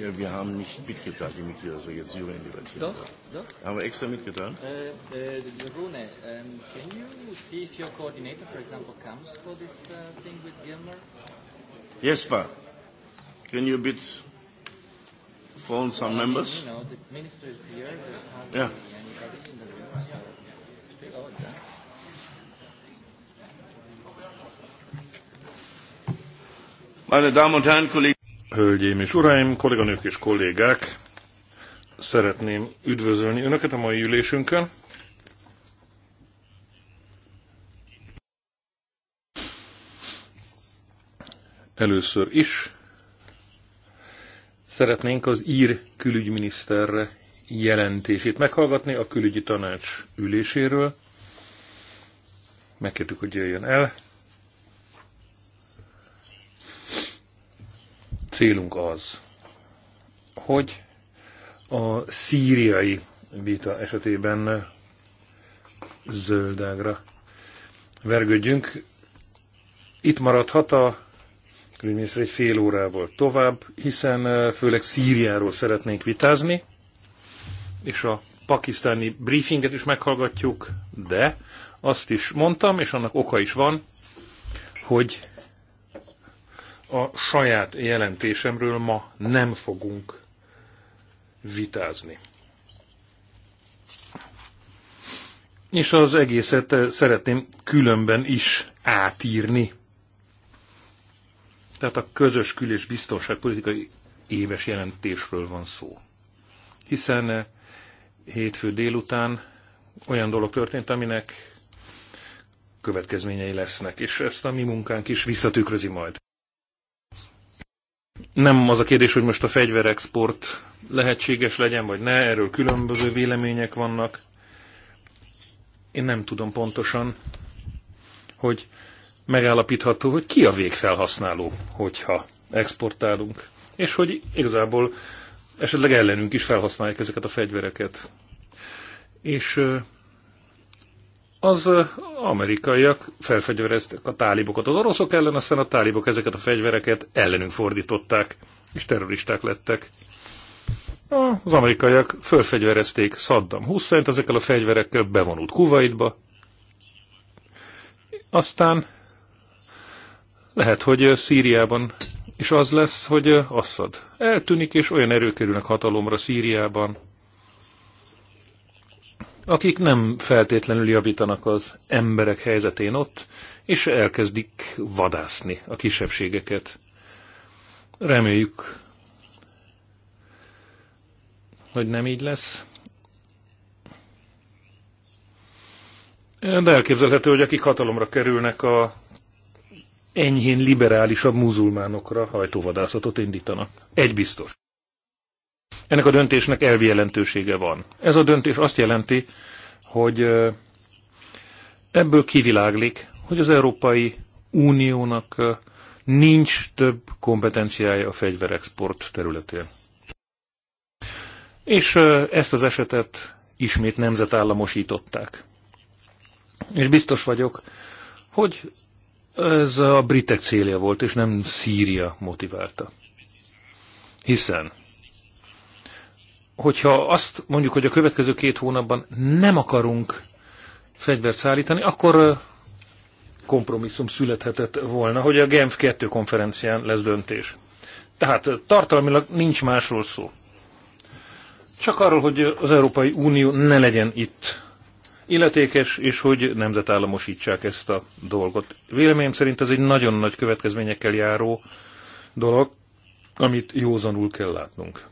Ja, wir haben nicht mitgeteilt, die Mitglieder, dass wir jetzt Syrien debattieren. Doch, doch. Haben wir extra mitgeteilt? Äh, äh, Rune, um, can you see if your coordinator, for example, comes for this uh, thing with Gilmer? Jesper, can you bit phone some members? You know, the minister is here. There's hardly yeah. anybody in the room. So oh, Meine Damen und Herren, Kollegen. Hölgyeim és uraim, kolléganők és kollégák, szeretném üdvözölni Önöket a mai ülésünkön. Először is szeretnénk az ír külügyminiszterre jelentését meghallgatni a külügyi tanács üléséről. Megkértük, hogy jöjjön el. célunk az, hogy a szíriai vita esetében zöldágra vergődjünk. Itt maradhat a külügyminiszter egy fél órával tovább, hiszen főleg Szíriáról szeretnénk vitázni, és a pakisztáni briefinget is meghallgatjuk, de azt is mondtam, és annak oka is van, hogy a saját jelentésemről ma nem fogunk vitázni. És az egészet szeretném különben is átírni. Tehát a közös külés és biztonságpolitikai éves jelentésről van szó. Hiszen hétfő délután olyan dolog történt, aminek következményei lesznek, és ezt a mi munkánk is visszatükrözi majd nem az a kérdés, hogy most a fegyverexport lehetséges legyen, vagy ne, erről különböző vélemények vannak. Én nem tudom pontosan, hogy megállapítható, hogy ki a végfelhasználó, hogyha exportálunk, és hogy igazából esetleg ellenünk is felhasználják ezeket a fegyvereket. És az amerikaiak felfegyvereztek a tálibokat az oroszok ellen, aztán a tálibok ezeket a fegyvereket ellenünk fordították, és terroristák lettek. Az amerikaiak felfegyverezték Saddam Hussein-t ezekkel a fegyverekkel, bevonult Kuwaitba. Aztán lehet, hogy Szíriában is az lesz, hogy Assad eltűnik, és olyan erők kerülnek hatalomra Szíriában, akik nem feltétlenül javítanak az emberek helyzetén ott, és elkezdik vadászni a kisebbségeket. Reméljük, hogy nem így lesz. De elképzelhető, hogy akik hatalomra kerülnek, a enyhén liberálisabb muzulmánokra hajtóvadászatot indítanak. Egy biztos. Ennek a döntésnek elvi jelentősége van. Ez a döntés azt jelenti, hogy ebből kiviláglik, hogy az Európai Uniónak nincs több kompetenciája a fegyverexport területén. És ezt az esetet ismét nemzetállamosították. És biztos vagyok, hogy ez a britek célja volt, és nem Szíria motiválta. Hiszen hogyha azt mondjuk, hogy a következő két hónapban nem akarunk fegyvert szállítani, akkor kompromisszum születhetett volna, hogy a Genf 2 konferencián lesz döntés. Tehát tartalmilag nincs másról szó. Csak arról, hogy az Európai Unió ne legyen itt illetékes, és hogy nemzetállamosítsák ezt a dolgot. Véleményem szerint ez egy nagyon nagy következményekkel járó dolog, amit józanul kell látnunk.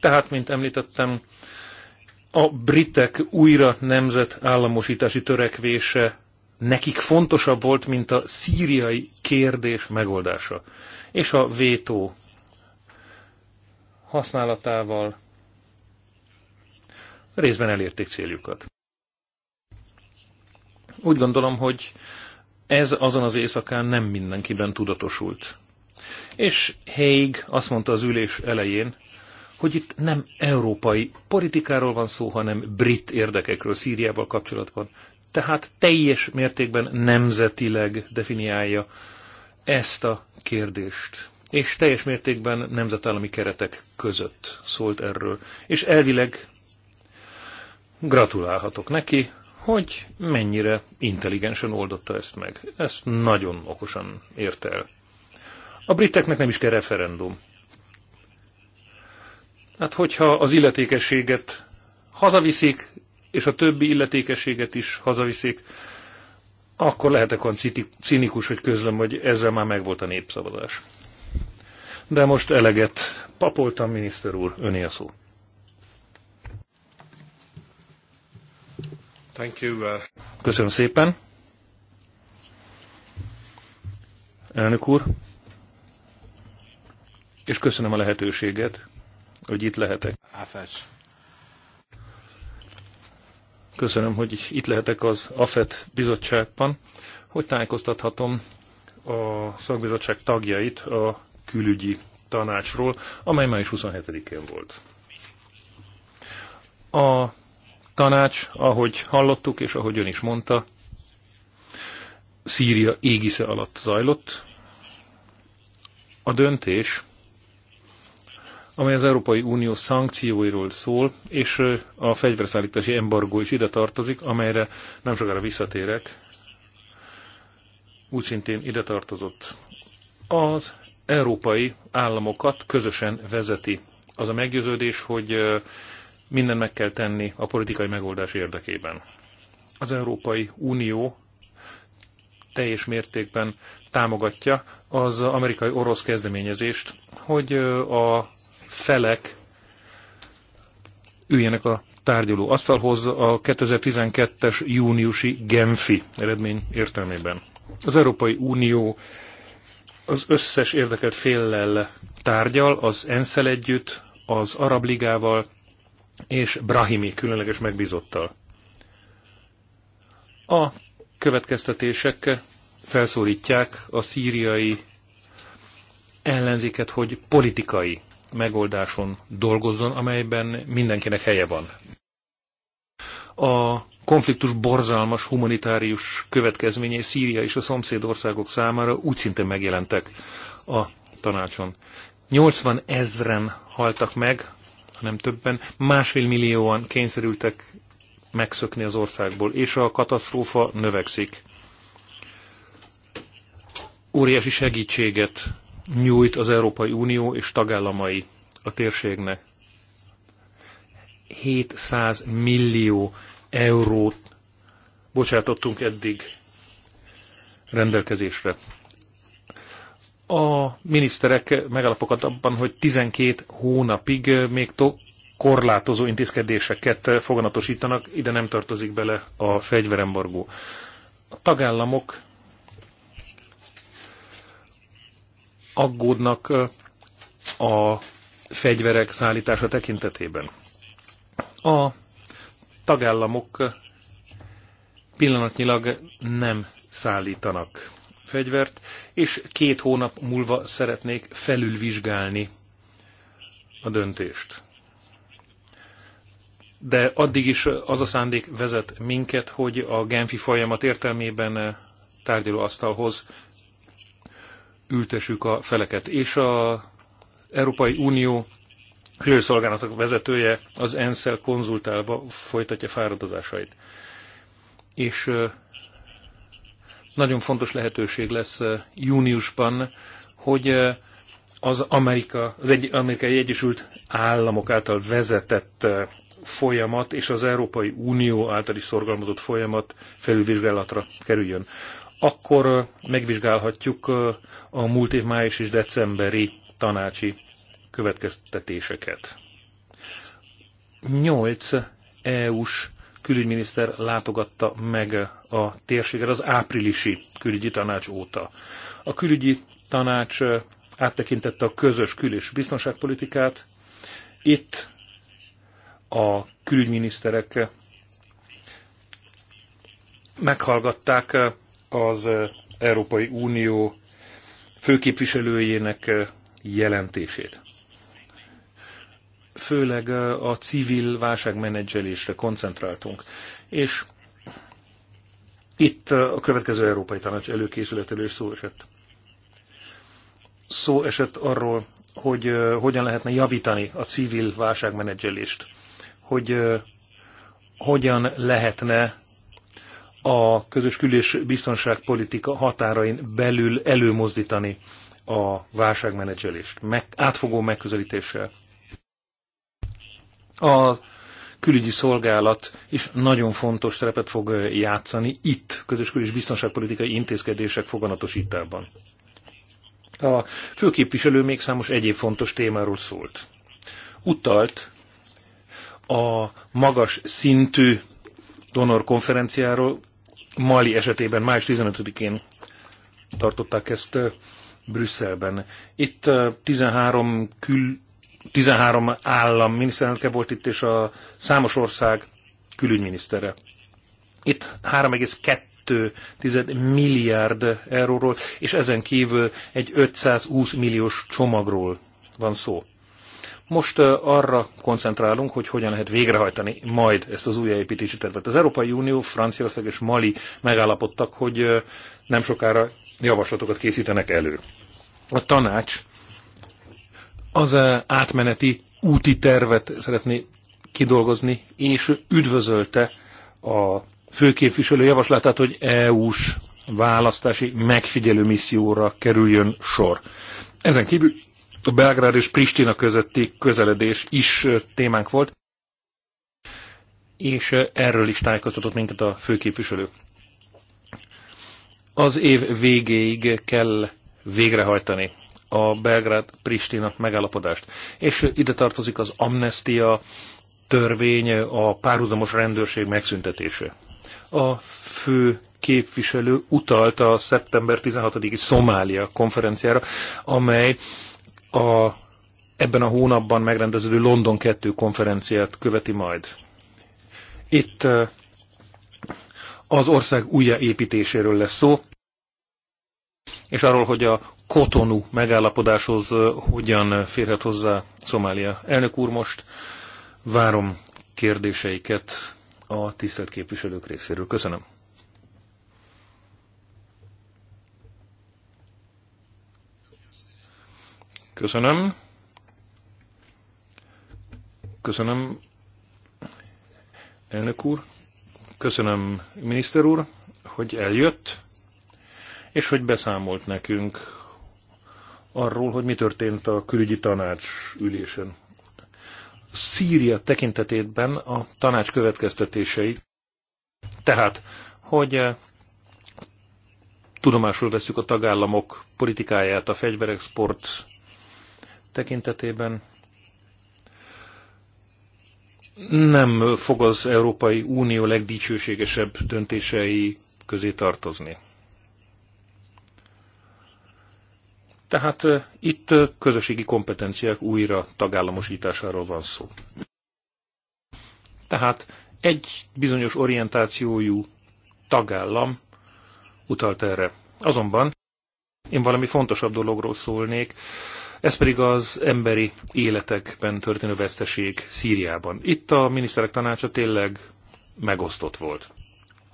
Tehát, mint említettem, a britek újra államosítási törekvése nekik fontosabb volt, mint a szíriai kérdés megoldása. És a vétó használatával részben elérték céljukat. Úgy gondolom, hogy ez azon az éjszakán nem mindenkiben tudatosult. És Haig azt mondta az ülés elején, hogy itt nem európai politikáról van szó, hanem brit érdekekről Szíriával kapcsolatban. Tehát teljes mértékben nemzetileg definiálja ezt a kérdést. És teljes mértékben nemzetállami keretek között szólt erről. És elvileg gratulálhatok neki, hogy mennyire intelligensen oldotta ezt meg. Ezt nagyon okosan ért el. A briteknek nem is kell referendum. Hát hogyha az illetékességet hazaviszik, és a többi illetékességet is hazaviszik, akkor lehetek olyan cinikus, hogy közlöm, hogy ezzel már megvolt a népszavazás. De most eleget papoltam, miniszter úr, öné a szó. Thank you. Uh, köszönöm szépen. Elnök úr, és köszönöm a lehetőséget, hogy itt lehetek. Áfács. Köszönöm, hogy itt lehetek az AFET bizottságban, hogy tájékoztathatom a szakbizottság tagjait a külügyi tanácsról, amely május 27-én volt. A tanács, ahogy hallottuk, és ahogy ön is mondta, Szíria égisze alatt zajlott. A döntés amely az Európai Unió szankcióiról szól, és a fegyverszállítási embargó is ide tartozik, amelyre nem sokára visszatérek. Úgy szintén ide tartozott. Az európai államokat közösen vezeti. Az a meggyőződés, hogy mindent meg kell tenni a politikai megoldás érdekében. Az Európai Unió teljes mértékben támogatja az amerikai orosz kezdeményezést, hogy a felek üljenek a tárgyaló asztalhoz a 2012-es júniusi Genfi eredmény értelmében. Az Európai Unió az összes érdekelt féllel tárgyal, az ensz együtt, az Arab Ligával és Brahimi különleges megbízottal. A következtetések felszólítják a szíriai ellenzéket, hogy politikai megoldáson dolgozzon, amelyben mindenkinek helye van. A konfliktus borzalmas humanitárius következményei Szíria és a szomszédországok számára úgy szinte megjelentek a tanácson. 80 ezren haltak meg, hanem többen, másfél millióan kényszerültek megszökni az országból, és a katasztrófa növekszik. Óriási segítséget nyújt az Európai Unió és tagállamai a térségnek. 700 millió eurót bocsátottunk eddig rendelkezésre. A miniszterek megállapokat abban, hogy 12 hónapig még to korlátozó intézkedéseket foganatosítanak, ide nem tartozik bele a fegyverembargó. A tagállamok aggódnak a fegyverek szállítása tekintetében. A tagállamok pillanatnyilag nem szállítanak fegyvert, és két hónap múlva szeretnék felülvizsgálni a döntést. De addig is az a szándék vezet minket, hogy a Genfi folyamat értelmében tárgyalóasztalhoz ültessük a feleket. És a Európai Unió külszolgálatok vezetője az ensz konzultálva folytatja fáradozásait. És nagyon fontos lehetőség lesz júniusban, hogy az, Amerika, az egy, amerikai Egyesült Államok által vezetett folyamat és az Európai Unió által is szorgalmazott folyamat felülvizsgálatra kerüljön akkor megvizsgálhatjuk a múlt év május és decemberi tanácsi következtetéseket. Nyolc EU-s külügyminiszter látogatta meg a térséget az áprilisi külügyi tanács óta. A külügyi tanács áttekintette a közös kül- és biztonságpolitikát. Itt a külügyminiszterek meghallgatták az Európai Unió főképviselőjének jelentését. Főleg a civil válságmenedzselésre koncentráltunk, és itt a következő Európai Tanács előkészületelő szó esett. Szó esett arról, hogy hogyan lehetne javítani a civil válságmenedzselést, hogy hogyan lehetne a közös kül- és biztonságpolitika határain belül előmozdítani a válságmenedzselést, meg, átfogó megközelítéssel. A külügyi szolgálat is nagyon fontos szerepet fog játszani itt, közös kül- és biztonságpolitikai intézkedések foganatosításában. A főképviselő még számos egyéb fontos témáról szólt. Utalt a magas szintű donor konferenciáról, Mali esetében május 15-én tartották ezt Brüsszelben. Itt 13, kül, 13 állam miniszterelnöke volt itt, és a számos ország külügyminisztere. Itt 3,2 milliárd euróról, és ezen kívül egy 520 milliós csomagról van szó. Most arra koncentrálunk, hogy hogyan lehet végrehajtani majd ezt az újjáépítési tervet. Az Európai Unió, Franciaország és Mali megállapodtak, hogy nem sokára javaslatokat készítenek elő. A tanács az átmeneti úti tervet szeretné kidolgozni, és üdvözölte a főképviselő javaslatát, hogy EU-s választási megfigyelő misszióra kerüljön sor. Ezen kívül a Belgrád és Pristina közötti közeledés is témánk volt, és erről is tájékoztatott minket a főképviselő. Az év végéig kell végrehajtani a Belgrád-Pristina megállapodást. És ide tartozik az amnestia törvény, a párhuzamos rendőrség megszüntetése. A fő képviselő utalta a szeptember 16-i Szomália konferenciára, amely a ebben a hónapban megrendeződő London 2 konferenciát követi majd. Itt az ország újjáépítéséről lesz szó, és arról, hogy a Kotonu megállapodáshoz hogyan férhet hozzá Szomália. Elnök úr, most várom kérdéseiket a tisztelt képviselők részéről. Köszönöm. Köszönöm. Köszönöm, elnök úr. Köszönöm, miniszter úr, hogy eljött, és hogy beszámolt nekünk arról, hogy mi történt a külügyi tanács ülésen. Szíria tekintetében a tanács következtetései, tehát, hogy eh, tudomásul veszük a tagállamok politikáját a fegyverexport tekintetében nem fog az Európai Unió legdicsőségesebb döntései közé tartozni. Tehát eh, itt eh, közösségi kompetenciák újra tagállamosításáról van szó. Tehát egy bizonyos orientációjú tagállam utalt erre. Azonban én valami fontosabb dologról szólnék, ez pedig az emberi életekben történő veszteség Szíriában. Itt a miniszterek tanácsa tényleg megosztott volt.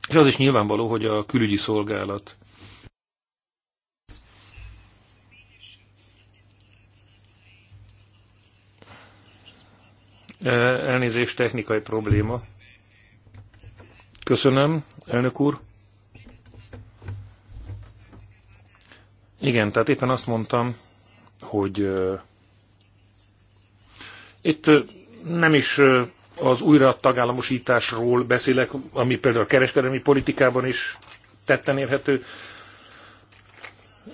És az is nyilvánvaló, hogy a külügyi szolgálat e, Elnézés, technikai probléma. Köszönöm, elnök úr. Igen, tehát éppen azt mondtam, hogy itt nem is az újra tagállamosításról beszélek, ami például a kereskedelmi politikában is tetten érhető.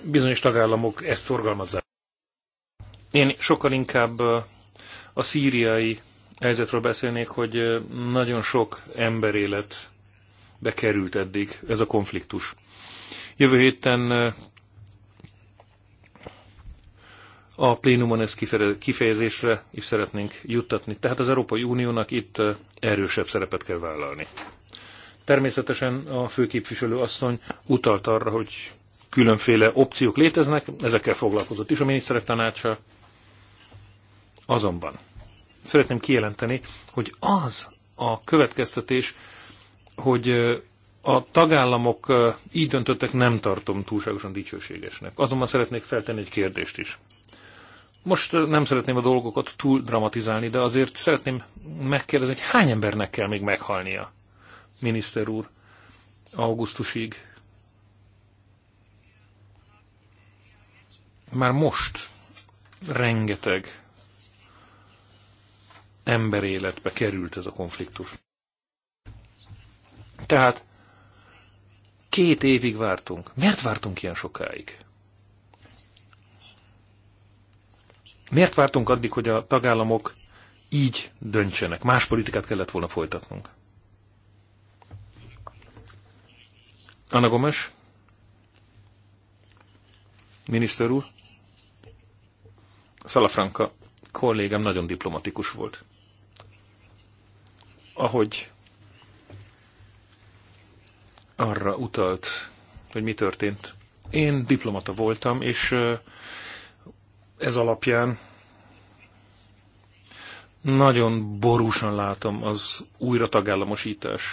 Bizonyos tagállamok ezt szorgalmazzák. Én sokkal inkább a szíriai helyzetről beszélnék, hogy nagyon sok emberélet bekerült eddig ez a konfliktus. Jövő héten a plénumon ezt kifejezésre is szeretnénk juttatni. Tehát az Európai Uniónak itt erősebb szerepet kell vállalni. Természetesen a főképviselő asszony utalt arra, hogy különféle opciók léteznek, ezekkel foglalkozott is a miniszterek tanácsa. Azonban szeretném kijelenteni, hogy az a következtetés, hogy a tagállamok így döntöttek, nem tartom túlságosan dicsőségesnek. Azonban szeretnék feltenni egy kérdést is. Most nem szeretném a dolgokat túl dramatizálni, de azért szeretném megkérdezni, hogy hány embernek kell még meghalnia, miniszter úr, augusztusig? Már most rengeteg ember életbe került ez a konfliktus. Tehát két évig vártunk. Miért vártunk ilyen sokáig? Miért vártunk addig, hogy a tagállamok így döntsenek? Más politikát kellett volna folytatnunk. Anna Gomes? Miniszter úr? Szalafranka kollégám nagyon diplomatikus volt. Ahogy arra utalt, hogy mi történt. Én diplomata voltam, és ez alapján nagyon borúsan látom az újra tagállamosítás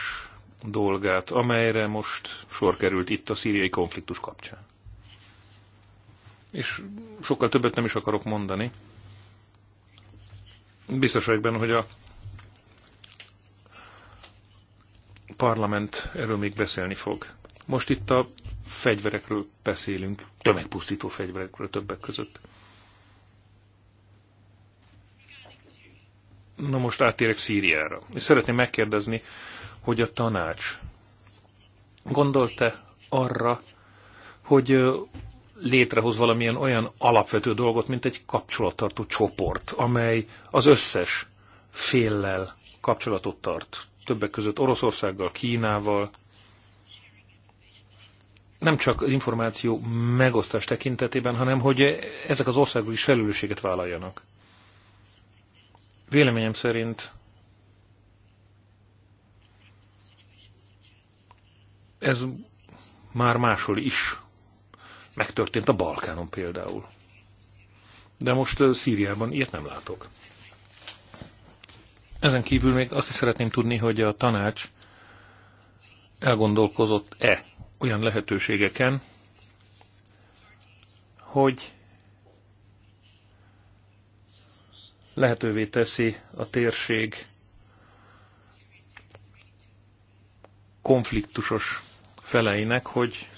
dolgát, amelyre most sor került itt a szíriai konfliktus kapcsán. És sokkal többet nem is akarok mondani. Biztos vagyok benne, hogy a parlament erről még beszélni fog. Most itt a fegyverekről beszélünk, tömegpusztító fegyverekről többek között. Na most átérek Szíriára. És szeretném megkérdezni, hogy a tanács gondolta arra, hogy létrehoz valamilyen olyan alapvető dolgot, mint egy kapcsolattartó csoport, amely az összes féllel kapcsolatot tart. Többek között Oroszországgal, Kínával. Nem csak információ megosztás tekintetében, hanem hogy ezek az országok is felelősséget vállaljanak. Véleményem szerint ez már máshol is megtörtént a Balkánon például. De most Szíriában ilyet nem látok. Ezen kívül még azt is szeretném tudni, hogy a tanács elgondolkozott-e olyan lehetőségeken, hogy lehetővé teszi a térség konfliktusos feleinek, hogy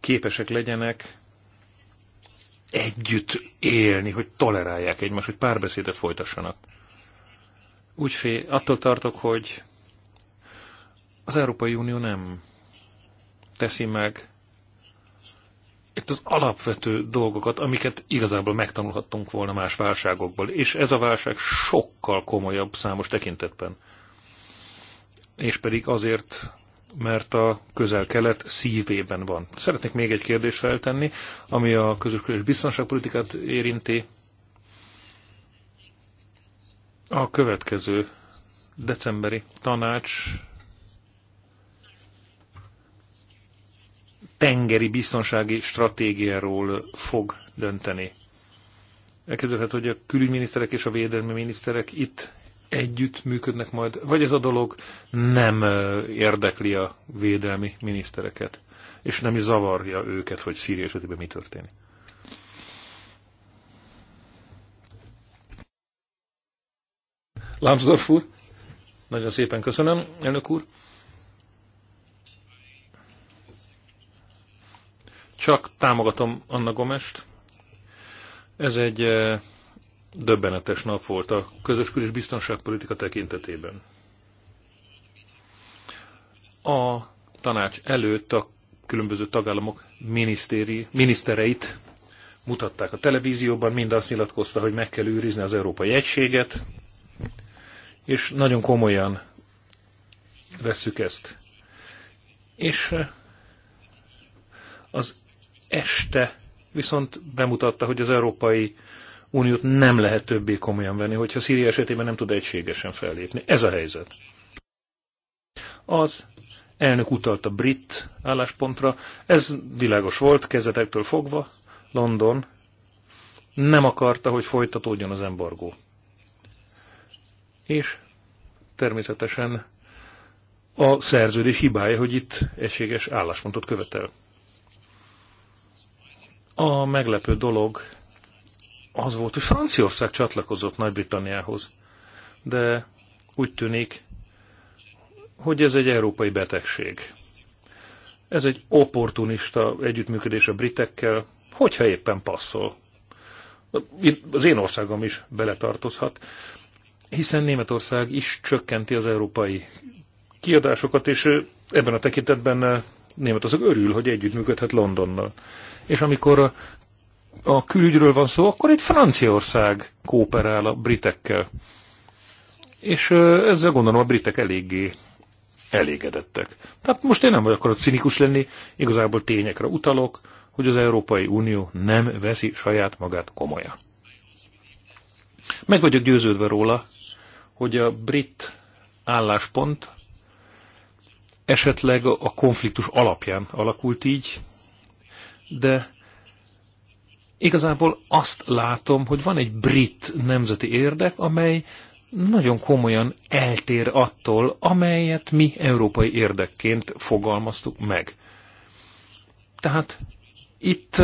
képesek legyenek együtt élni, hogy tolerálják egymást, hogy párbeszédet folytassanak. Úgy fél, attól tartok, hogy az Európai Unió nem teszi meg itt az alapvető dolgokat, amiket igazából megtanulhattunk volna más válságokból, és ez a válság sokkal komolyabb számos tekintetben. És pedig azért, mert a közel-kelet szívében van. Szeretnék még egy kérdést feltenni, ami a közös közös biztonságpolitikát érinti. A következő decemberi tanács tengeri biztonsági stratégiáról fog dönteni. Elképzelhet, hogy a külügyminiszterek és a védelmi miniszterek itt együtt működnek majd, vagy ez a dolog nem érdekli a védelmi minisztereket, és nem is zavarja őket, hogy Szíria esetében mi történik. Lambsdorff úr, nagyon szépen köszönöm, elnök úr. csak támogatom Anna Gomest. Ez egy eh, döbbenetes nap volt a közös kül- és biztonságpolitika tekintetében. A tanács előtt a különböző tagállamok minisztereit mutatták a televízióban, mind azt nyilatkozta, hogy meg kell őrizni az európai egységet, és nagyon komolyan vesszük ezt. És eh, az este viszont bemutatta, hogy az Európai Uniót nem lehet többé komolyan venni, hogyha Szíria esetében nem tud egységesen fellépni. Ez a helyzet. Az elnök utalt a brit álláspontra, ez világos volt kezetektől fogva, London nem akarta, hogy folytatódjon az embargó. És természetesen a szerződés hibája, hogy itt egységes álláspontot követel. A meglepő dolog az volt, hogy Franciaország csatlakozott Nagy-Britanniához, de úgy tűnik, hogy ez egy európai betegség. Ez egy opportunista együttműködés a britekkel, hogyha éppen passzol. Az én országom is beletartozhat, hiszen Németország is csökkenti az európai kiadásokat, és ebben a tekintetben Németország örül, hogy együttműködhet Londonnal. És amikor a külügyről van szó, akkor itt Franciaország kooperál a britekkel. És ezzel gondolom a britek eléggé elégedettek. Tehát most én nem vagyok akarok cinikus lenni, igazából tényekre utalok, hogy az Európai Unió nem veszi saját magát komolyan. Meg vagyok győződve róla, hogy a brit álláspont esetleg a konfliktus alapján alakult így, de igazából azt látom, hogy van egy brit nemzeti érdek, amely nagyon komolyan eltér attól, amelyet mi európai érdekként fogalmaztuk meg. Tehát itt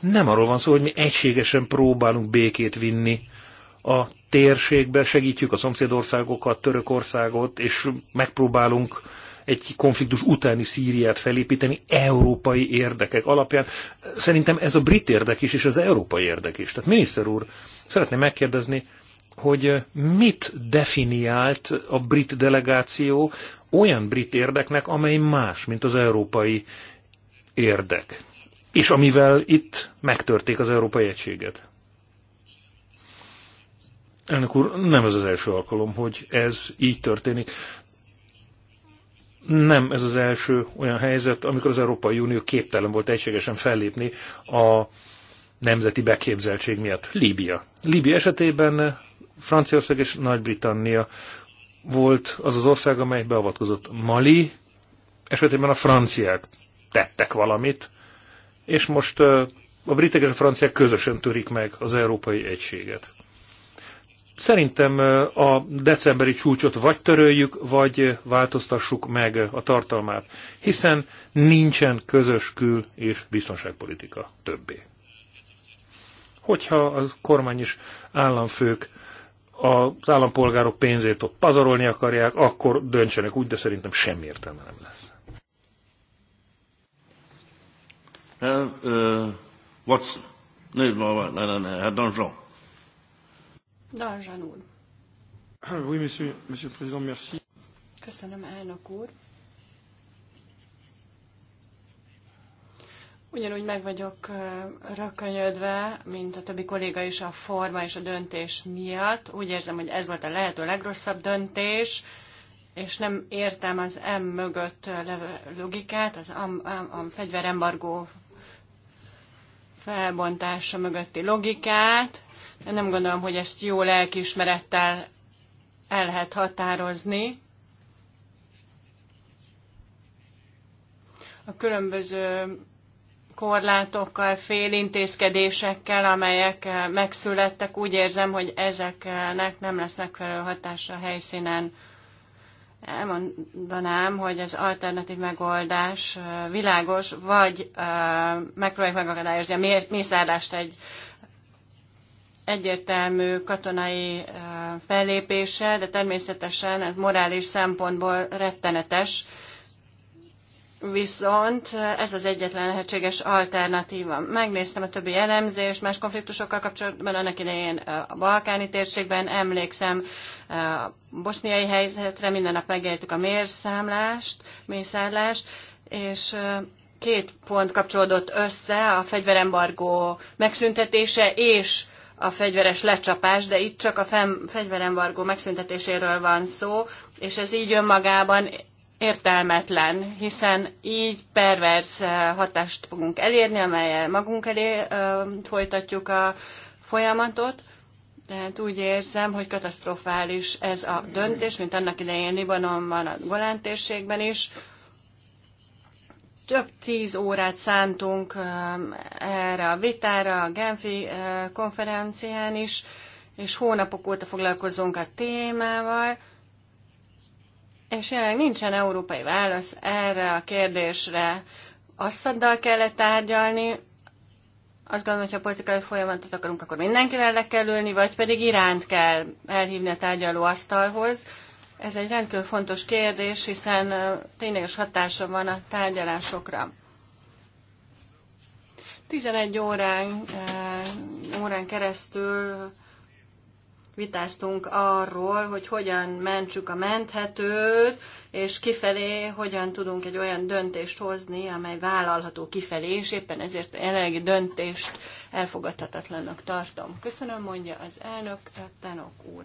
nem arról van szó, hogy mi egységesen próbálunk békét vinni a térségbe, segítjük a szomszédországokat, Törökországot, és megpróbálunk egy konfliktus utáni Szíriát felépíteni európai érdekek alapján. Szerintem ez a brit érdek is, és az európai érdek is. Tehát miniszter úr, szeretném megkérdezni, hogy mit definiált a brit delegáció olyan brit érdeknek, amely más, mint az európai érdek, és amivel itt megtörték az európai egységet. Elnök úr, nem ez az első alkalom, hogy ez így történik nem ez az első olyan helyzet, amikor az Európai Unió képtelen volt egységesen fellépni a nemzeti beképzeltség miatt. Líbia. Líbia esetében Franciaország és Nagy-Britannia volt az az ország, amely beavatkozott. Mali esetében a franciák tettek valamit, és most a britek és a franciák közösen törik meg az európai egységet. Szerintem a decemberi csúcsot vagy töröljük, vagy változtassuk meg a tartalmát, hiszen nincsen közös kül- és biztonságpolitika többé. Hogyha az kormány és államfők az állampolgárok pénzét ott pazarolni akarják, akkor döntsenek úgy, de szerintem semmi értelme nem lesz. Uh, uh, Watson. No, no, no, no, no, no, no, no. Danzsan úr. Oui, monsieur, monsieur le président, merci. Köszönöm, elnök úr. Ugyanúgy meg vagyok rökönyödve, mint a többi kolléga is a forma és a döntés miatt. Úgy érzem, hogy ez volt a lehető legrosszabb döntés, és nem értem az M mögött levő logikát, az a, a, a fegyverembargó felbontása mögötti logikát. Én nem gondolom, hogy ezt jó lelkiismerettel el lehet határozni. A különböző korlátokkal, félintézkedésekkel, amelyek megszülettek, úgy érzem, hogy ezeknek nem lesz megfelelő hatása a helyszínen. Elmondanám, hogy az alternatív megoldás világos, vagy megpróbáljuk megakadályozni a mészárlást egy egyértelmű katonai e, fellépése, de természetesen ez morális szempontból rettenetes. Viszont ez az egyetlen lehetséges alternatíva. Megnéztem a többi elemzést más konfliktusokkal kapcsolatban, annak idején e, a balkáni térségben emlékszem e, a boszniai helyzetre, minden nap megéltük a mérszámlást, mészárlást, és két pont kapcsolódott össze, a fegyverembargó megszüntetése és a fegyveres lecsapás, de itt csak a fegyverembargó megszüntetéséről van szó, és ez így önmagában értelmetlen, hiszen így pervers eh, hatást fogunk elérni, amelyel magunk elé ö, eh, folytatjuk a folyamatot. Tehát úgy érzem, hogy katasztrofális ez a döntés, mint annak idején Libanonban, a Golán térségben is több tíz órát szántunk erre a vitára, a Genfi konferencián is, és hónapok óta foglalkozunk a témával, és jelenleg nincsen európai válasz erre a kérdésre. Assaddal kellett tárgyalni, azt gondolom, hogy ha politikai folyamatot akarunk, akkor mindenkivel le kell ülni, vagy pedig iránt kell elhívni a tárgyaló asztalhoz, ez egy rendkívül fontos kérdés, hiszen tényleges hatása van a tárgyalásokra. 11 órán, órán keresztül vitáztunk arról, hogy hogyan mentsük a menthetőt, és kifelé hogyan tudunk egy olyan döntést hozni, amely vállalható kifelé, és éppen ezért a jelenlegi döntést elfogadhatatlannak tartom. Köszönöm, mondja az elnök, Tanok úr.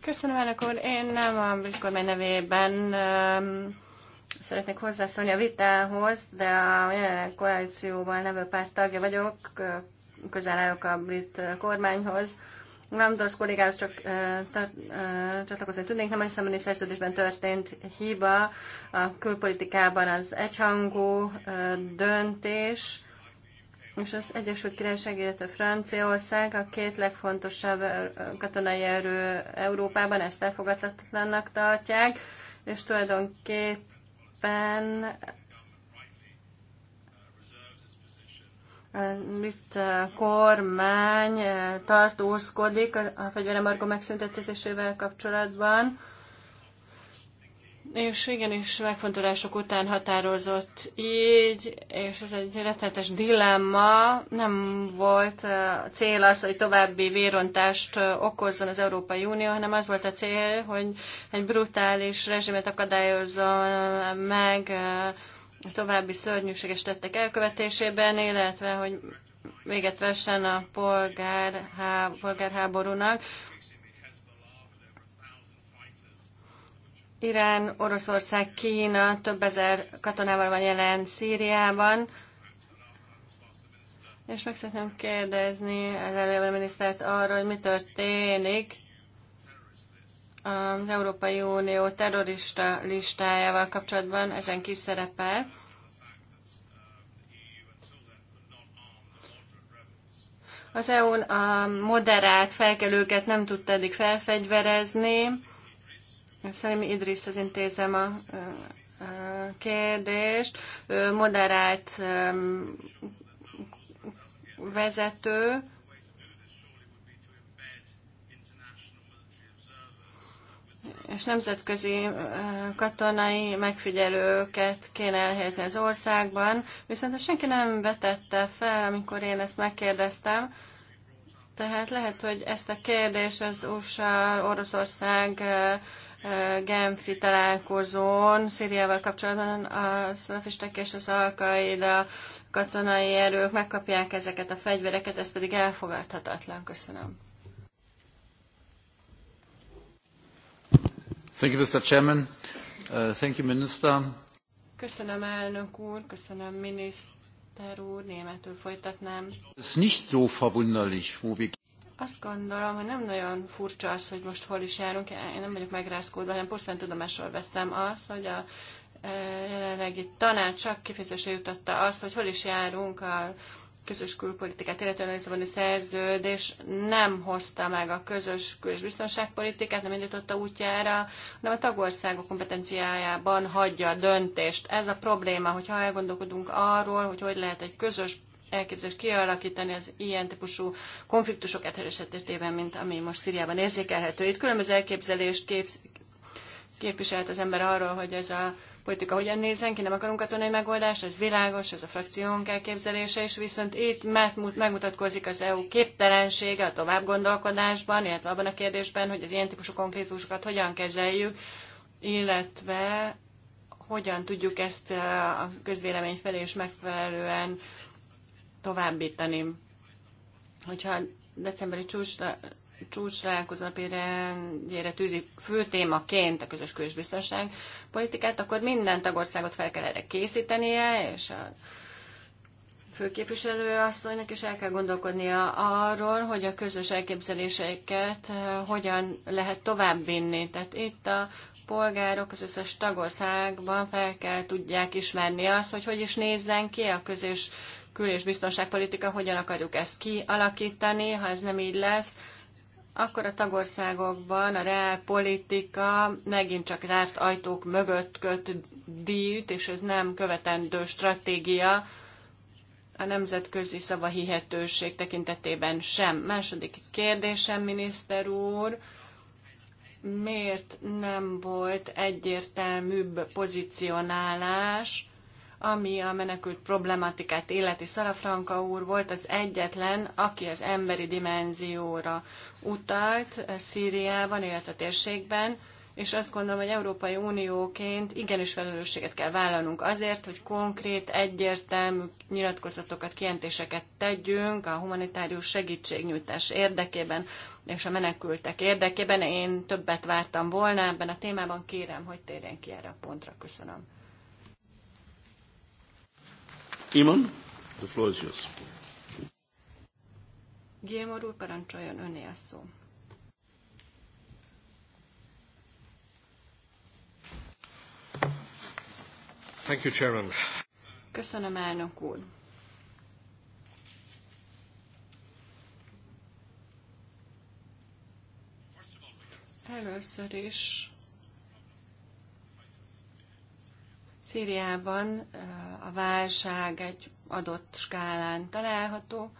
Köszönöm, elnök úr. Én nem a brit kormány nevében um, szeretnék hozzászólni a vitához, de a jelenleg koalícióban levő párt tagja vagyok, közel állok a brit kormányhoz. Ramdos kollégához csak uh, ta, uh, csatlakozni tudnék, nem a szemben szerződésben történt hiba, a külpolitikában az egyhangú uh, döntés, és az Egyesült Királyság, illetve Franciaország a két legfontosabb katonai erő Európában ezt elfogadhatatlannak tartják, és tulajdonképpen Itt a kormány tartózkodik a fegyverembargó megszüntetésével kapcsolatban. És igen és megfontolások után határozott így, és ez egy rettenetes dilemma. Nem volt eh, cél az, hogy további vérontást eh, okozzon az Európai Unió, hanem az volt a cél, hogy egy brutális rezsimet akadályozza meg a eh, további szörnyűséges tettek elkövetésében, illetve hogy véget vessen a polgárhá, polgárháborúnak. Irán, Oroszország, Kína több ezer katonával van jelen Szíriában, és meg szeretném kérdezni az előbb minisztert arról, hogy mi történik az Európai Unió terrorista listájával kapcsolatban, ezen kis szerepel. Az EU a moderált felkelőket nem tudta eddig felfegyverezni, Szerintem Idris az intézem a kérdést. Ő moderált vezető, és nemzetközi katonai megfigyelőket kéne elhelyezni az országban, viszont ezt senki nem vetette fel, amikor én ezt megkérdeztem. Tehát lehet, hogy ezt a kérdést az USA, Oroszország Genfi találkozón Szíriával kapcsolatban a szlafisták és az a katonai erők megkapják ezeket a fegyvereket, ez pedig elfogadhatatlan. Köszönöm. Thank you, Mr. Chairman. Uh, thank you, Minister. Köszönöm, elnök úr, köszönöm, miniszter úr, németül folytatnám. Ez nicht so verwunderlich, wo wir azt gondolom, hogy nem nagyon furcsa az, hogy most hol is járunk. Én nem vagyok megrázkódva, hanem pusztán tudomásról veszem azt, hogy a e, jelenlegi tanács csak kifejezésre jutatta azt, hogy hol is járunk a közös külpolitikát, illetően a Lisszaboni szerződés nem hozta meg a közös kül- és biztonságpolitikát, nem indította útjára, hanem a tagországok kompetenciájában hagyja a döntést. Ez a probléma, hogyha elgondolkodunk arról, hogy hogy lehet egy közös elképzelés kialakítani az ilyen típusú konfliktusok esetében, mint ami most Szíriában érzékelhető. Itt különböző elképzelést képz, képviselt az ember arról, hogy ez a politika hogyan nézzen ki, nem akarunk katonai megoldást, ez világos, ez a frakciónk elképzelése is, viszont itt megmutatkozik az EU képtelensége a tovább gondolkodásban, illetve abban a kérdésben, hogy az ilyen típusú konfliktusokat hogyan kezeljük, illetve hogyan tudjuk ezt eh, a közvélemény felé is megfelelően továbbítani. Hogyha decemberi csúcs napirendjére tűzi fő témaként a közös külsbiztonság politikát, akkor minden tagországot fel kell erre készítenie, és a főképviselő asszonynak is el kell gondolkodnia arról, hogy a közös elképzeléseiket eh, hogyan lehet továbbvinni. Tehát itt a polgárok az összes tagországban fel kell tudják ismerni azt, hogy hogy is nézzen ki a közös kül- és biztonságpolitika, hogyan akarjuk ezt kialakítani, ha ez nem így lesz, akkor a tagországokban a politika megint csak rárt ajtók mögött köt dílt, és ez nem követendő stratégia a nemzetközi szava hihetőség tekintetében sem. Második kérdésem, miniszter úr, miért nem volt egyértelműbb pozicionálás ami a menekült problematikát illeti Szalafranka úr volt az egyetlen, aki az emberi dimenzióra utalt Szíriában, illetve térségben, és azt gondolom, hogy Európai Unióként igenis felelősséget kell vállalnunk azért, hogy konkrét, egyértelmű nyilatkozatokat, kijelentéseket tegyünk a humanitárius segítségnyújtás érdekében és a menekültek érdekében. Én többet vártam volna ebben a témában, kérem, hogy térjen ki erre a pontra. Köszönöm. Iman, the floor is yours. Gilmar úr, parancsoljon önné a szó. Thank you, Chairman. Köszönöm, elnök úr. Először is Szíriában a válság egy adott skálán található.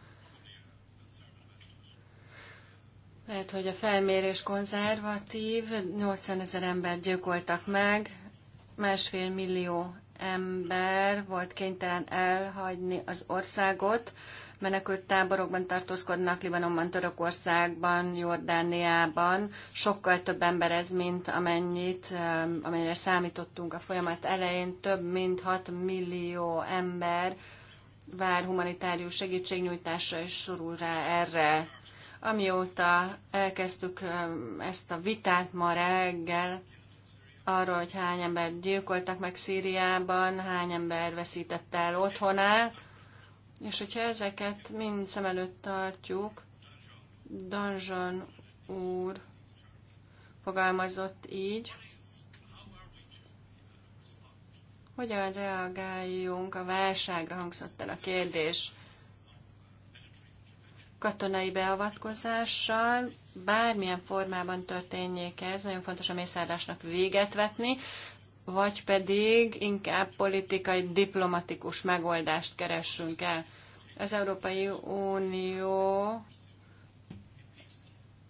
Lehet, hogy a felmérés konzervatív, 80 ezer ember gyilkoltak meg, másfél millió ember volt kénytelen elhagyni az országot menekült táborokban tartózkodnak, Libanonban, Törökországban, Jordániában. Sokkal több ember ez, mint amennyit, eh, amennyire számítottunk a folyamat elején. Több mint 6 millió ember vár humanitárius segítségnyújtásra és szorul rá erre. Amióta elkezdtük eh, ezt a vitát ma reggel, arról, hogy hány ember gyilkoltak meg Szíriában, hány ember veszítette el otthonát. És hogyha ezeket mind szem előtt tartjuk, Danzsan úr fogalmazott így, hogyan reagáljunk a válságra, hangzott el a kérdés. Katonai beavatkozással, bármilyen formában történjék ez, nagyon fontos a mészárlásnak véget vetni, vagy pedig inkább politikai, diplomatikus megoldást keressünk el. Az Európai Unió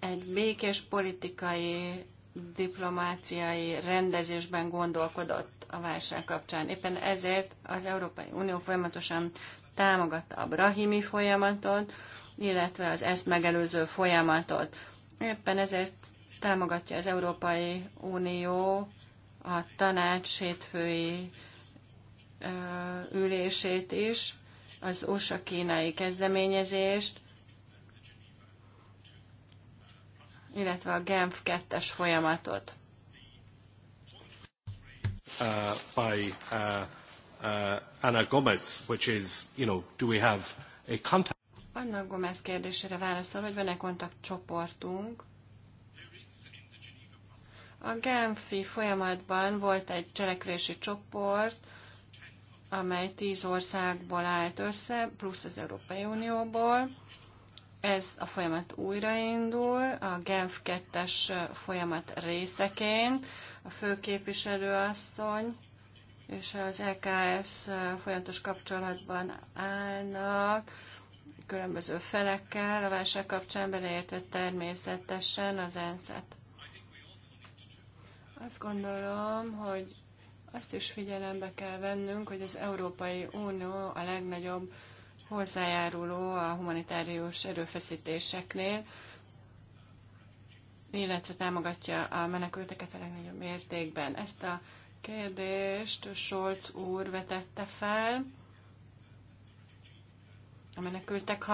egy békés politikai, diplomáciai rendezésben gondolkodott a válság kapcsán. Éppen ezért az Európai Unió folyamatosan támogatta a brahimi folyamatot, illetve az ezt megelőző folyamatot. Éppen ezért támogatja az Európai Unió a tanács hétfői ülését is, az USA kínai kezdeményezést, illetve a Genf 2-es folyamatot. Uh, by uh, uh, Anna Gomez, which is, you know, do we have a contact? Anna Gomez kérdésére válaszol, hogy van-e kontaktcsoportunk, a Genfi folyamatban volt egy cselekvési csoport, amely tíz országból állt össze, plusz az Európai Unióból. Ez a folyamat újraindul, a Genf 2-es folyamat részeként. A főképviselő asszony és az EKS folyamatos kapcsolatban állnak különböző felekkel a válság kapcsán beleértett természetesen az ENSZ-et. Azt gondolom, hogy azt is figyelembe kell vennünk, hogy az Európai Unió a legnagyobb hozzájáruló a humanitárius erőfeszítéseknél, illetve támogatja a menekülteket a legnagyobb mértékben. Ezt a kérdést Scholz úr vetette fel a menekültek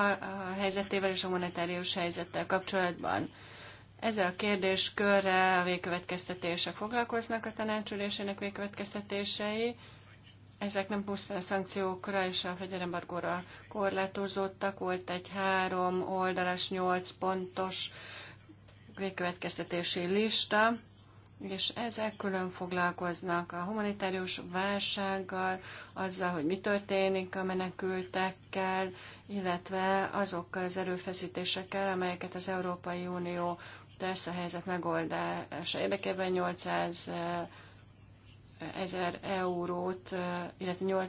helyzetével és a humanitárius helyzettel kapcsolatban. Ezzel a kérdéskörrel a végkövetkeztetések foglalkoznak, a tanácsülésének végkövetkeztetései. Ezek nem pusztán a szankciókra és a fegyelembargóra korlátozottak. Volt egy három oldalas, nyolc pontos végkövetkeztetési lista, és ezek külön foglalkoznak a humanitárius válsággal, azzal, hogy mi történik a menekültekkel, illetve azokkal az erőfeszítésekkel, amelyeket az Európai Unió tesz a helyzet megoldása érdekében 800 ezer eurót, illetve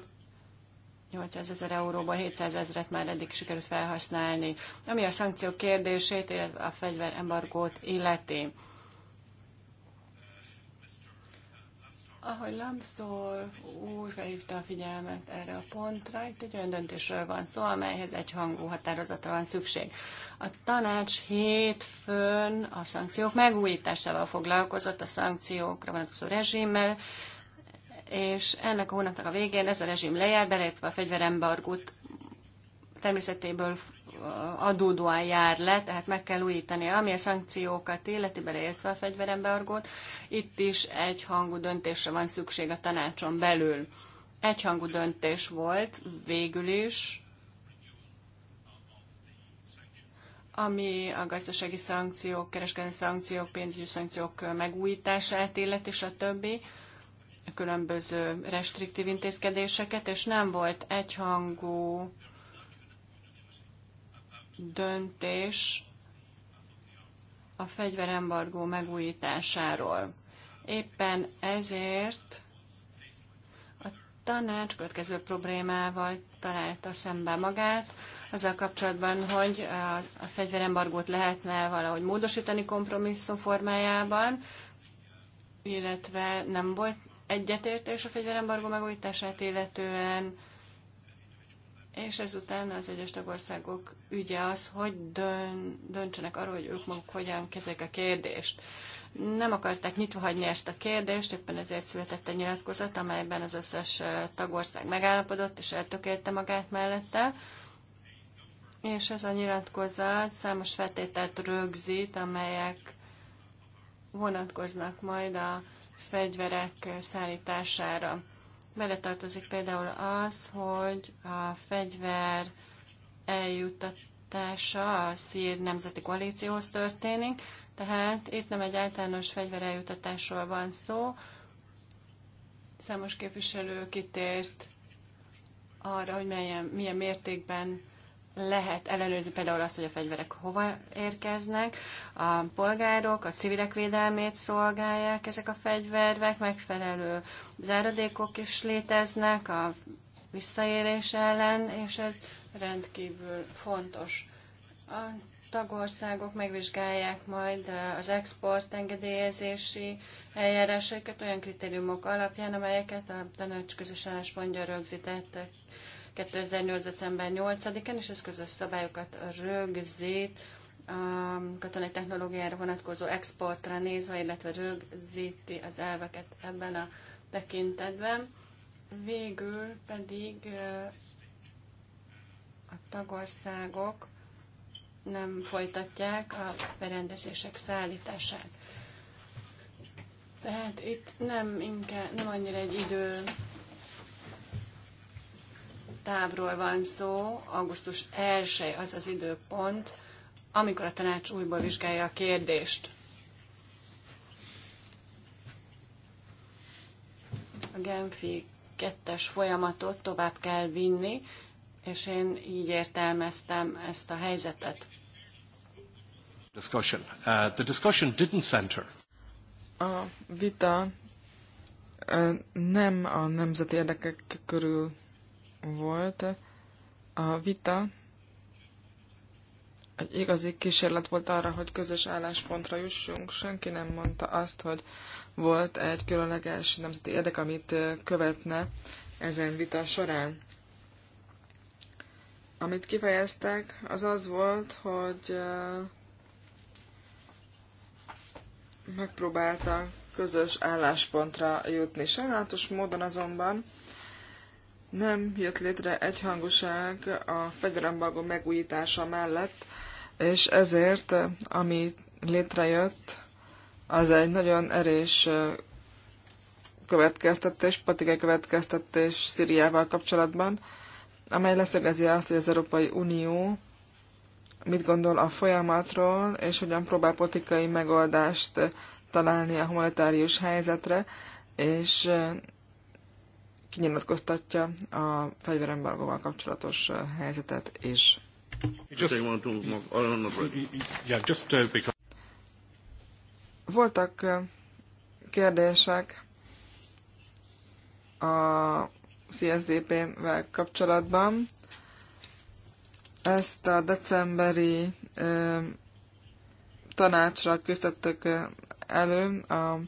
800 ezer euróból 700 ezeret már eddig sikerült felhasználni, ami a szankciók kérdését, illetve a fegyverembargót illeti. Ahogy Lambsdor úr felhívta a figyelmet erre a pontra, itt egy olyan döntésről van szó, amelyhez egy hangú határozatra van szükség. A tanács hétfőn a szankciók megújításával foglalkozott, a szankciókra vonatkozó rezsimmel, és ennek a hónapnak a végén ez a rezsim lejár, beleértve a fegyverembargót természetéből adódóan jár le, tehát meg kell újítani, ami a szankciókat illeti, beleértve a fegyverembargót. Itt is egyhangú döntésre van szükség a tanácson belül. Egyhangú döntés volt végül is, ami a gazdasági szankciók, kereskedelmi szankciók, pénzügyi szankciók megújítását illeti, és A különböző restriktív intézkedéseket, és nem volt egyhangú döntés a fegyverembargó megújításáról. Éppen ezért a tanács következő problémával találta szembe magát, azzal kapcsolatban, hogy a fegyverembargót lehetne valahogy módosítani kompromisszum formájában, illetve nem volt egyetértés a fegyverembargó megújítását illetően, és ezután az egyes tagországok ügye az, hogy dön, döntsenek arról, hogy ők maguk hogyan kezelik a kérdést. Nem akarták nyitva hagyni ezt a kérdést, éppen ezért született egy nyilatkozat, amelyben az összes tagország megállapodott és eltökélte magát mellette. És ez a nyilatkozat számos feltételt rögzít, amelyek vonatkoznak majd a fegyverek szállítására. Beletartozik például az, hogy a fegyver eljuttatása a szír nemzeti koalícióhoz történik, tehát itt nem egy általános fegyver eljutatásról van szó. Számos képviselő kitért arra, hogy milyen, milyen mértékben lehet ellenőrizni például azt, hogy a fegyverek hova érkeznek, a polgárok, a civilek védelmét szolgálják ezek a fegyverek, megfelelő záradékok is léteznek a visszaérés ellen, és ez rendkívül fontos. A tagországok megvizsgálják majd az export engedélyezési eljárásaikat olyan kritériumok alapján, amelyeket a tanács közös álláspontja rögzítettek. 2008. december 8-án, és ez közös szabályokat rögzít a katonai technológiára vonatkozó exportra nézve, illetve rögzíti az elveket ebben a tekintetben. Végül pedig a tagországok nem folytatják a berendezések szállítását. Tehát itt nem, inkább, nem annyira egy idő távról van szó, augusztus 1 az az időpont, amikor a tanács újból vizsgálja a kérdést. A Genfi kettes folyamatot tovább kell vinni, és én így értelmeztem ezt a helyzetet. Discussion. Uh, the discussion didn't center. A vita uh, nem a nemzeti érdekek körül volt. A vita egy igazi kísérlet volt arra, hogy közös álláspontra jussunk. Senki nem mondta azt, hogy volt egy különleges nemzeti érdek, amit követne ezen vita során. Amit kifejeztek, az az volt, hogy megpróbáltak közös álláspontra jutni. Sajnálatos módon azonban nem jött létre egyhangúság a fegyverembargó megújítása mellett, és ezért, ami létrejött, az egy nagyon erős következtetés, politikai következtetés Szíriával kapcsolatban, amely leszögezi azt, hogy az Európai Unió mit gondol a folyamatról, és hogyan próbál politikai megoldást találni a humanitárius helyzetre, és kinyilatkoztatja a fegyverembargóval kapcsolatos helyzetet és Voltak kérdések a CSDP-vel kapcsolatban. Ezt a decemberi tanácsra küzdöttök elő a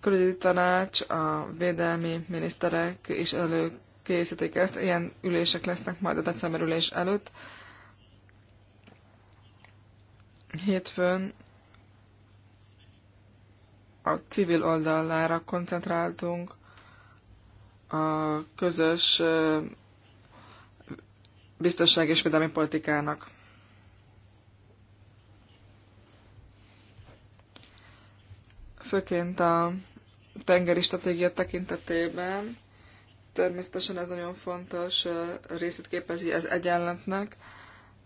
külügyi tanács, a védelmi miniszterek is előkészítik ezt. Ilyen ülések lesznek majd a december ülés előtt. Hétfőn a civil oldalára koncentráltunk, a közös biztonság és védelmi politikának. Főként a tengeri stratégia tekintetében. Természetesen ez nagyon fontos részét képezi ez egyenletnek.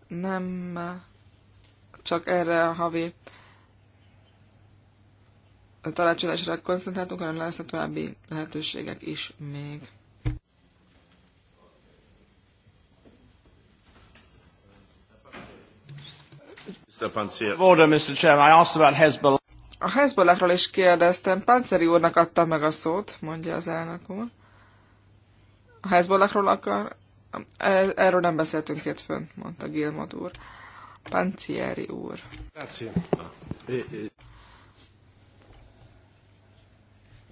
Nem csak erre a havi találcsolásra koncentráltunk, hanem a további lehetőségek is még. Order, Mr. Chairman. I asked about Hezbollah. A Hezbollahról is kérdeztem, Panceri úrnak adtam meg a szót, mondja az elnök úr. A Hezbollahról akar... E- erről nem beszéltünk hétfőn, mondta Gilmod úr. Pancieri úr. E- e-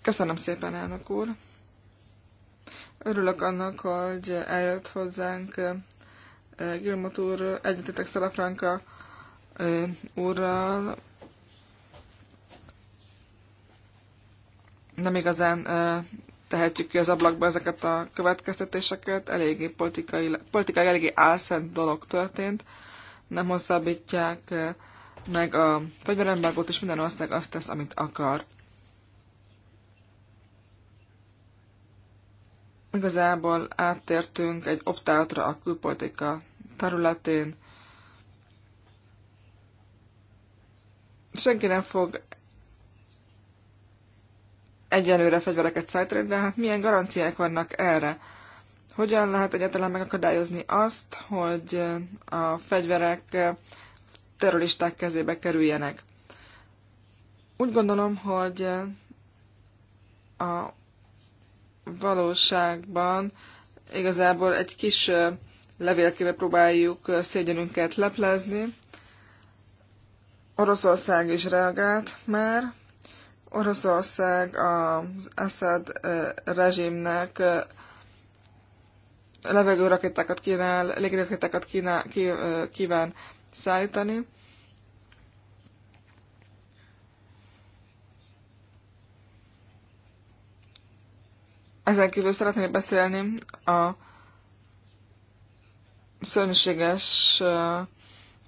Köszönöm szépen, elnök úr. Örülök annak, hogy eljött hozzánk Gilmot úr, egyetetek Szalafranka úrral. nem igazán tehetjük ki az ablakba ezeket a következtetéseket, eléggé politikai, politikai eléggé álszent dolog történt, nem hosszabbítják meg a fegyverembargót, és minden ország azt tesz, amit akar. Igazából áttértünk egy optátra a külpolitika területén. Senki nem fog egyenlőre fegyvereket szállítani, de hát milyen garanciák vannak erre? Hogyan lehet egyáltalán megakadályozni azt, hogy a fegyverek terroristák kezébe kerüljenek? Úgy gondolom, hogy a valóságban igazából egy kis levélkével próbáljuk szégyenünket leplezni. Oroszország is reagált már, Oroszország az Assad rezsimnek levegőrakétákat kínál, légirakétákat kínál, kíván szállítani. Ezen kívül szeretnék beszélni a szörnyűséges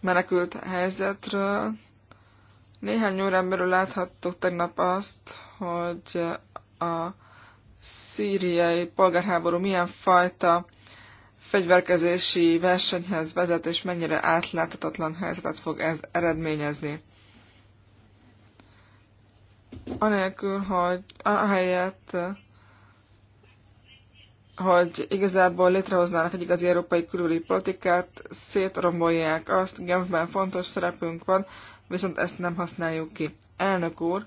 menekült helyzetről, néhány órán belül láthattuk tegnap azt, hogy a szíriai polgárháború milyen fajta fegyverkezési versenyhez vezet, és mennyire átláthatatlan helyzetet fog ez eredményezni. Anélkül, hogy ahelyett, hogy igazából létrehoznának egy igazi európai külüli politikát, szétrombolják azt, Genfben fontos szerepünk van, viszont ezt nem használjuk ki. Elnök úr,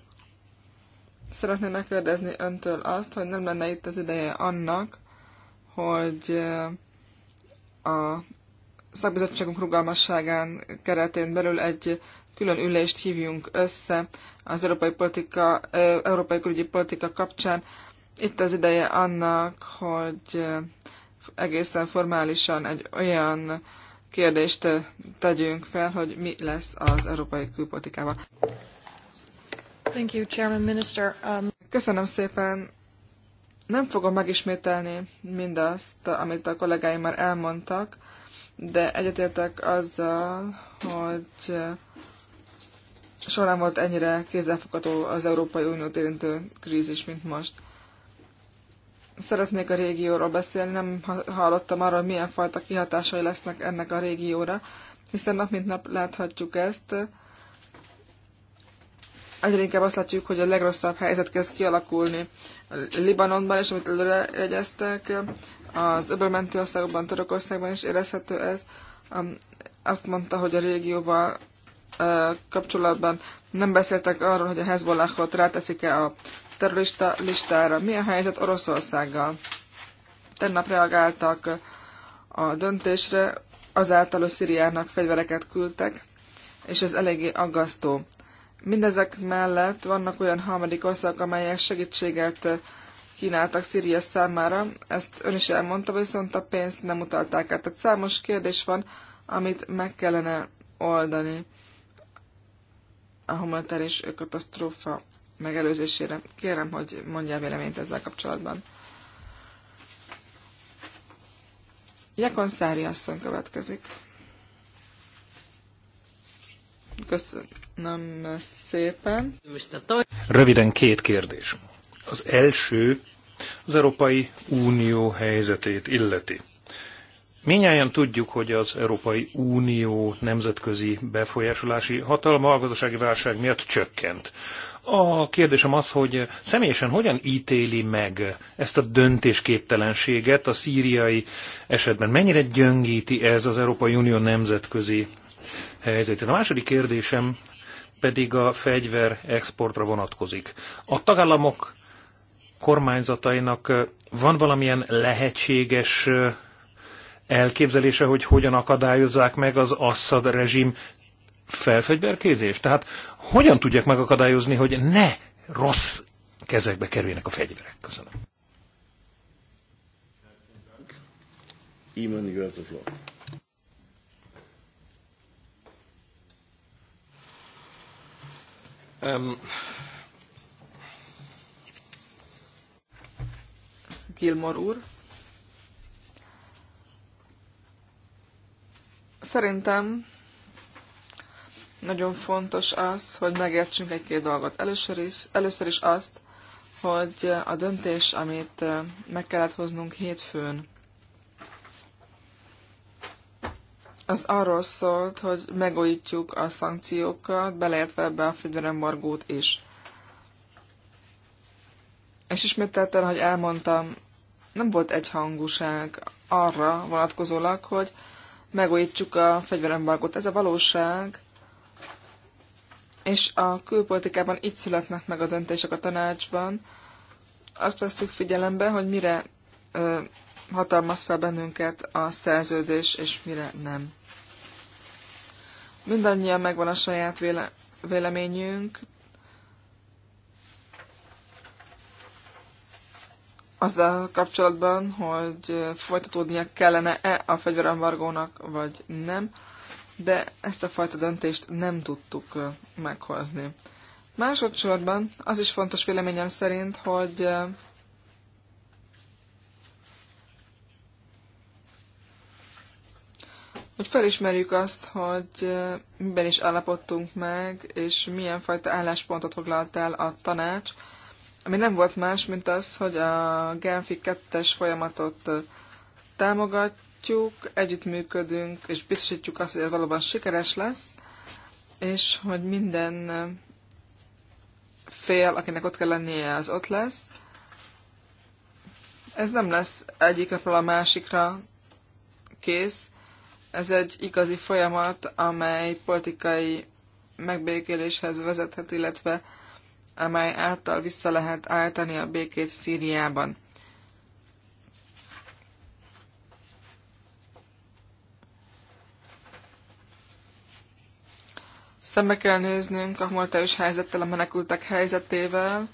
szeretném megkérdezni öntől azt, hogy nem lenne itt az ideje annak, hogy eh, a szakbizottságunk rugalmasságán keretén belül egy külön ülést hívjunk össze az európai, politika, eh, európai külügyi politika kapcsán. Itt az ideje annak, hogy eh, egészen formálisan egy olyan kérdést tegyünk fel, hogy mi lesz az európai külpolitikával. Thank you, Chairman Minister. Um... Köszönöm szépen. Nem fogom megismételni mindazt, amit a kollégáim már elmondtak, de egyetértek azzal, hogy soha nem volt ennyire kézzelfogható az Európai Uniót érintő krízis, mint most szeretnék a régióról beszélni, nem hallottam arról, hogy milyen fajta kihatásai lesznek ennek a régióra, hiszen nap mint nap láthatjuk ezt. Egyre inkább azt látjuk, hogy a legrosszabb helyzet kezd kialakulni. Libanonban is, amit előre jegyeztek, az öbölmenti országokban, Törökországban is érezhető ez. Azt mondta, hogy a régióval kapcsolatban nem beszéltek arról, hogy a Hezbollahot ráteszik-e a terrorista listára. Mi a helyzet Oroszországgal? Tegnap reagáltak a döntésre, azáltal, a Szíriának fegyvereket küldtek, és ez eléggé aggasztó. Mindezek mellett vannak olyan harmadik országok, amelyek segítséget kínáltak Szíria számára. Ezt ön is elmondta, viszont a pénzt nem utalták át. Tehát számos kérdés van, amit meg kellene oldani. A humanitáris katasztrófa megelőzésére. Kérem, hogy mondjál véleményt ezzel kapcsolatban. Jakon Szári asszony következik. Köszönöm szépen. Röviden két kérdés. Az első az Európai Unió helyzetét illeti. Minnyáján tudjuk, hogy az Európai Unió nemzetközi befolyásolási hatalma a gazdasági válság miatt csökkent. A kérdésem az, hogy személyesen hogyan ítéli meg ezt a döntésképtelenséget a szíriai esetben? Mennyire gyöngíti ez az Európai Unió nemzetközi helyzetét? A második kérdésem pedig a fegyver exportra vonatkozik. A tagállamok kormányzatainak van valamilyen lehetséges elképzelése, hogy hogyan akadályozzák meg az Assad rezsim felfegyverkézés? Tehát hogyan tudják megakadályozni, hogy ne rossz kezekbe kerüljenek a fegyverek? Köszönöm. Iman, um, Gilmore úr. Szerintem nagyon fontos az, hogy megértsünk egy-két dolgot. Először is, először is azt, hogy a döntés, amit meg kellett hoznunk hétfőn, az arról szólt, hogy megújítjuk a szankciókat, beleértve ebbe a fegyverembargót is. És ismételten, hogy elmondtam, nem volt egyhangúság arra vonatkozólag, hogy megújítsuk a fegyverembargót. Ez a valóság, és a külpolitikában így születnek meg a döntések a tanácsban. Azt veszük figyelembe, hogy mire ö, hatalmaz fel bennünket a szerződés, és mire nem. Mindannyian megvan a saját véle- véleményünk. Azzal kapcsolatban, hogy folytatódnia kellene-e a fegyverembargónak, vagy nem de ezt a fajta döntést nem tudtuk meghozni. Másodszorban az is fontos véleményem szerint, hogy hogy felismerjük azt, hogy miben is állapodtunk meg, és milyen fajta álláspontot foglalt el a tanács, ami nem volt más, mint az, hogy a Genfi 2-es folyamatot támogat, támogatjuk, együttműködünk, és biztosítjuk azt, hogy ez valóban sikeres lesz, és hogy minden fél, akinek ott kell lennie, az ott lesz. Ez nem lesz egyik napról a másikra kész. Ez egy igazi folyamat, amely politikai megbékéléshez vezethet, illetve amely által vissza lehet állítani a békét Szíriában. Szembe kell néznünk a humanitárius helyzettel, a menekültek helyzetével.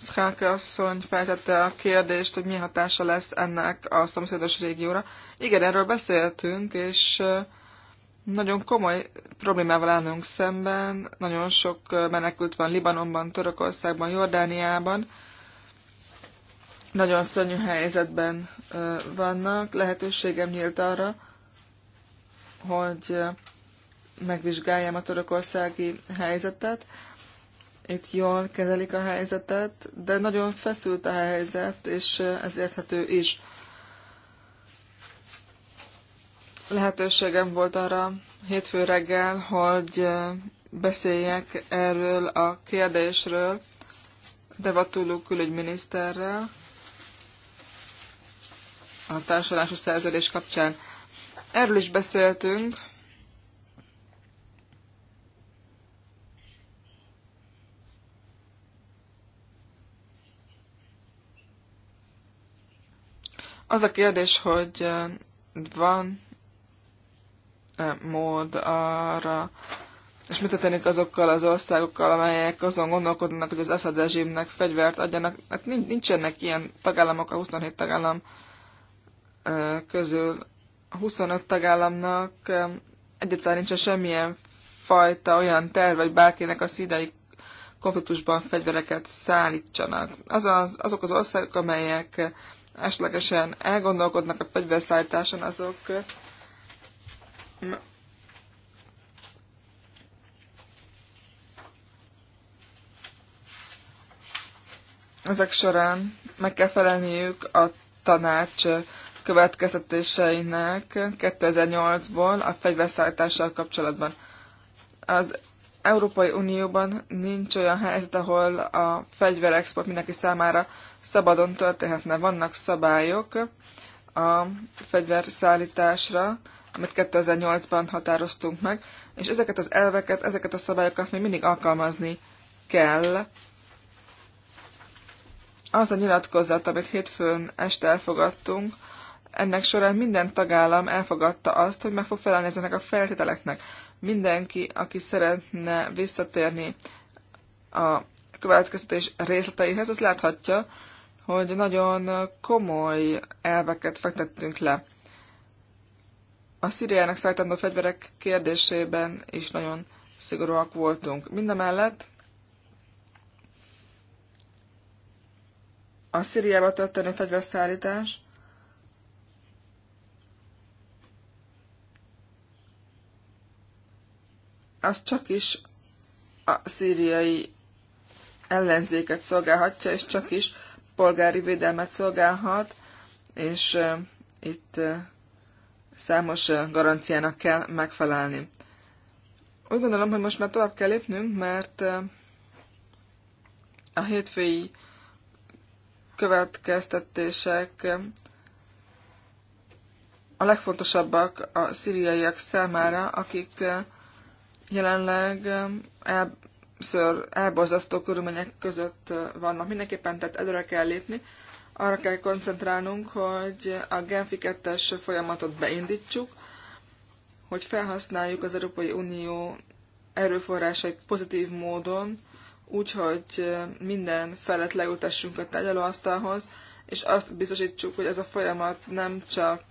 Szkáke asszony feltette a kérdést, hogy mi hatása lesz ennek a szomszédos régióra. Igen, erről beszéltünk, és nagyon komoly problémával állunk szemben. Nagyon sok menekült van Libanonban, Törökországban, Jordániában. Nagyon szörnyű helyzetben vannak. Lehetőségem nyílt arra, hogy megvizsgáljam a törökországi helyzetet. Itt jól kezelik a helyzetet, de nagyon feszült a helyzet, és ez érthető is. Lehetőségem volt arra hétfő reggel, hogy beszéljek erről a kérdésről Devatulú külügyminiszterrel a társadalmi szerződés kapcsán. Erről is beszéltünk, Az a kérdés, hogy van -e mód arra, és mit történik azokkal az országokkal, amelyek azon gondolkodnak, hogy az Assad rezsimnek fegyvert adjanak. Hát nincsenek ilyen tagállamok a 27 tagállam közül. A 25 tagállamnak egyáltalán nincsen semmilyen fajta olyan terv, hogy bárkinek a szídei konfliktusban fegyvereket szállítsanak. Az az, azok az országok, amelyek esetlegesen elgondolkodnak a fegyverszállításon, azok ezek során meg kell felelniük a tanács következtetéseinek 2008-ból a fegyverszállítással kapcsolatban. Az Európai Unióban nincs olyan helyzet, ahol a fegyverexport mindenki számára szabadon történhetne. Vannak szabályok a fegyverszállításra, amit 2008-ban határoztunk meg, és ezeket az elveket, ezeket a szabályokat még mindig alkalmazni kell. Az a nyilatkozat, amit hétfőn este elfogadtunk, ennek során minden tagállam elfogadta azt, hogy meg fog felelni ezeknek a feltételeknek. Mindenki, aki szeretne visszatérni a következtetés részleteihez, az láthatja, hogy nagyon komoly elveket fektettünk le. A Szíriának szállítandó fegyverek kérdésében is nagyon szigorúak voltunk. Mindemellett a Szíriába történő fegyverszállítás az csak is a szíriai ellenzéket szolgálhatja, és csak is polgári védelmet szolgálhat, és itt számos garanciának kell megfelelni. Úgy gondolom, hogy most már tovább kell lépnünk, mert a hétfői következtetések a legfontosabbak a szíriaiak számára, akik jelenleg többször elborzasztó körülmények között vannak. Mindenképpen tehát előre kell lépni. Arra kell koncentrálnunk, hogy a Genfi 2 folyamatot beindítsuk, hogy felhasználjuk az Európai Unió erőforrásait pozitív módon, úgyhogy minden felett leültessünk a tárgyalóasztalhoz, és azt biztosítsuk, hogy ez a folyamat nem csak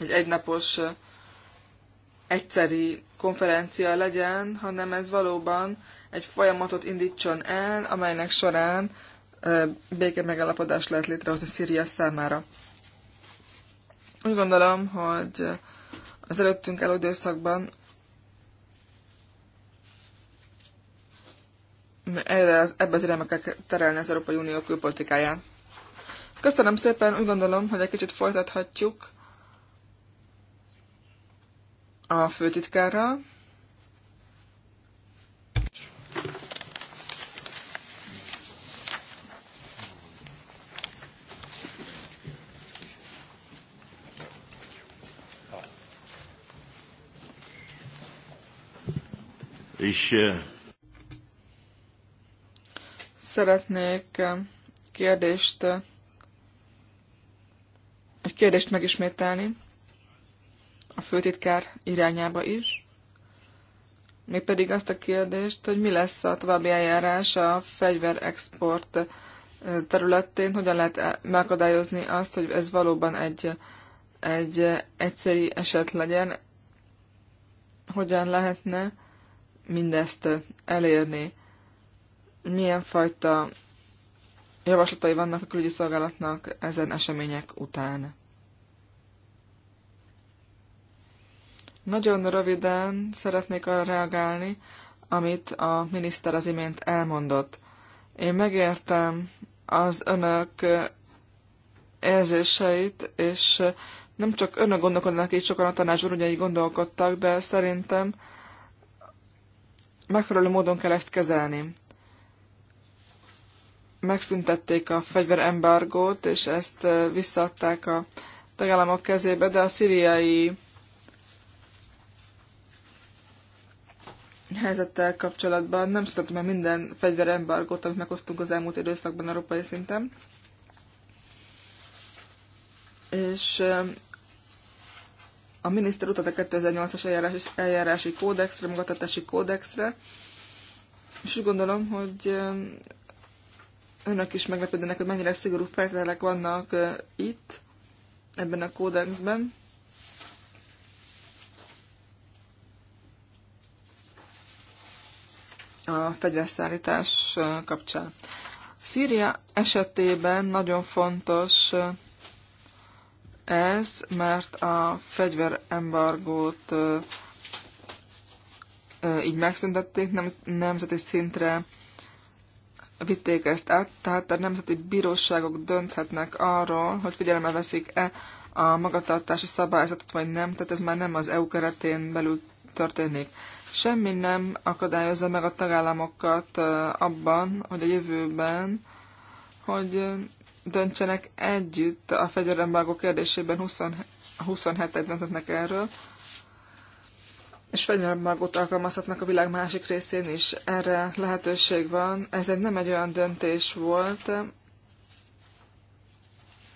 egy egynapos egyszeri konferencia legyen, hanem ez valóban egy folyamatot indítson el, amelynek során béke megállapodást lehet létrehozni Szíria számára. Úgy gondolom, hogy az előttünk álló időszakban erre, ebbe az irányba kell terelni az Európai Unió külpolitikáját. Köszönöm szépen, úgy gondolom, hogy egy kicsit folytathatjuk a főtitkárral. És szeretnék kérdést, egy kérdést megismételni a főtitkár irányába is, mégpedig azt a kérdést, hogy mi lesz a további eljárás a fegyverexport eh, területén, hogyan lehet e- megakadályozni azt, hogy ez valóban egy, egy eh, egyszerű eset legyen, hogyan lehetne mindezt eh, elérni, milyen fajta javaslatai vannak a külügyi szolgálatnak ezen események után. Nagyon röviden szeretnék arra reagálni, amit a miniszter az imént elmondott. Én megértem az önök érzéseit, és nem csak önök gondolkodnak így sokan a tanácsban, ugye így gondolkodtak, de szerintem megfelelő módon kell ezt kezelni. Megszüntették a fegyverembargót, és ezt visszaadták a tagállamok kezébe, de a szíriai helyzettel kapcsolatban nem szoktam meg minden fegyverembargót, amit meghoztunk az elmúlt időszakban európai szinten. És eh, a miniszter utat a 2008-as eljárási, eljárási kódexre, magatartási kódexre, és úgy gondolom, hogy eh, önök is meglepődnek, hogy mennyire szigorú feltételek vannak eh, itt, ebben a kódexben. a fegyverszállítás kapcsán. Szíria esetében nagyon fontos ez, mert a fegyverembargót így megszüntették, nem, nemzeti szintre vitték ezt át, tehát a nemzeti bíróságok dönthetnek arról, hogy figyelembe veszik-e a magatartási szabályzatot, vagy nem, tehát ez már nem az EU keretén belül történik. Semmi nem akadályozza meg a tagállamokat abban, hogy a jövőben, hogy döntsenek együtt a fegyverembargó kérdésében 20, 27 et döntetnek erről, és fegyverembargót alkalmazhatnak a világ másik részén is. Erre lehetőség van. Ez egy nem egy olyan döntés volt,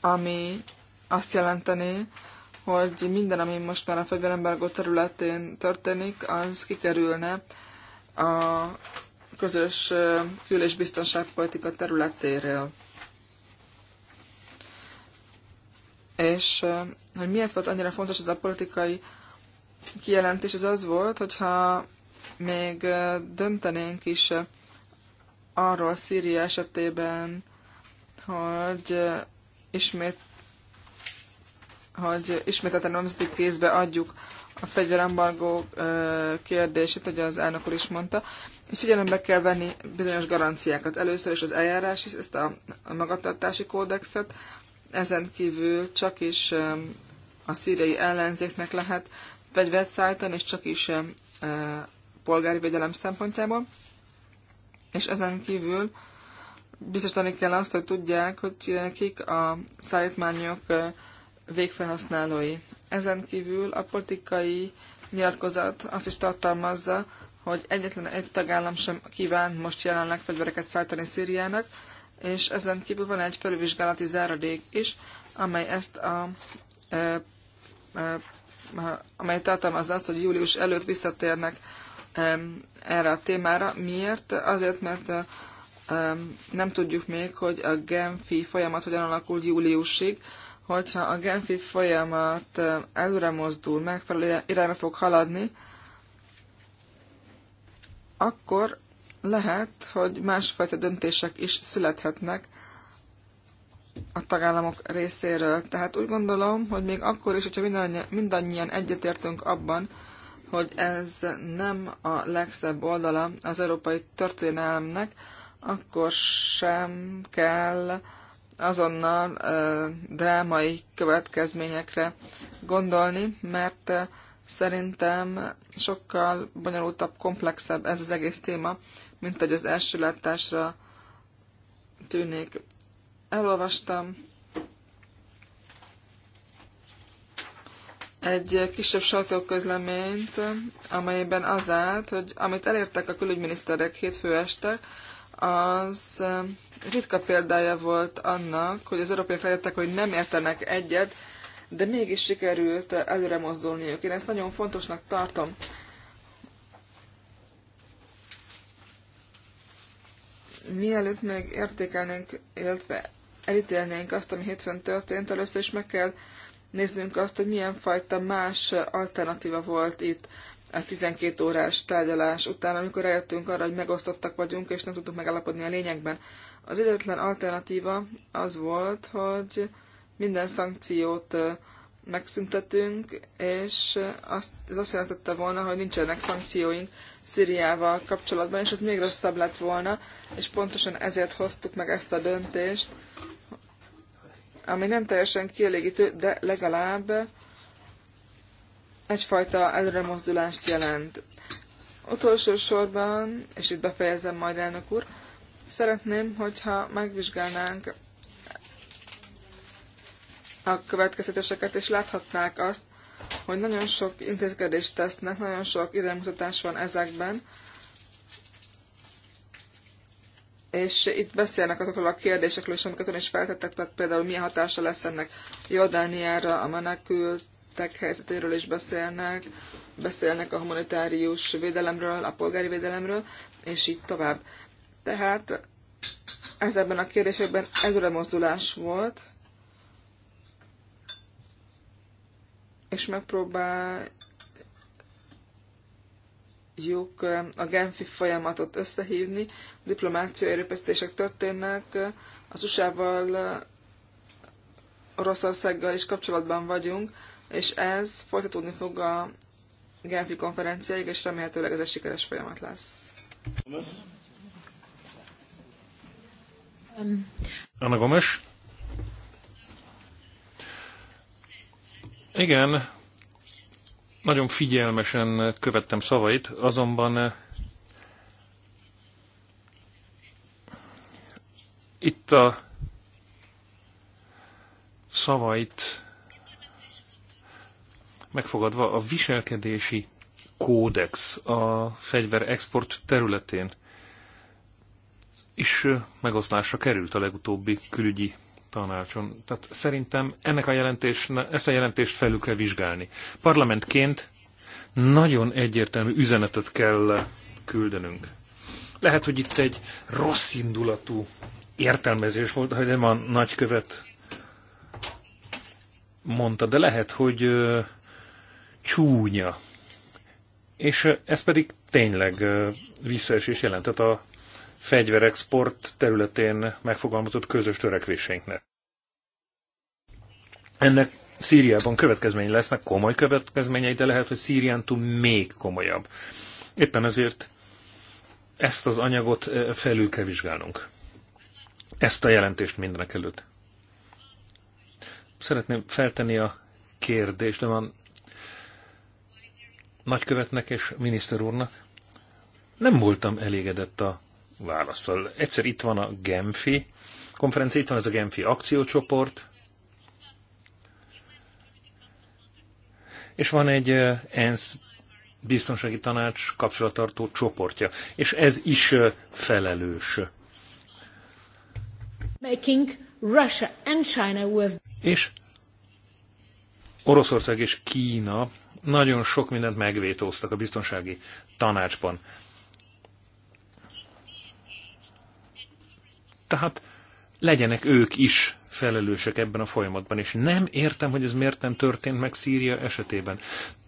ami azt jelenteni, hogy minden, ami most már a fegyverembargó területén történik, az kikerülne a közös kül- és biztonságpolitika területéről. És hogy miért volt annyira fontos ez a politikai kijelentés, az az volt, hogyha még döntenénk is arról Szíria esetében, hogy ismét hogy ismételten nemzeti kézbe adjuk a fegyverembargó kérdését, hogy az elnök úr is mondta, figyelembe kell venni bizonyos garanciákat. Először is az eljárás, ezt a magatartási kódexet, ezen kívül csak is a szíriai ellenzéknek lehet fegyvert szállítani, és csak is polgári védelem szempontjából. És ezen kívül biztosítani kell azt, hogy tudják, hogy kik a szállítmányok végfelhasználói. Ezen kívül a politikai nyilatkozat azt is tartalmazza, hogy egyetlen egy tagállam sem kíván most jelenleg fegyvereket szállítani Szíriának, és ezen kívül van egy felülvizsgálati záradék is, amely ezt a e, e, amely tartalmazza azt, hogy július előtt visszatérnek e, erre a témára. Miért? Azért, mert e, nem tudjuk még, hogy a Genfi folyamat hogyan alakul júliusig, hogyha a Genfi folyamat előre mozdul, megfelelő irányba fog haladni, akkor lehet, hogy másfajta döntések is születhetnek a tagállamok részéről. Tehát úgy gondolom, hogy még akkor is, hogyha mindannyian egyetértünk abban, hogy ez nem a legszebb oldala az európai történelmnek, akkor sem kell azonnal drámai következményekre gondolni, mert szerintem sokkal bonyolultabb, komplexebb ez az egész téma, mint hogy az első látásra tűnik. Elolvastam egy kisebb sajtóközleményt, amelyben az állt, hogy amit elértek a külügyminiszterek hétfő este, az ritka példája volt annak, hogy az európaiak rájöttek, hogy nem értenek egyet, de mégis sikerült előre mozdulniuk. Én ezt nagyon fontosnak tartom. Mielőtt még értékelnénk, illetve elítélnénk azt, ami hétfőn történt, először is meg kell néznünk azt, hogy milyen fajta más alternatíva volt itt a 12 órás tárgyalás után, amikor eljöttünk arra, hogy megosztottak vagyunk, és nem tudtuk megállapodni a lényegben. Az egyetlen alternatíva az volt, hogy minden szankciót megszüntetünk, és azt, ez azt jelentette volna, hogy nincsenek szankcióink Szíriával kapcsolatban, és ez még rosszabb lett volna, és pontosan ezért hoztuk meg ezt a döntést, ami nem teljesen kielégítő, de legalább egyfajta előremozdulást jelent. Utolsó sorban, és itt befejezem majd elnök úr, Szeretném, hogyha megvizsgálnánk a következtetéseket, és láthatnák azt, hogy nagyon sok intézkedést tesznek, nagyon sok iránymutatás van ezekben, és itt beszélnek azokról a kérdésekről is, amiket ön is feltettek, tehát például milyen hatása lesz ennek Jordániára, a menekültek helyzetéről is beszélnek, beszélnek a humanitárius védelemről, a polgári védelemről, és így tovább. Tehát ez ebben a kérdésekben előre mozdulás volt, és megpróbáljuk eh, a Genfi folyamatot összehívni, a diplomáciai erőpesztések történnek, az USA-val, eh, Oroszországgal is kapcsolatban vagyunk, és ez folytatódni fog a Genfi konferenciáig, és remélhetőleg ez egy sikeres folyamat lesz. Thomas? Anna Gomes. Igen, nagyon figyelmesen követtem szavait, azonban eh, itt a szavait megfogadva a viselkedési kódex a fegyver export területén is megosztásra került a legutóbbi külügyi tanácson. Tehát szerintem ennek a jelentés, ezt a jelentést felül kell vizsgálni. Parlamentként nagyon egyértelmű üzenetet kell küldenünk. Lehet, hogy itt egy rossz indulatú értelmezés volt, hogy nem a nagykövet mondta, de lehet, hogy ö, csúnya. És ez pedig tényleg ö, visszaesés jelentett a fegyverexport területén megfogalmazott közös törekvéseinknek. Ennek Szíriában következmény lesznek, komoly következményei, de lehet, hogy Szírián túl még komolyabb. Éppen ezért ezt az anyagot felül kell vizsgálnunk. Ezt a jelentést mindenek előtt. Szeretném feltenni a kérdést, de van nagykövetnek és miniszter úrnak. Nem voltam elégedett a válaszol. Egyszer itt van a Genfi konferencia, itt van ez a Genfi akciócsoport, és van egy eh, ENSZ biztonsági tanács kapcsolattartó csoportja, és ez is eh, felelős. Making Russia and China with... És Oroszország és Kína nagyon sok mindent megvétóztak a biztonsági tanácsban. Tehát legyenek ők is felelősek ebben a folyamatban, és nem értem, hogy ez miért nem történt meg Szíria esetében.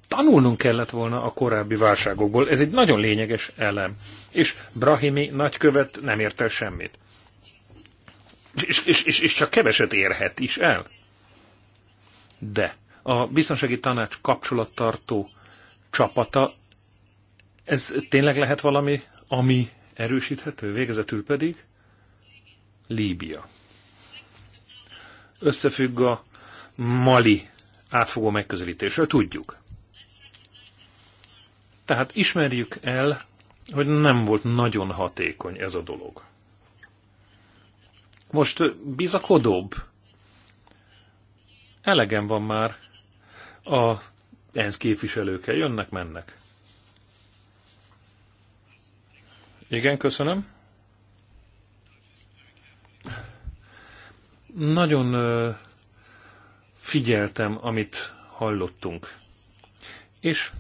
Tanulnunk kellett volna a korábbi válságokból, ez egy nagyon lényeges elem. És Brahimi nagykövet nem ért el semmit. És, és, és, és csak keveset érhet is el. De a biztonsági tanács kapcsolattartó csapata, ez tényleg lehet valami, ami erősíthető? Végezetül pedig Líbia. Összefügg a Mali átfogó megközelítésről, tudjuk. Tehát ismerjük el, hogy nem volt nagyon hatékony ez a dolog. Most bizakodóbb. Elegem van már. A ENSZ képviselőkkel jönnek, mennek. Igen, köszönöm. Nagyon figyeltem, amit hallottunk. És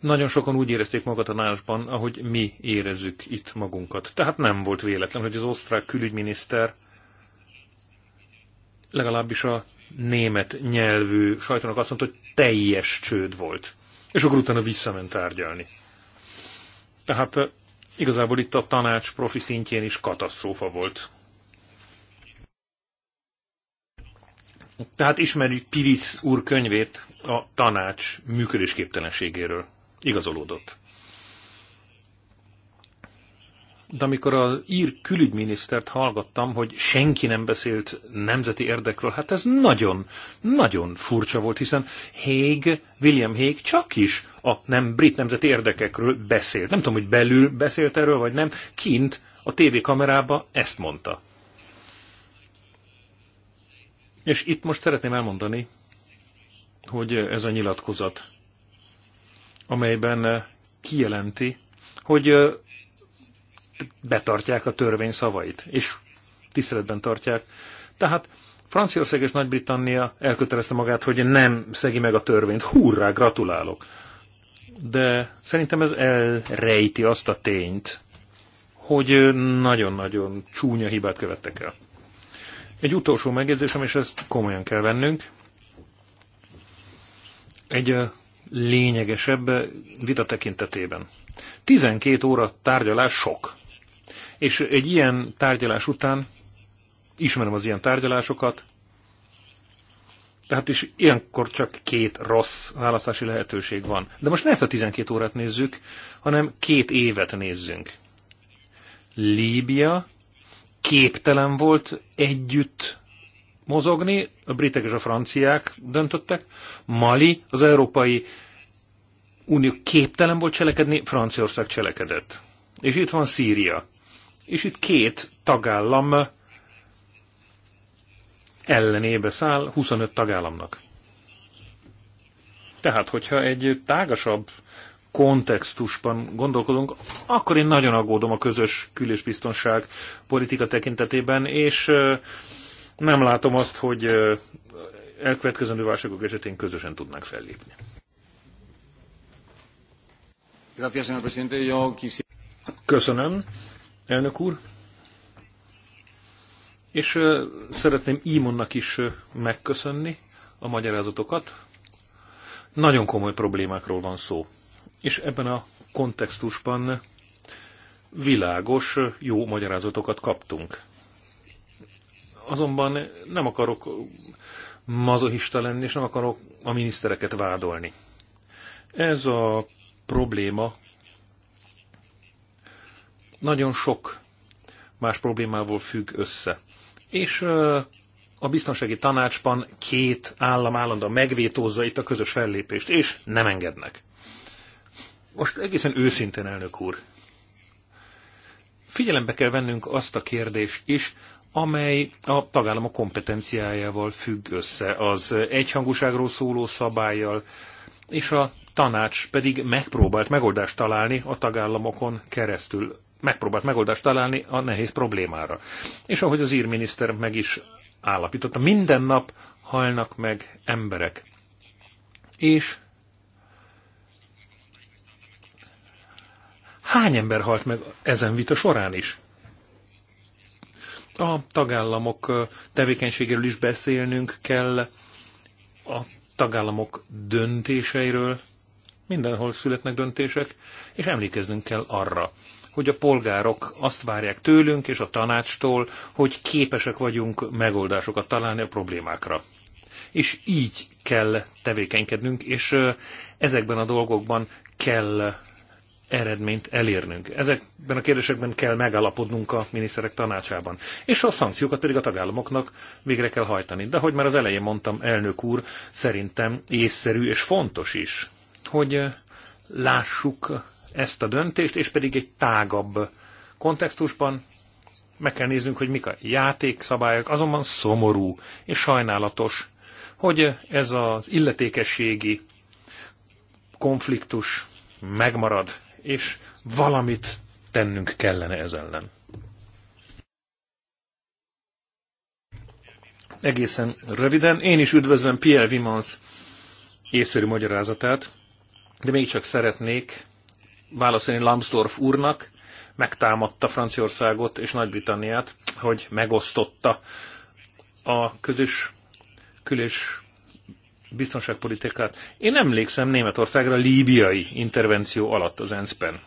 nagyon sokan úgy érezték magat a násban, ahogy mi érezzük itt magunkat. Tehát nem volt véletlen, hogy az osztrák külügyminiszter legalábbis a német nyelvű sajtónak azt mondta, hogy teljes csőd volt. És akkor utána visszament tárgyalni. Tehát igazából itt a tanács profi szintjén is katasztrófa volt. Tehát ismerjük Piris úr könyvét a tanács működésképtelenségéről. Igazolódott. De amikor az ír külügyminisztert hallgattam, hogy senki nem beszélt nemzeti érdekről, hát ez nagyon, nagyon furcsa volt, hiszen Hague, William Hague csak is a nem brit nemzeti érdekekről beszélt. Nem tudom, hogy belül beszélt erről, vagy nem. Kint a tévékamerába ezt mondta. És itt most szeretném elmondani, hogy ez a nyilatkozat, amelyben eh, kijelenti, hogy eh, betartják a törvény szavait, és tiszteletben tartják. Tehát Franciaország és Nagy-Britannia elkötelezte magát, hogy nem szegi meg a törvényt. Hurrá, gratulálok! De szerintem ez elrejti azt a tényt, hogy eh, nagyon-nagyon csúnya hibát követtek el. Egy utolsó megjegyzésem, és ezt komolyan kell vennünk. Egy lényegesebb vita tekintetében. 12 óra tárgyalás sok. És egy ilyen tárgyalás után, ismerem az ilyen tárgyalásokat, tehát is ilyenkor csak két rossz választási lehetőség van. De most ne ezt a 12 órát nézzük, hanem két évet nézzünk. Líbia képtelen volt együtt mozogni, a britek és a franciák döntöttek, Mali, az Európai Unió képtelen volt cselekedni, Franciaország cselekedett. És itt van Szíria. És itt két tagállam ellenébe száll 25 tagállamnak. Tehát, hogyha egy tágasabb kontextusban gondolkodunk, akkor én nagyon aggódom a közös kül- és biztonság politika tekintetében, és nem látom azt, hogy elkövetkezendő válságok esetén közösen tudnánk fellépni. Köszönöm, elnök úr. És szeretném Imonnak is megköszönni a magyarázatokat. Nagyon komoly problémákról van szó. És ebben a kontextusban világos, jó magyarázatokat kaptunk. Azonban nem akarok mazohista lenni, és nem akarok a minisztereket vádolni. Ez a probléma nagyon sok más problémával függ össze. És a biztonsági tanácsban két állam állandóan megvétózza itt a közös fellépést, és nem engednek. Most egészen őszintén, elnök úr, figyelembe kell vennünk azt a kérdést is, amely a tagállamok kompetenciájával függ össze, az egyhangúságról szóló szabályjal, és a tanács pedig megpróbált megoldást találni a tagállamokon keresztül. Megpróbált megoldást találni a nehéz problémára. És ahogy az írminiszter meg is állapította, minden nap halnak meg emberek. És Hány ember halt meg ezen vita során is? A tagállamok tevékenységéről is beszélnünk kell, a tagállamok döntéseiről, mindenhol születnek döntések, és emlékeznünk kell arra, hogy a polgárok azt várják tőlünk és a tanácstól, hogy képesek vagyunk megoldásokat találni a problémákra. És így kell tevékenykednünk, és ezekben a dolgokban kell eredményt elérnünk. Ezekben a kérdésekben kell megállapodnunk a miniszterek tanácsában. És a szankciókat pedig a tagállamoknak végre kell hajtani. De hogy már az elején mondtam, elnök úr, szerintem észszerű és fontos is, hogy eh, lássuk ezt a döntést, és pedig egy tágabb kontextusban meg kell néznünk, hogy mik a játékszabályok, azonban szomorú és sajnálatos, hogy ez az illetékességi konfliktus megmarad, és valamit tennünk kellene ez ellen. Egészen röviden, én is üdvözlöm Pierre Vimans észszerű magyarázatát, de még csak szeretnék válaszolni Lambsdorff úrnak, megtámadta Franciaországot és Nagy-Britanniát, hogy megosztotta a közös külös biztonságpolitikát. Én emlékszem Németországra líbiai intervenció alatt az ENSZ-ben.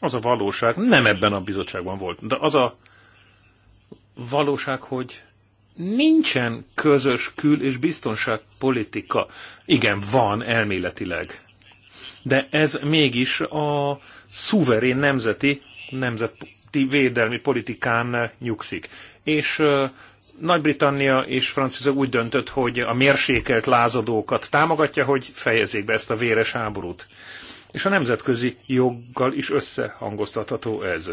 Az a valóság, nem ebben a bizottságban volt, de az a valóság, hogy nincsen közös kül- és biztonságpolitika. Igen, van elméletileg. De ez mégis a szuverén nemzeti, nemzeti védelmi politikán nyugszik. És nagy-Britannia és Franciaország úgy döntött, hogy a mérsékelt lázadókat támogatja, hogy fejezzék be ezt a véres háborút. És a nemzetközi joggal is összehangoztatható ez.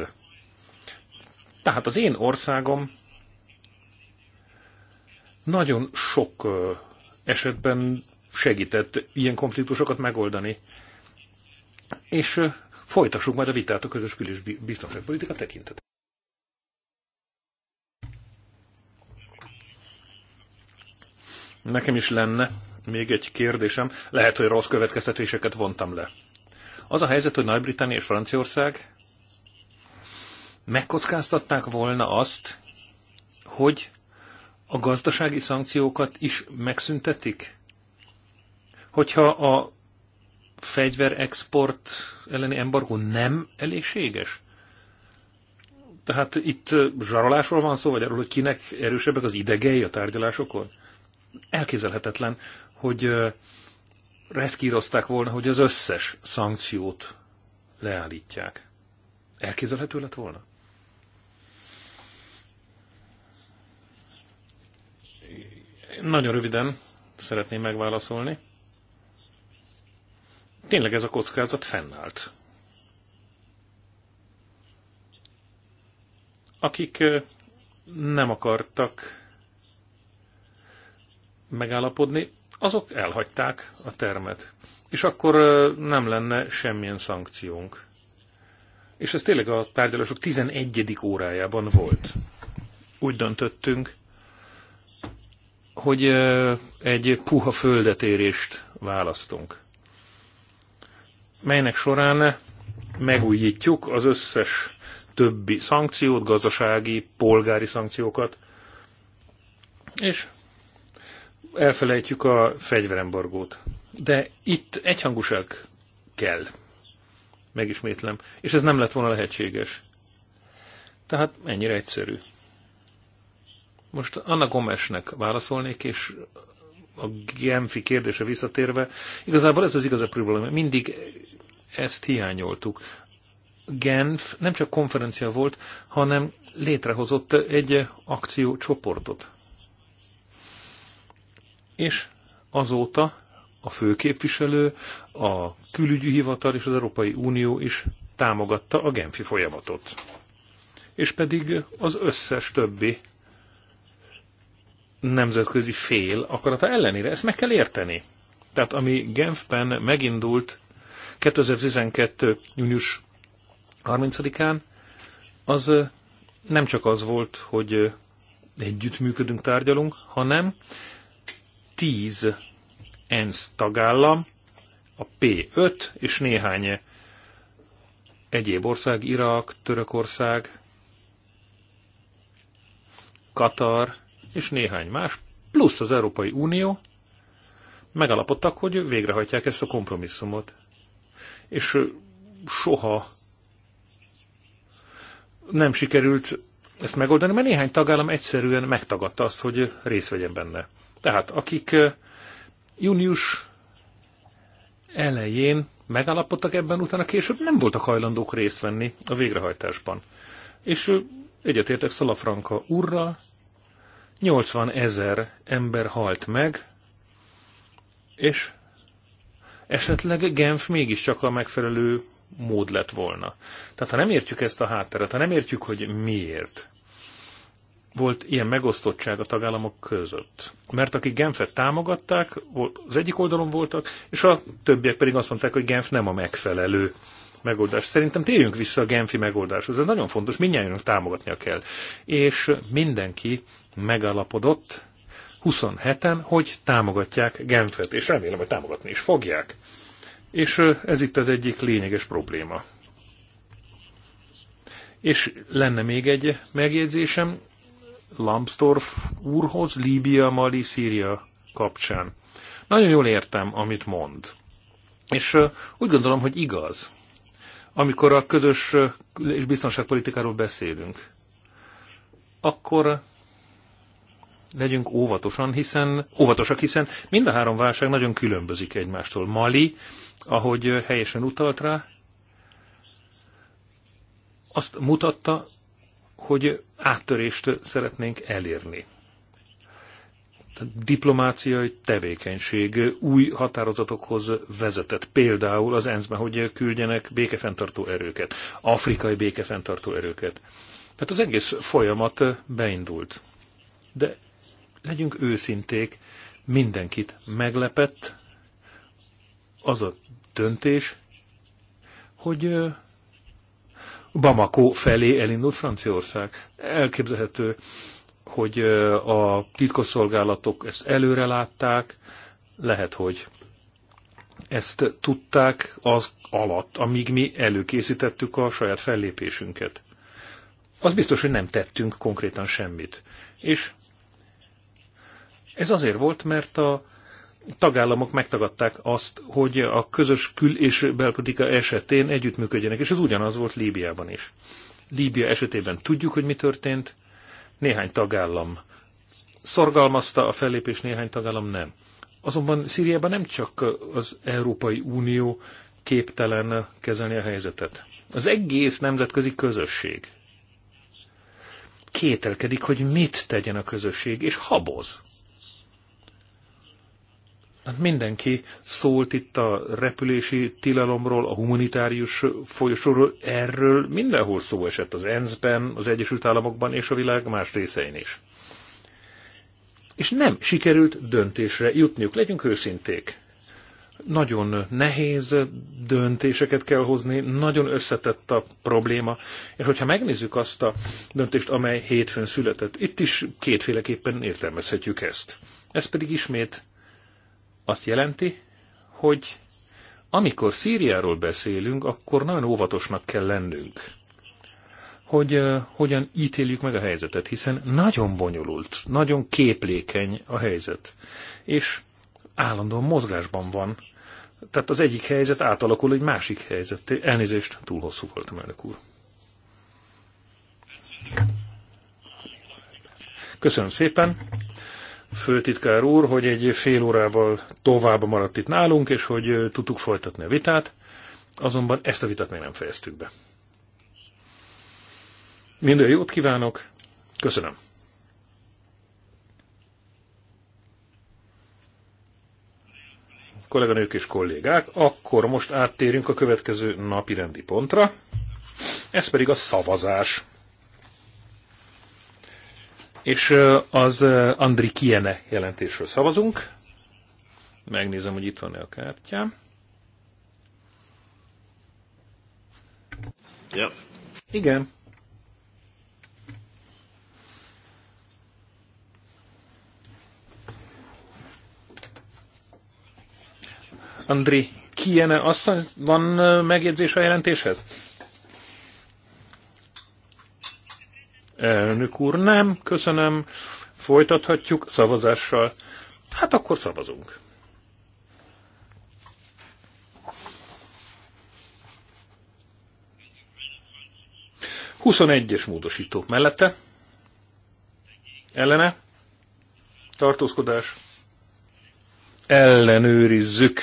Tehát az én országom nagyon sok esetben segített ilyen konfliktusokat megoldani. És folytassuk majd a vitát a közös kül- biztonságpolitika tekintetében. Nekem is lenne még egy kérdésem. Lehet, hogy rossz következtetéseket vontam le. Az a helyzet, hogy Nagy-Britannia és Franciaország megkockáztatták volna azt, hogy a gazdasági szankciókat is megszüntetik? Hogyha a fegyverexport elleni embargó nem elégséges? Tehát itt zsarolásról van szó, vagy arról, hogy kinek erősebbek az idegei a tárgyalásokon? elképzelhetetlen, hogy reszkírozták volna, hogy az összes szankciót leállítják. Elképzelhető lett volna? Nagyon röviden szeretném megválaszolni. Tényleg ez a kockázat fennállt. Akik nem akartak megállapodni, azok elhagyták a termet. És akkor nem lenne semmilyen szankciónk. És ez tényleg a tárgyalások 11. órájában volt. Úgy döntöttünk, hogy egy puha földetérést választunk, melynek során megújítjuk az összes többi szankciót, gazdasági, polgári szankciókat, és elfelejtjük a fegyverembargót. De itt egyhangúság kell. Megismétlem. És ez nem lett volna lehetséges. Tehát ennyire egyszerű. Most Anna Gomesnek válaszolnék, és a Genfi kérdése visszatérve, igazából ez az igazi probléma. Mindig ezt hiányoltuk. Genf nem csak konferencia volt, hanem létrehozott egy akciócsoportot és azóta a főképviselő, a külügyi hivatal és az Európai Unió is támogatta a Genfi folyamatot. És pedig az összes többi nemzetközi fél akarata ellenére. Ezt meg kell érteni. Tehát ami Genfben megindult 2012. június 30-án, az nem csak az volt, hogy együttműködünk, tárgyalunk, hanem 10 ENSZ tagállam, a P5 és néhány egyéb ország, Irak, Törökország, Katar és néhány más, plusz az Európai Unió megalapodtak, hogy végrehajtják ezt a kompromisszumot. És soha nem sikerült ezt megoldani, mert néhány tagállam egyszerűen megtagadta azt, hogy részt vegyen benne. Tehát akik június elején megállapodtak ebben, utána később nem voltak hajlandók részt venni a végrehajtásban. És egyetértek Szalafranka urra, 80 ezer ember halt meg, és esetleg Genf mégiscsak a megfelelő mód lett volna. Tehát ha nem értjük ezt a hátteret, ha nem értjük, hogy miért, volt ilyen megosztottság a tagállamok között. Mert akik Genfet támogatták, az egyik oldalon voltak, és a többiek pedig azt mondták, hogy Genf nem a megfelelő megoldás. Szerintem térjünk vissza a Genfi megoldáshoz. Ez nagyon fontos, mindjárt támogatnia kell. És mindenki megalapodott 27-en, hogy támogatják Genfet, és remélem, hogy támogatni is fogják. És ez itt az egyik lényeges probléma. És lenne még egy megjegyzésem, Lambsdorff úrhoz Líbia, Mali, Szíria kapcsán. Nagyon jól értem, amit mond. És úgy gondolom, hogy igaz, amikor a közös és biztonságpolitikáról beszélünk, akkor legyünk óvatosan, hiszen, óvatosak, hiszen mind a három válság nagyon különbözik egymástól. Mali, ahogy helyesen utalt rá, azt mutatta, hogy áttörést szeretnénk elérni. diplomáciai tevékenység új határozatokhoz vezetett. Például az ensz hogy küldjenek békefenntartó erőket, afrikai békefenntartó erőket. Tehát az egész folyamat beindult. De legyünk őszinték, mindenkit meglepett az a döntés, hogy Bamako felé elindult Franciaország. Elképzelhető, hogy a titkosszolgálatok ezt előre látták. lehet, hogy ezt tudták az alatt, amíg mi előkészítettük a saját fellépésünket. Az biztos, hogy nem tettünk konkrétan semmit. És ez azért volt, mert a tagállamok megtagadták azt, hogy a közös kül- és belpolitika esetén együttműködjenek, és ez ugyanaz volt Líbiában is. Líbia esetében tudjuk, hogy mi történt, néhány tagállam szorgalmazta a fellépés, néhány tagállam nem. Azonban Szíriában nem csak az Európai Unió képtelen kezelni a helyzetet. Az egész nemzetközi közösség kételkedik, hogy mit tegyen a közösség, és haboz. Hát mindenki szólt itt a repülési tilalomról, a humanitárius folyosóról, erről mindenhol szó esett az ENSZ-ben, az Egyesült Államokban és a világ más részein is. És nem sikerült döntésre jutniuk, legyünk őszinték. Nagyon nehéz döntéseket kell hozni, nagyon összetett a probléma, és hogyha megnézzük azt a döntést, amely hétfőn született, itt is kétféleképpen értelmezhetjük ezt. Ez pedig ismét azt jelenti, hogy amikor Szíriáról beszélünk, akkor nagyon óvatosnak kell lennünk, hogy uh, hogyan ítéljük meg a helyzetet, hiszen nagyon bonyolult, nagyon képlékeny a helyzet, és állandóan mozgásban van. Tehát az egyik helyzet átalakul egy másik helyzet. Elnézést, túl hosszú voltam, elnök úr. Köszönöm szépen főtitkár úr, hogy egy fél órával tovább maradt itt nálunk, és hogy tudtuk folytatni a vitát, azonban ezt a vitát még nem fejeztük be. Minden jót kívánok, köszönöm. kolléganők és kollégák, akkor most áttérünk a következő napi rendi pontra, ez pedig a szavazás. És az Andri Kiene jelentésről szavazunk. Megnézem, hogy itt van-e a kártyám. Ja. Igen. Andri Kiene, azt van megjegyzés a jelentéshez? Elnök úr, nem, köszönöm. Folytathatjuk szavazással. Hát akkor szavazunk. Huszonegyes módosító mellette. Ellene. Tartózkodás. Ellenőrizzük.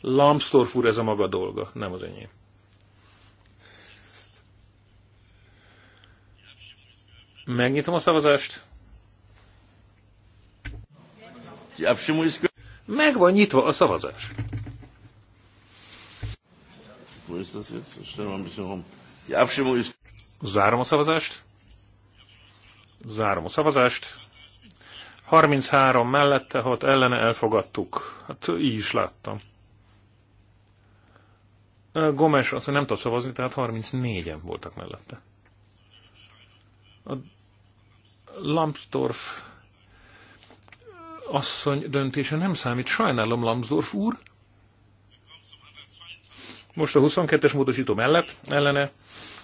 Lambsdorff úr, ez a maga dolga, nem az enyém. Megnyitom a szavazást. Meg van nyitva a szavazás. Zárom a szavazást. Zárom a szavazást. 33 mellette, 6 ellene elfogadtuk. Hát így is láttam. Gomes azt, hogy nem tud szavazni, tehát 34-en voltak mellette. A Lambsdorff asszony döntése nem számít. Sajnálom, Lambsdorff úr. Most a 22-es módosító mellett, ellene,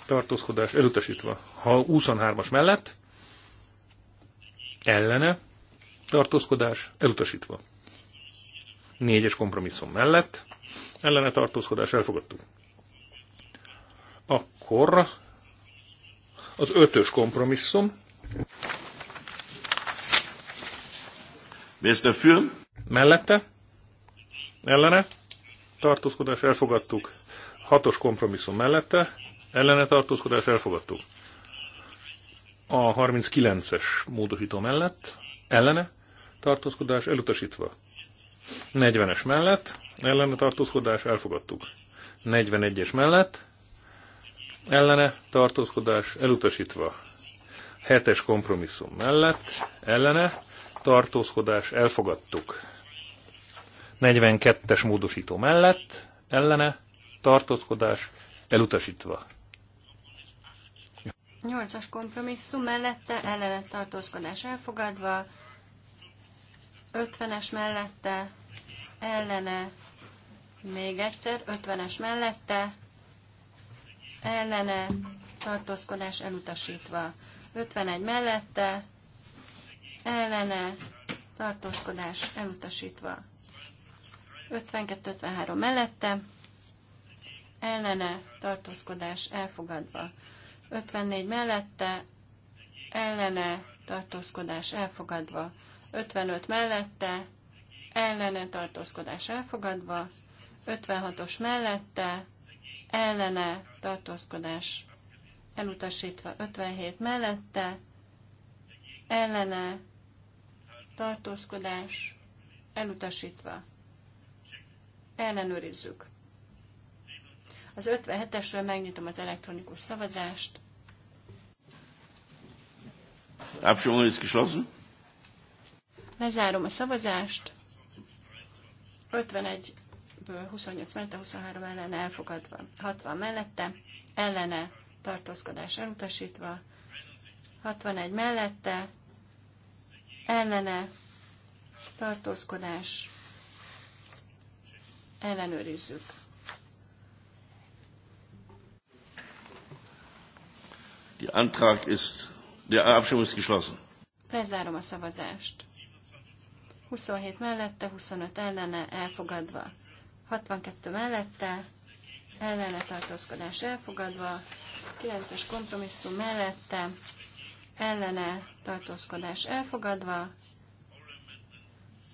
tartózkodás elutasítva. Ha 23-as mellett, ellene, tartózkodás elutasítva. 4-es kompromisszum mellett, ellene tartózkodás elfogadtuk. Akkor az 5-ös kompromisszum Wer ist dafür? Mellette? Ellene? Tartózkodás elfogadtuk. Hatos kompromisszum mellette? Ellene tartózkodás elfogadtuk. A 39-es módosító mellett? Ellene? Tartózkodás elutasítva. 40-es mellett? Ellene tartózkodás elfogadtuk. 41-es mellett? Ellene tartózkodás elutasítva. 7-es kompromisszum mellett? Ellene tartózkodás, elfogadtuk. 42-es módosító mellett, ellene, tartózkodás, elutasítva. 8-as kompromisszum mellette, ellene tartózkodás elfogadva, 50-es mellette, ellene, még egyszer, 50-es mellette, ellene, tartózkodás elutasítva. 51 mellette, ellene, tartózkodás elutasítva. 52-53 mellette, ellene, tartózkodás elfogadva. 54 mellette, ellene, tartózkodás elfogadva. 55 mellette, ellene, tartózkodás elfogadva. 56-os mellette, ellene, tartózkodás elutasítva. 57 mellette, ellene, tartózkodás elutasítva. Ellenőrizzük. Az 57-esről megnyitom az elektronikus szavazást. Lezárom a szavazást. 51-ből 28 mellette, 23 ellen elfogadva. 60 mellette, ellene tartózkodás elutasítva. 61 mellette, ellene tartózkodás ellenőrizzük. Die Antrag ist, der Abstimmung ist geschlossen. Lezárom a szavazást. 27 mellette, 25 ellene, elfogadva. 62 mellette, ellene tartózkodás elfogadva. 9-es kompromisszum mellette, ellene tartózkodás elfogadva,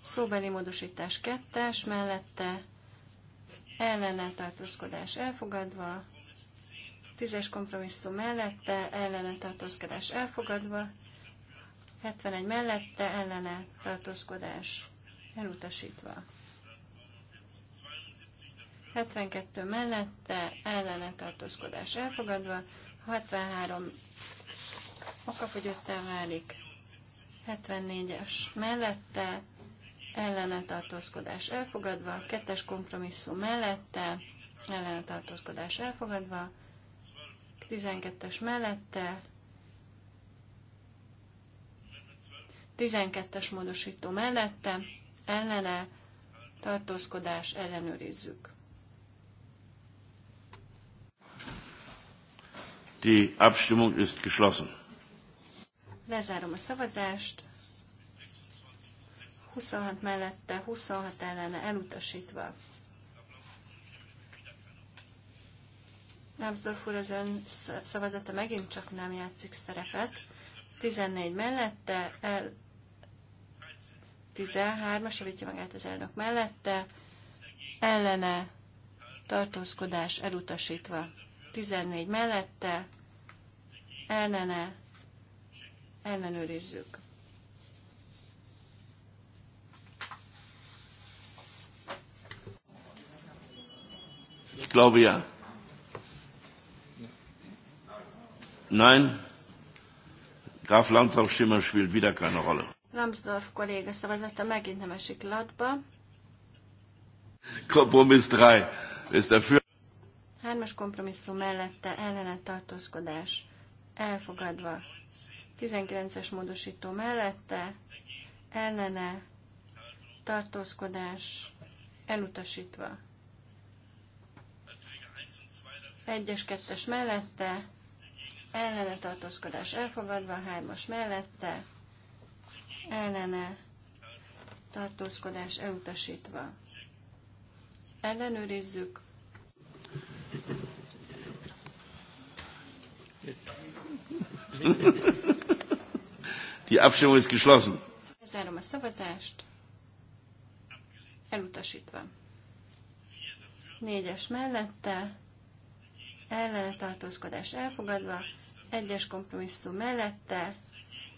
szóbeli módosítás kettes mellette, ellene tartózkodás elfogadva, tízes kompromisszum mellette, ellene tartózkodás elfogadva, 71 mellette, ellene tartózkodás elutasítva. 72 mellette, ellene tartózkodás elfogadva, 63 okafogyottá válik. 74-es mellette, ellene tartózkodás elfogadva, kettes kompromisszum mellette, ellene tartózkodás elfogadva, 12-es mellette, 12-es módosító mellette, ellene tartózkodás ellenőrizzük. Die Abstimmung ist geschlossen. Lezárom a szavazást. 26 mellette, 26 ellene elutasítva. Lambsdorff úr az ön szavazata megint csak nem játszik szerepet. 14 mellette, el, 13-as, javítja magát az elnök mellette, ellene tartózkodás elutasítva. 14 mellette, ellene ellenőrizzük. Claudia. Nein. Graf Lambsdorff Stimme spielt wieder keine Rolle. Lambsdorff kolléga szavazata megint nem esik latba. Kompromiss 3. Ist dafür. Er Hármas kompromisszum mellette ellene tartózkodás. Elfogadva. 19-es módosító mellette, ellene, tartózkodás, elutasítva. 1-es, 2-es mellette, ellene tartózkodás elfogadva, 3-as mellette, ellene tartózkodás elutasítva. Ellenőrizzük. Itt. Die Abstimmung ist geschlossen. Lezárom a szavazást. Elutasítva. Négyes mellette, ellene tartózkodás elfogadva, egyes kompromisszum mellette,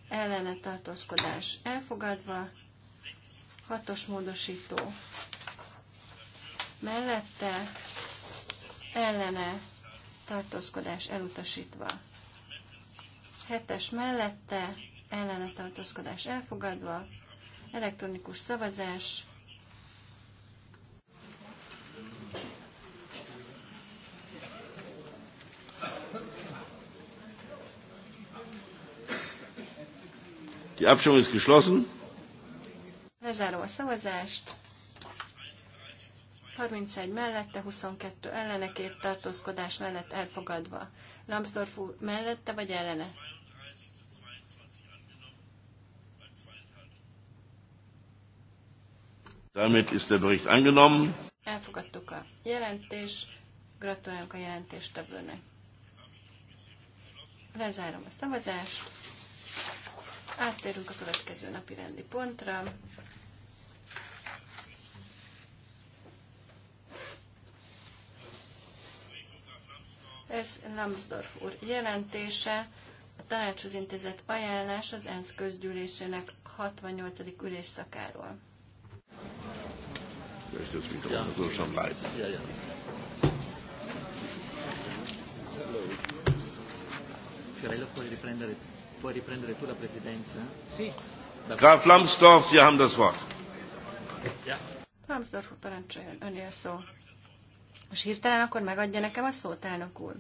ellene tartózkodás elfogadva, hatos módosító mellette, ellene tartózkodás elutasítva. Hetes mellette, ellene tartózkodás elfogadva, elektronikus szavazás, Die Abstimmung ist geschlossen. Lezárom a szavazást. 31 mellette, 22 ellene, két tartózkodás mellett elfogadva. Lambsdorff mellette vagy ellene? Damit ist der Bericht angenommen. Elfogadtuk a jelentés. Gratulálunk a jelentéstevőnek. Lezárom a szavazást. Áttérünk a következő napi rendi pontra. Ez Lambsdorff úr jelentése, a tanácshoz intézett ajánlás az ENSZ közgyűlésének 68. ülésszakáról möchte es wiederum ja. so schon bleiben. Ja, ja. Fiorello, puoi riprendere, puoi riprendere tu la presidenza? Sì. Graf Lambsdorff, Sie haben das Wort. Ja. Lambsdorff, parancsoljon, önél szó. Most hirtelen akkor megadja nekem a szót, elnök úr.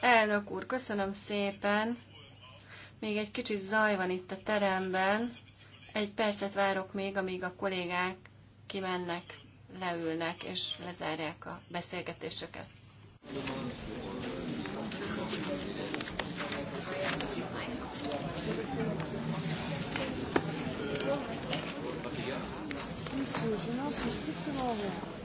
Elnök úr, köszönöm szépen. Még egy kicsit zaj van itt a teremben. Egy percet várok még, amíg a kollégák kimennek, leülnek és lezárják a beszélgetéseket. Sì, no, sono strutturale.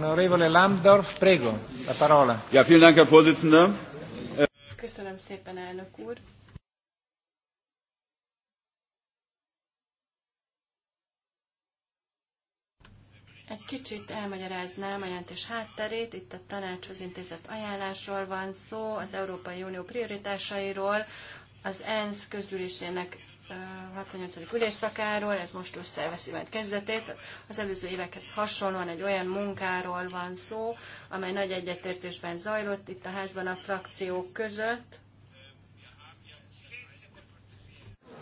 Lambdorf, prego, la parola. Ja, vielen Dank, Herr Vorsitzender. Köszönöm szépen, elnök úr. Egy kicsit elmagyaráznám a jelentés hátterét. Itt a tanácshoz intézett ajánlásról van szó, az Európai Unió prioritásairól, az ENSZ közgyűlésének 68. ülésszakáról, ez most összeveszi majd kezdetét. Az előző évekhez hasonlóan egy olyan munkáról van szó, amely nagy egyetértésben zajlott itt a házban a frakciók között.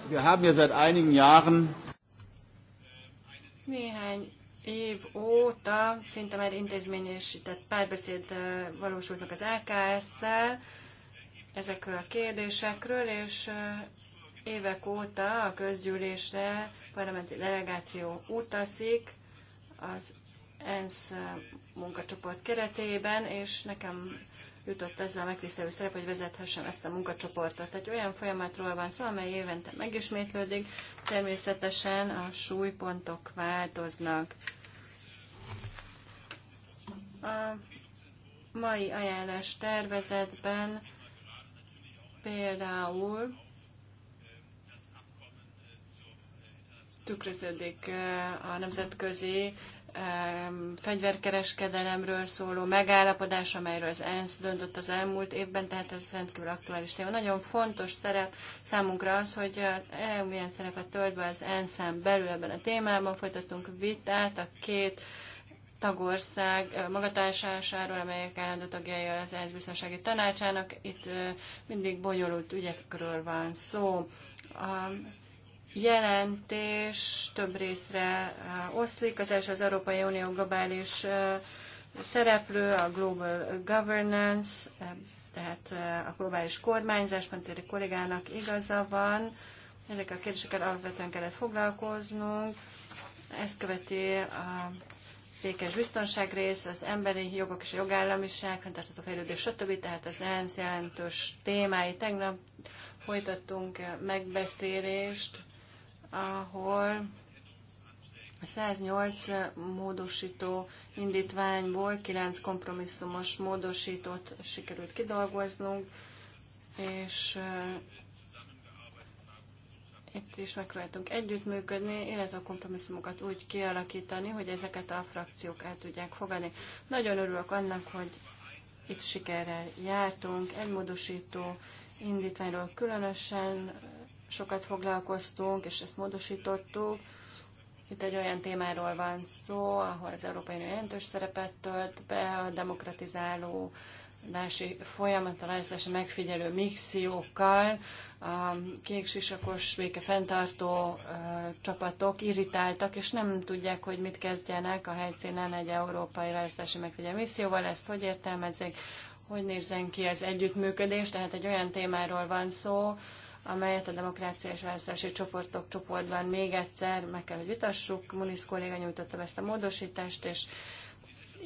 Wir haben ja seit einigen Jahren néhány év óta szinte már intézményesített párbeszéd eh, valósult meg az AKS-szel ezekről a kérdésekről, és eh, Évek óta a közgyűlésre parlamenti delegáció utazik az ENSZ munkacsoport keretében, és nekem jutott ezzel a megtisztelő szerep, hogy vezethessem ezt a munkacsoportot. Egy olyan folyamatról van szó, amely évente megismétlődik, természetesen a súlypontok változnak. A mai ajánlás tervezetben például tükröződik a nemzetközi fegyverkereskedelemről szóló megállapodás, amelyről az ENSZ döntött az elmúlt évben, tehát ez rendkívül aktuális téma. Nagyon fontos szerep számunkra az, hogy e milyen szerepet tölt be az ensz belül ebben a témában. Folytatunk vitát a két tagország magatársásáról, amelyek állandó tagjai az ENSZ biztonsági tanácsának. Itt mindig bonyolult ügyekről van szó. A jelentés több részre eh, oszlik. Az első az Európai Unió globális eh, szereplő, a Global Governance, eh, tehát a globális kormányzás, egy kollégának igaza van. Ezekkel a kérdésekkel alapvetően kellett foglalkoznunk. Ezt követi a békés biztonság rész, az emberi jogok és a jogállamiság, fenntartható fejlődés, stb. Tehát az ENSZ jelentős témái. Tegnap folytattunk megbeszélést ahol 108 módosító indítványból 9 kompromisszumos módosítót sikerült kidolgoznunk, és eh, itt is megpróbáltunk együttműködni, illetve a kompromisszumokat úgy kialakítani, hogy ezeket a frakciók el tudják fogadni. Nagyon örülök annak, hogy itt sikerrel jártunk, egy módosító indítványról különösen sokat foglalkoztunk, és ezt módosítottuk. Itt egy olyan témáról van szó, ahol az Európai Unió jelentős szerepet tölt be a demokratizáló lási folyamat, a megfigyelő mixiókkal. a kék sisakos béke fenntartó csapatok irritáltak, és nem tudják, hogy mit kezdjenek a helyszínen egy európai választási megfigyelő misszióval, ezt hogy értelmezik, hogy nézzen ki az együttműködés, tehát egy olyan témáról van szó, amelyet a demokrácia és választási csoportok csoportban még egyszer meg kell, hogy vitassuk. Muniz kolléga nyújtotta ezt a módosítást, és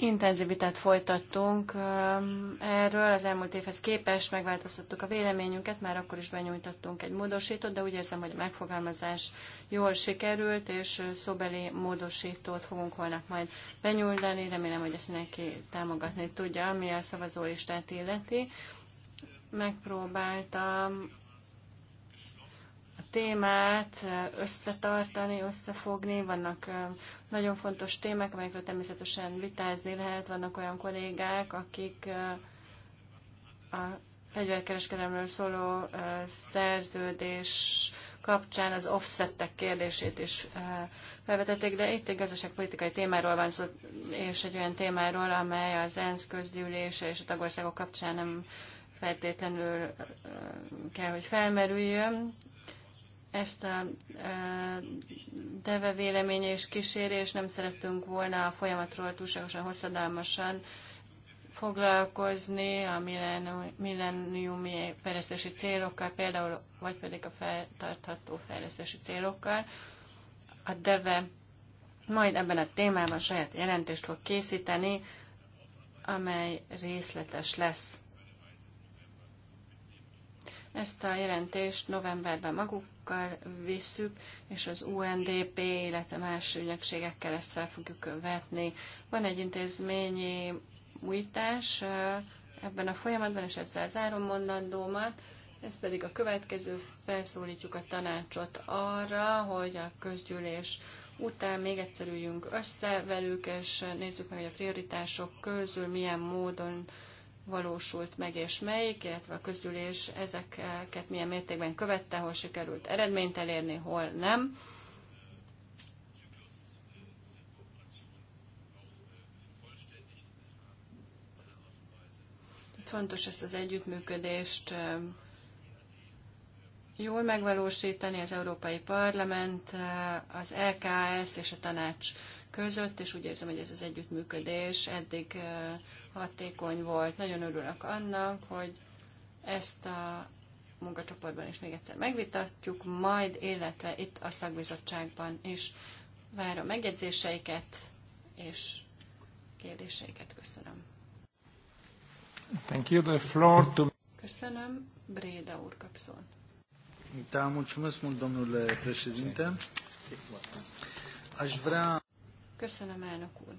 intenzív vitát folytattunk um, erről. Az elmúlt évhez képest megváltoztattuk a véleményünket, már akkor is benyújtottunk egy módosítót, de úgy érzem, hogy a megfogalmazás jól sikerült, és szóbeli módosítót fogunk holnap majd benyújtani. Remélem, hogy ezt neki támogatni tudja, ami a szavazólistát illeti. Megpróbáltam témát összetartani, összefogni. Vannak nagyon fontos témák, amelyekről természetesen vitázni lehet. Vannak olyan kollégák, akik a fegyverkereskedelemről szóló szerződés kapcsán az offsettek kérdését is felvetették, de itt egy gazdaságpolitikai témáról van szó, és egy olyan témáról, amely az ENSZ közgyűlése és a tagországok kapcsán nem feltétlenül kell, hogy felmerüljön ezt a e, deve véleménye és kísérés, nem szerettünk volna a folyamatról túlságosan hosszadalmasan foglalkozni a milleniumi fejlesztési célokkal, például, vagy pedig a feltartható fejlesztési célokkal. A DEVE majd ebben a témában saját jelentést fog készíteni, amely részletes lesz. Ezt a jelentést novemberben magukkal visszük, és az UNDP, illetve más ügynökségekkel ezt fel fogjuk vetni. Van egy intézményi újítás ebben a folyamatban, és ezzel zárom mondandómat. Ez pedig a következő, felszólítjuk a tanácsot arra, hogy a közgyűlés után még egyszer üljünk össze velük, és nézzük meg, hogy a prioritások közül milyen módon valósult meg és melyik, illetve a közgyűlés ezeket milyen mértékben követte, hol sikerült eredményt elérni, hol nem. fontos ezt az együttműködést jól megvalósítani az Európai Parlament, az LKS és a tanács között, és úgy érzem, hogy ez az együttműködés eddig hatékony volt. Nagyon örülök annak, hogy ezt a munkacsoportban is még egyszer megvitatjuk, majd, illetve itt a szakbizottságban is várom megjegyzéseiket és kérdéseiket. Köszönöm. Thank you. The floor to... Köszönöm. Bréda úr kapszón. Köszönöm, elnök úr.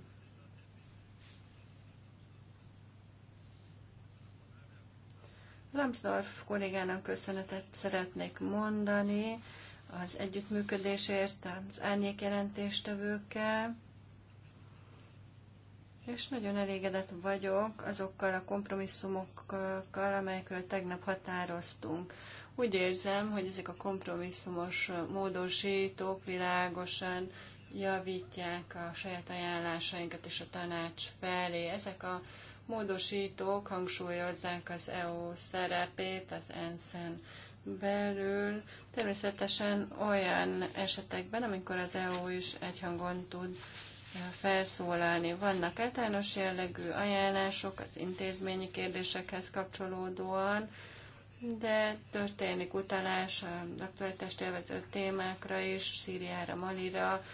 Lambsdorff kollégának köszönetet szeretnék mondani az együttműködésért az árnyékjelentéstevőkkel, és nagyon elégedett vagyok azokkal a kompromisszumokkal, amelyekről tegnap határoztunk. Úgy érzem, hogy ezek a kompromisszumos módosítók világosan javítják a saját ajánlásainkat és a tanács felé. Ezek a módosítók hangsúlyozzák az EU szerepét az ENSZ-en belül. Természetesen olyan esetekben, amikor az EU is egyhangon tud eh, felszólalni. Vannak általános jellegű ajánlások az intézményi kérdésekhez kapcsolódóan, de történik utalás a aktualitást élvező témákra is, Szíriára, Malira,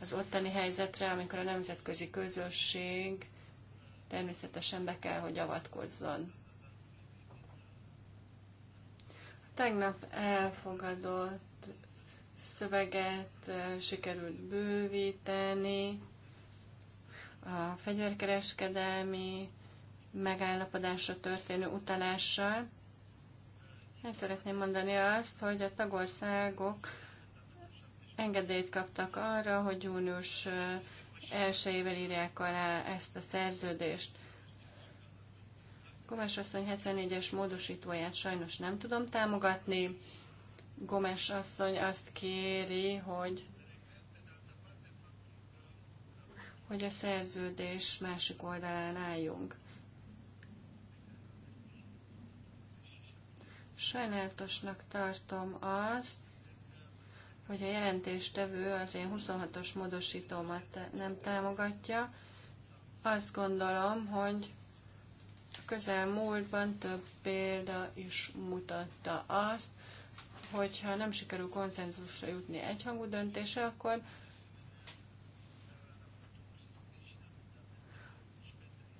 az ottani helyzetre, amikor a nemzetközi közösség természetesen be kell, hogy avatkozzon. A tegnap elfogadott szöveget sikerült bővíteni, a fegyverkereskedelmi megállapodásra történő utalással. Én szeretném mondani azt, hogy a tagországok engedélyt kaptak arra, hogy június elsőjével írják alá ezt a szerződést. Gomes asszony 74-es módosítóját sajnos nem tudom támogatni. Gomes asszony azt kéri, hogy hogy a szerződés másik oldalán álljunk. Sajnálatosnak tartom azt, hogy a jelentéstevő az én 26-os módosítómat nem támogatja, azt gondolom, hogy a közelmúltban több példa is mutatta azt, hogyha nem sikerül konszenzusra jutni egyhangú döntése, akkor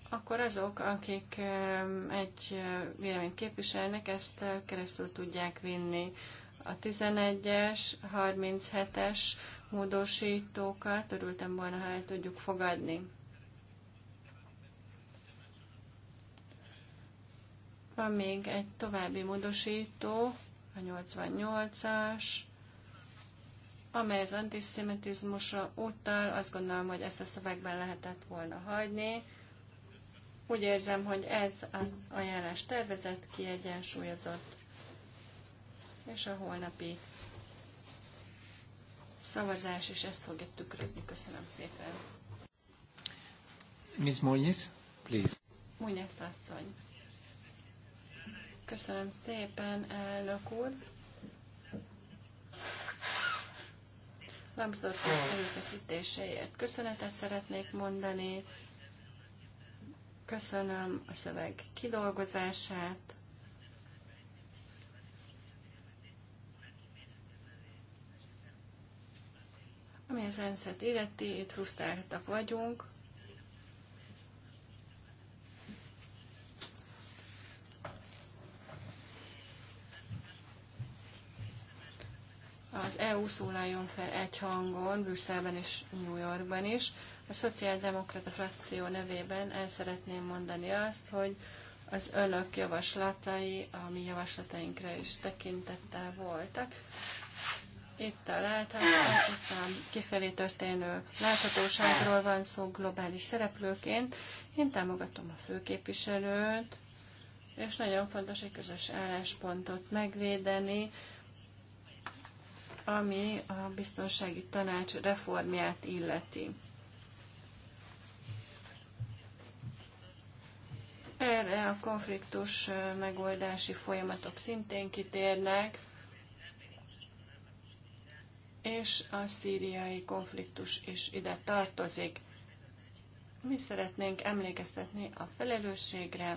akkor azok, akik egy véleményt képviselnek, ezt eh, keresztül tudják vinni a 11-es, 37-es módosítókat. Örültem volna, ha el tudjuk fogadni. Van még egy további módosító, a 88-as, amely az antiszemitizmusra utal. Azt gondolom, hogy ezt a szövegben lehetett volna hagyni. Úgy érzem, hogy ez az ajánlás tervezett, kiegyensúlyozott és a holnapi szavazás is ezt fogja tükrözni. Köszönöm szépen. Ms. Moniz, please. Moniz asszony. Köszönöm szépen, elnök úr. Lambsdorff előfeszítéseért köszönetet szeretnék mondani. Köszönöm a szöveg kidolgozását. Ami az önszet et itt frusztráltak vagyunk. Az EU szólaljon fel egy hangon, Brüsszelben és New Yorkban is. A Szociáldemokrata frakció nevében el szeretném mondani azt, hogy az önök javaslatai a mi javaslatainkra is tekintettel voltak. Itt a láthatóság, itt a kifelé történő láthatóságról van szó globális szereplőként. Én támogatom a főképviselőt, és nagyon fontos egy közös álláspontot megvédeni, ami a biztonsági tanács reformját illeti. Erre a konfliktus megoldási folyamatok szintén kitérnek, és a szíriai konfliktus is ide tartozik. Mi szeretnénk emlékeztetni a felelősségre,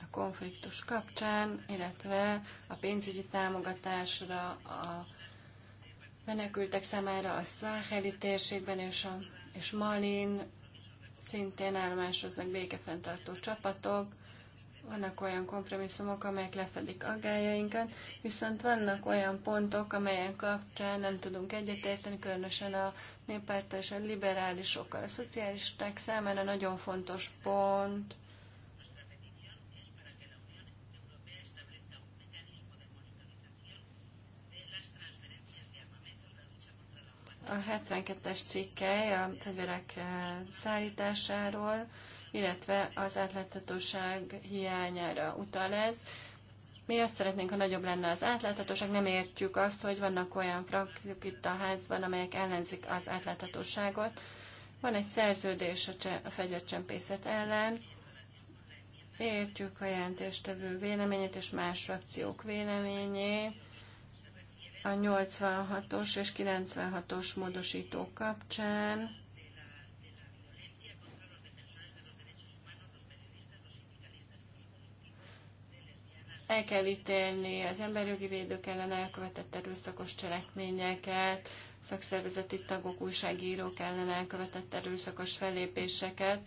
a konfliktus kapcsán, illetve a pénzügyi támogatásra, a menekültek számára a száheli térségben és, a, és Malin szintén állomásoznak békefenntartó csapatok, vannak olyan kompromisszumok, amelyek lefedik aggájainkat, viszont vannak olyan pontok, amelyen kapcsán nem tudunk egyetérteni, különösen a néppártal és a liberálisokkal. A szocialisták számára nagyon fontos pont, a 72-es cikkely a fegyverek eh, szállításáról, illetve az átláthatóság hiányára utal ez. Mi azt szeretnénk, ha nagyobb lenne az átláthatóság, nem értjük azt, hogy vannak olyan frakciók itt a házban, amelyek ellenzik az átláthatóságot. Van egy szerződés a, cse- a fegyvercsempészet ellen, értjük a jelentéstevő véleményét és más frakciók véleményét a 86-os és 96-os módosítók kapcsán El kell ítélni az emberjogi védők ellen elkövetett erőszakos cselekményeket, szakszervezeti tagok, újságírók ellen elkövetett erőszakos fellépéseket.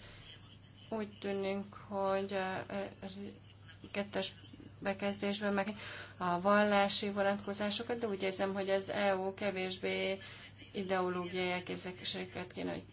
Úgy tűnik, hogy a kettes bekezdésben meg a vallási vonatkozásokat, de úgy érzem, hogy az EU kevésbé ideológiai elképzeléseket kéne, hogy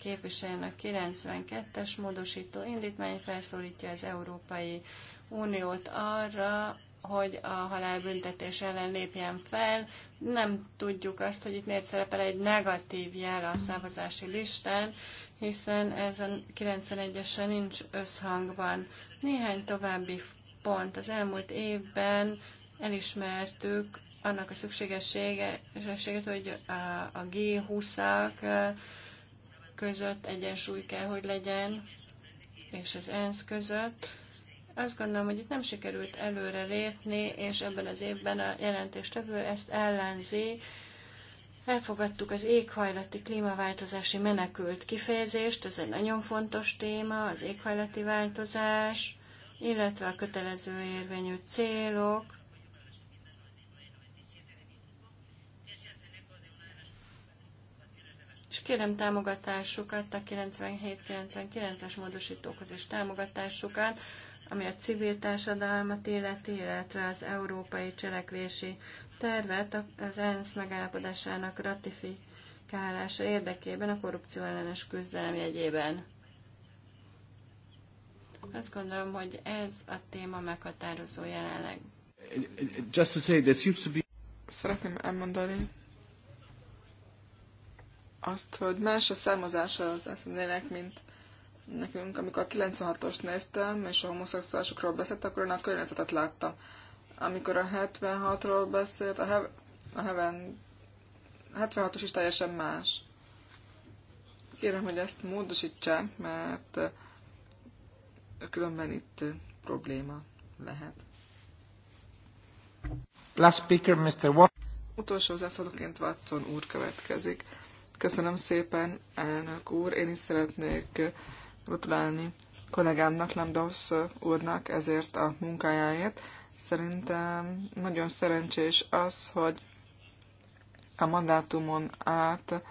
képviseljen a 92-es módosító indítmány felszólítja az Európai Uniót arra, hogy a halálbüntetés ellen lépjen fel. Nem tudjuk azt, hogy itt miért szerepel egy negatív jel a szavazási listán, hiszen ez a 91-esen nincs összhangban. Néhány további pont. Az elmúlt évben elismertük annak a szükségességet, hogy a G20-ak között egyensúly kell, hogy legyen, és az ENSZ között azt gondolom, hogy itt nem sikerült előre lépni, és ebben az évben a jelentéstevő ezt ellenzi. Elfogadtuk az éghajlati klímaváltozási menekült kifejezést, ez egy nagyon fontos téma, az éghajlati változás, illetve a kötelező érvényű célok, és kérem támogatásukat a 97-99-es módosítókhoz és támogatásukat ami a civil társadalmat illeti, illetve az európai cselekvési tervet az ENSZ megállapodásának ratifikálása érdekében a korrupció ellenes küzdelem jegyében. Azt gondolom, hogy ez a téma meghatározó jelenleg. Just to say, there seems to be... Szeretném elmondani azt, hogy más a származása az eszendének, mint Nekünk, amikor a 96-ost néztem, és a homoszexuálisokról beszélt, akkor én a környezetet láttam. Amikor a 76-ról beszélt, a, hev- a heaven 76-os is teljesen más. Kérem, hogy ezt módosítsák, mert különben itt probléma lehet. Last speaker, Mr. Watt. Utolsó zászlóként Watson úr következik. Köszönöm szépen, elnök úr. Én is szeretnék gratulálni kollégámnak, Lemdovsz úrnak ezért a munkájáért. Szerintem nagyon szerencsés az, hogy a mandátumon át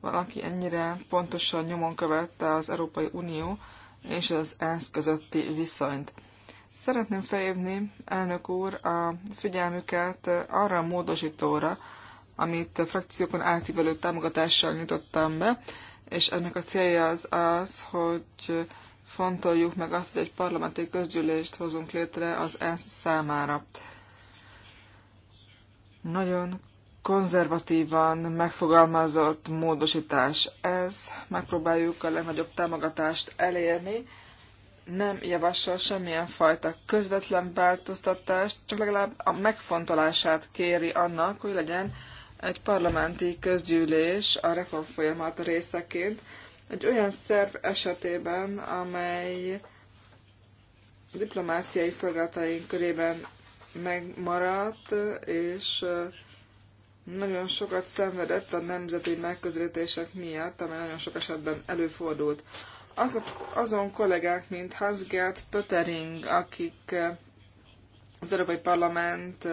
valaki ennyire pontosan nyomon követte az Európai Unió és az ENSZ közötti viszonyt. Szeretném felhívni, elnök úr, a figyelmüket arra a módosítóra, amit frakciókon átívelő támogatással nyújtottam be és ennek a célja az az, hogy fontoljuk meg azt, hogy egy parlamenti közgyűlést hozunk létre az ENSZ számára. Nagyon konzervatívan megfogalmazott módosítás ez. Megpróbáljuk a legnagyobb támogatást elérni. Nem javasol semmilyen fajta közvetlen változtatást, csak legalább a megfontolását kéri annak, hogy legyen egy parlamenti közgyűlés a reformfolyamat részeként, egy olyan szerv esetében, amely diplomáciai szolgálataink körében megmaradt, és nagyon sokat szenvedett a nemzeti megközelítések miatt, amely nagyon sok esetben előfordult. Azok, azon kollégák, mint Hans-Gert Pöttering, akik az Európai Parlament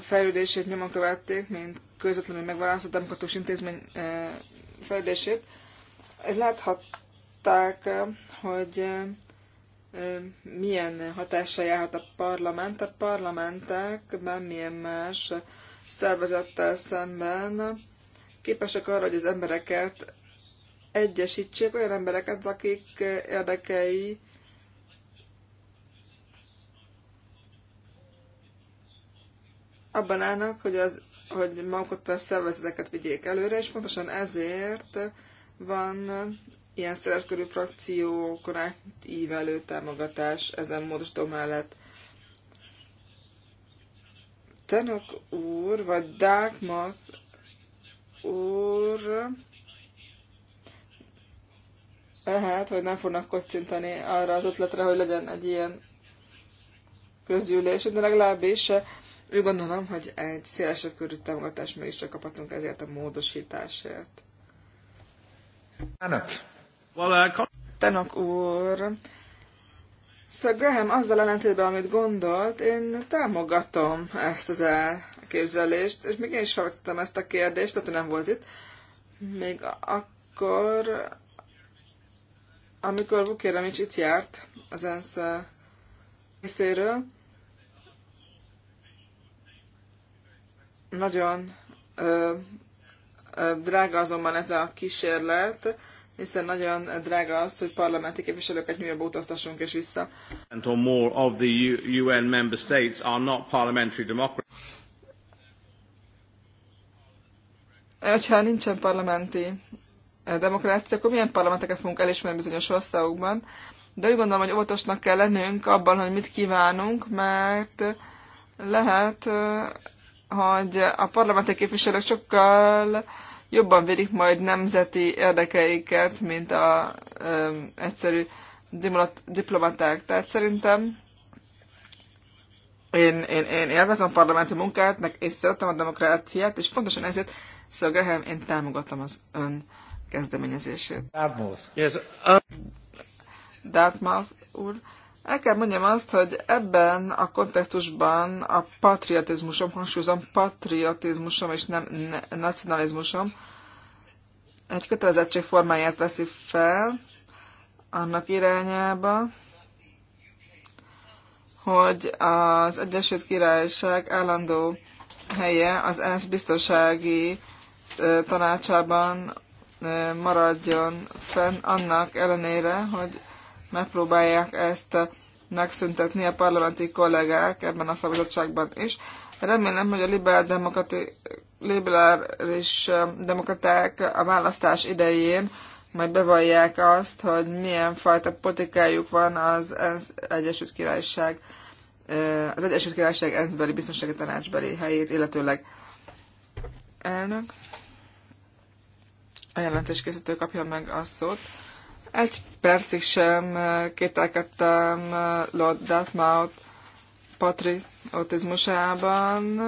fejlődését nyomon követték, mint közvetlenül megválasztott demokratikus intézmény fejlődését, láthatták, hogy milyen hatással járhat a parlament. A parlamentek bármilyen más szervezettel szemben képesek arra, hogy az embereket egyesítsék, olyan embereket, akik érdekei abban állnak, hogy, az, hogy magukat a szervezeteket vigyék előre, és pontosan ezért van ilyen szerepkörű frakciókon átívelő támogatás ezen módosító mellett. Tenok úr, vagy Darkmoth úr lehet, hogy nem fognak kocintani arra az ötletre, hogy legyen egy ilyen közgyűlés, de legalábbis úgy gondolom, hogy egy szélesebb körű támogatást csak kaphatunk ezért a módosításért. Tanak uh, úr, Sir Graham azzal ellentétben, amit gondolt, én támogatom ezt az elképzelést, és még én is felvetettem ezt a kérdést, tehát nem volt itt, még akkor, amikor Vukéramics itt járt az ENSZ részéről, Nagyon ö, ö, drága azonban ez a kísérlet, hiszen nagyon drága az, hogy parlamenti képviselőket New Yorkba utaztassunk és vissza. more of the UN member states are not parliamentary Hogyha nincsen parlamenti demokrácia, akkor milyen parlamenteket fogunk elismerni bizonyos országokban? De úgy gondolom, hogy óvatosnak kell lennünk abban, hogy mit kívánunk, mert lehet hogy a parlamenti képviselők sokkal jobban védik majd nemzeti érdekeiket, mint a ö, egyszerű diplomaták. Tehát szerintem én, én, én élvezem a parlamenti munkát, és szeretem a demokráciát, és pontosan ezért, szóval Graham, én támogatom az ön kezdeményezését. Dartmouth. Yes. Uh, Dartmouth úr. El kell mondjam azt, hogy ebben a kontextusban a patriotizmusom, hangsúlyozom, patriotizmusom és nem ne, nacionalizmusom egy kötelezettség formáját veszi fel annak irányába, hogy az Egyesült Királyság állandó helye az ENSZ biztonsági tanácsában maradjon fenn, annak ellenére, hogy megpróbálják ezt eh, megszüntetni a parlamenti kollégák ebben a szabadságban is. Remélem, hogy a liberál, demokrati, liberális eh, demokraták a választás idején majd bevallják azt, hogy milyen fajta politikájuk van az ENSZ Egyesült Királyság, eh, az Egyesült Királyság ENSZ-beli biztonsági tanácsbeli helyét, illetőleg elnök. A jelentéskészítő kapja meg a szót. Egy percig sem eh, kételkedtem eh, Lord Dartmouth Patri autizmusában.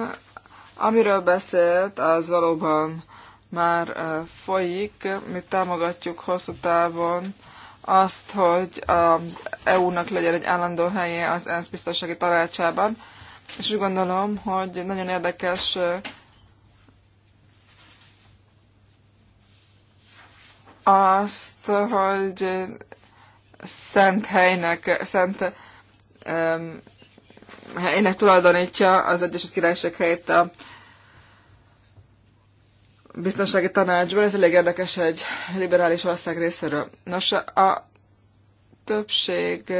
Amiről beszélt, az valóban már eh, folyik. Mi támogatjuk hosszú távon azt, hogy az EU-nak legyen egy állandó helye az ENSZ biztonsági tanácsában, és úgy gondolom, hogy nagyon érdekes azt, hogy szent helynek, szent um, helynek tulajdonítja az Egyesült Királyság helyét a biztonsági tanácsban. Ez elég érdekes egy liberális ország részéről. Nos, a többség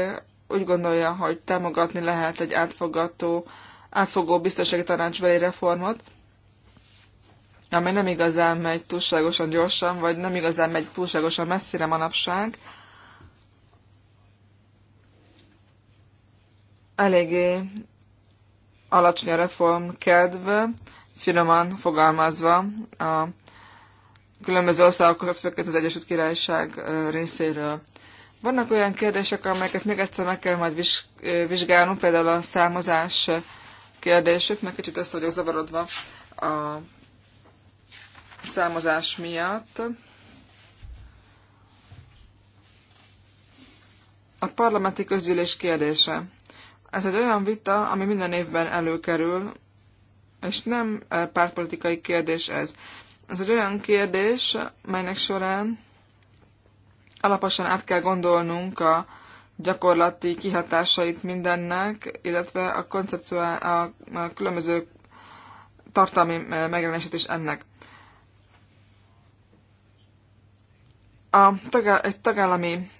úgy gondolja, hogy támogatni lehet egy átfogató, átfogó biztonsági tanácsbeli reformot, amely nem igazán megy túlságosan gyorsan, vagy nem igazán megy túlságosan messzire manapság, eléggé alacsony a reform kedv, finoman fogalmazva a különböző országokat, főként az Egyesült Királyság részéről. Vannak olyan kérdések, amelyeket még egyszer meg kell majd vizsgálnunk, például a számozás kérdését, meg kicsit össze vagyok zavarodva a számozás miatt. A parlamenti közgyűlés kérdése. Ez egy olyan vita, ami minden évben előkerül, és nem eh, pártpolitikai kérdés ez. Ez egy olyan kérdés, melynek során alaposan át kell gondolnunk a gyakorlati kihatásait mindennek, illetve a, a különböző tartalmi eh, megjelenését is ennek. A tagá- egy tagállami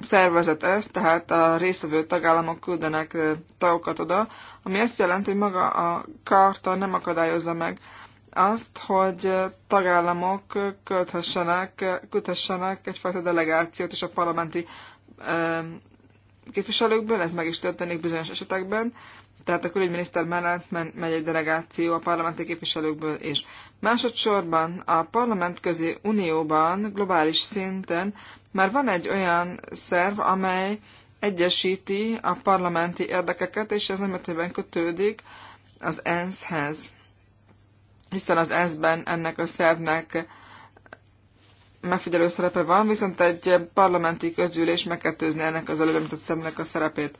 szervezet ez, tehát a részvevő tagállamok küldenek tagokat oda, ami azt jelenti, hogy maga a karta nem akadályozza meg azt, hogy tagállamok köthessenek, köthessenek egyfajta delegációt és a parlamenti képviselőkből, ez meg is történik bizonyos esetekben, tehát a külügyminiszter mellett megy egy delegáció a parlamenti képviselőkből is. Másodszorban a parlament közé unióban, globális szinten már van egy olyan szerv, amely egyesíti a parlamenti érdekeket, és ez ötében kötődik az ENSZ-hez. Hiszen az ENSZ-ben ennek a szervnek megfigyelő szerepe van, viszont egy parlamenti közgyűlés megkettőzni ennek az előbb a szervnek a szerepét.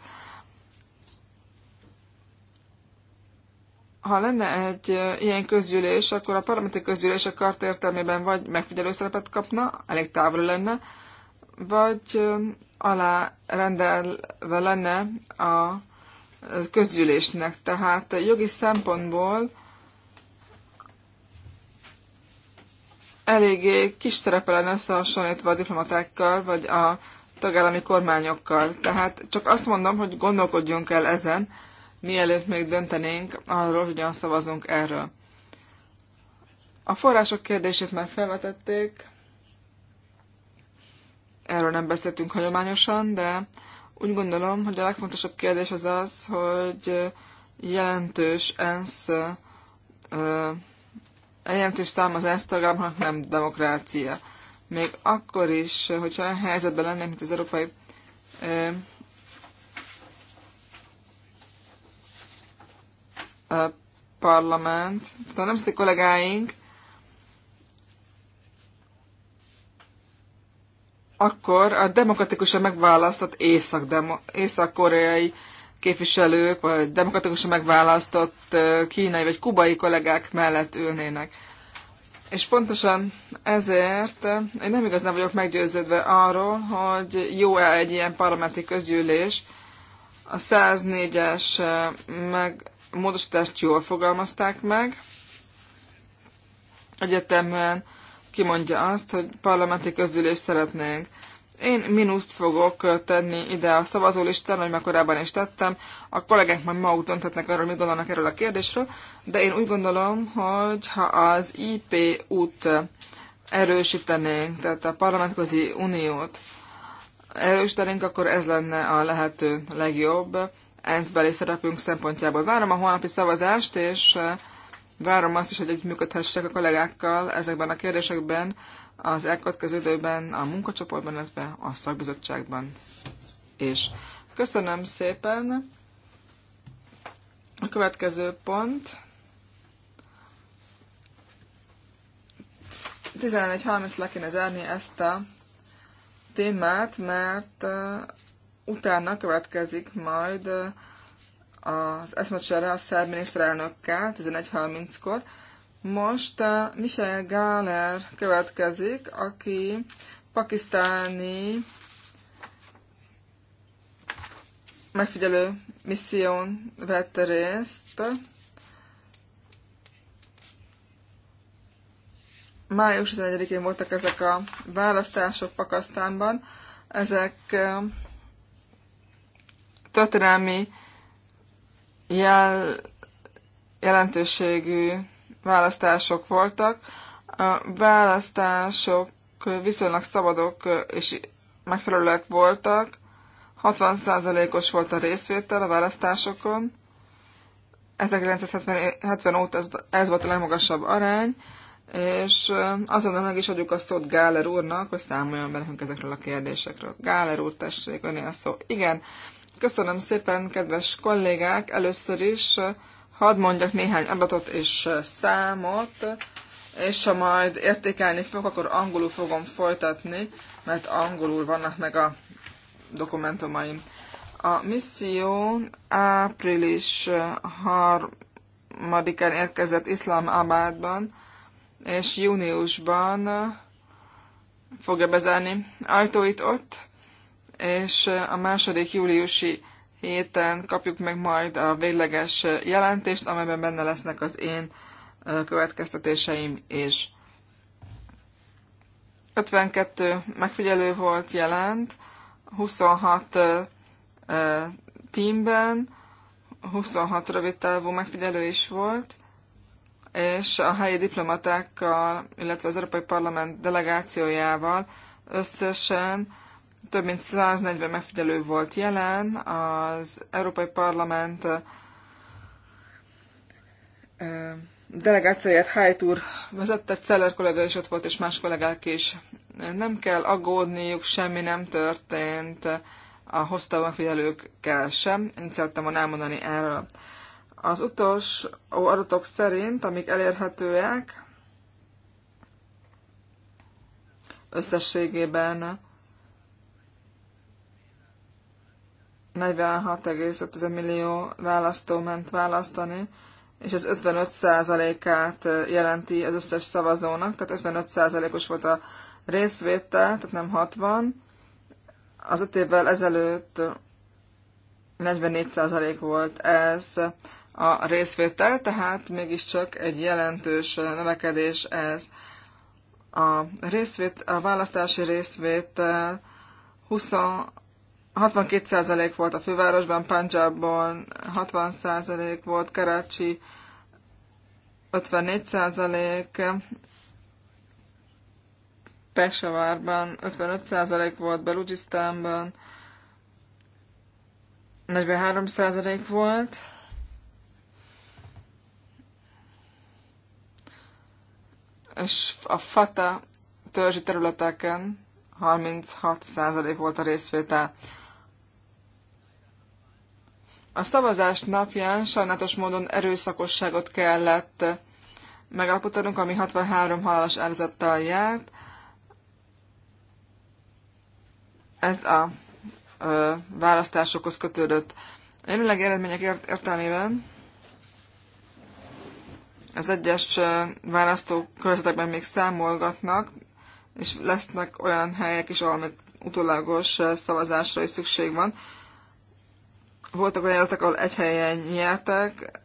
ha lenne egy ilyen közgyűlés, akkor a parlamenti közgyűlés a kart értelmében vagy megfigyelő szerepet kapna, elég távol lenne, vagy alá rendelve lenne a közgyűlésnek. Tehát jogi szempontból eléggé kis szerepe lenne összehasonlítva a diplomatákkal, vagy a tagállami kormányokkal. Tehát csak azt mondom, hogy gondolkodjunk el ezen, mielőtt még döntenénk arról, hogyan szavazunk erről. A források kérdését már felvetették, erről nem beszéltünk hagyományosan, de úgy gondolom, hogy a legfontosabb kérdés az az, hogy jelentős ENSZ, jelentős szám az ENSZ tagállamnak nem demokrácia. Még akkor is, hogyha helyzetben lennénk, mint az Európai parlament. Tehát a nemzeti kollégáink akkor a demokratikusan megválasztott észak-koreai képviselők, vagy demokratikusan megválasztott kínai vagy kubai kollégák mellett ülnének. És pontosan ezért én nem igazán vagyok meggyőződve arról, hogy jó-e egy ilyen parlamenti közgyűlés. A 104-es meg módosítást jól fogalmazták meg. Egyetemben kimondja azt, hogy parlamenti közülést szeretnénk. Én mínuszt fogok tenni ide a szavazólistán, hogy már korábban is tettem. A kollégák majd maguk dönthetnek arról, mit gondolnak erről a kérdésről, de én úgy gondolom, hogy ha az IP út erősítenénk, tehát a parlamentközi uniót erősítenénk, akkor ez lenne a lehető legjobb ENSZ-beli szerepünk szempontjából. Várom a holnapi szavazást, és várom azt is, hogy együttműködhessek a kollégákkal ezekben a kérdésekben az elkövetkező időben a munkacsoportban, illetve a szakbizottságban. És köszönöm szépen. A következő pont. 11.30 le kéne zárni ezt a témát, mert utána következik majd az eszmecsere a szerb miniszterelnökkel 11.30-kor. Most Michel Gáler következik, aki pakisztáni megfigyelő misszión vett részt. Május 11-én voltak ezek a választások Pakasztánban. Ezek történelmi jel, jelentőségű választások voltak. A választások viszonylag szabadok és megfelelőek voltak. 60%-os volt a részvétel a választásokon. 1970 óta ez, ez volt a legmagasabb arány, és azonnal meg is adjuk a szót Gáler úrnak, hogy számoljon be nekünk ezekről a kérdésekről. Gáler úr, tessék, önél szó. Igen, Köszönöm szépen, kedves kollégák! Először is eh, hadd mondjak néhány adatot és eh, számot, és ha majd értékelni fogok, akkor angolul fogom folytatni, mert angolul vannak meg a dokumentumaim. A misszió április 3-án eh, érkezett Abádban, és júniusban fogja bezárni ajtóit ott, és a második júliusi héten kapjuk meg majd a végleges jelentést, amelyben benne lesznek az én következtetéseim és 52 megfigyelő volt jelent, 26 teamben, 26 rövidtávú megfigyelő is volt, és a helyi diplomatákkal, illetve az Európai Parlament delegációjával összesen több mint 140 megfigyelő volt jelen, az Európai Parlament delegációját Hájt úr vezette, Celler kollega is ott volt, és más kollégák is. Nem kell aggódniuk, semmi nem történt a hoztában megfigyelőkkel sem. Én szerettem volna elmondani erről. Az utolsó adatok szerint, amik elérhetőek, összességében 46,5 millió választó ment választani, és ez 55%-át jelenti az összes szavazónak, tehát 55%-os volt a részvétel, tehát nem 60. Az öt évvel ezelőtt 44% volt ez a részvétel, tehát mégiscsak egy jelentős növekedés ez. A, részvét, a választási részvétel 20, 62% volt a fővárosban, Punjabban 60% volt, Karachi 54%, Pesavárban 55% volt, Belugisztánban 43% volt, és a FATA törzsi területeken 36% volt a részvétel. A szavazás napján sajnálatos módon erőszakosságot kellett megállapítanunk, ami 63 halálos áldozattal járt. Ez a ö, választásokhoz kötődött. A jelenlegi eredmények ért- értelmében az egyes választókörzetekben még számolgatnak, és lesznek olyan helyek is, ahol még utólagos szavazásra is szükség van voltak olyan járatok, ahol egy helyen nyertek,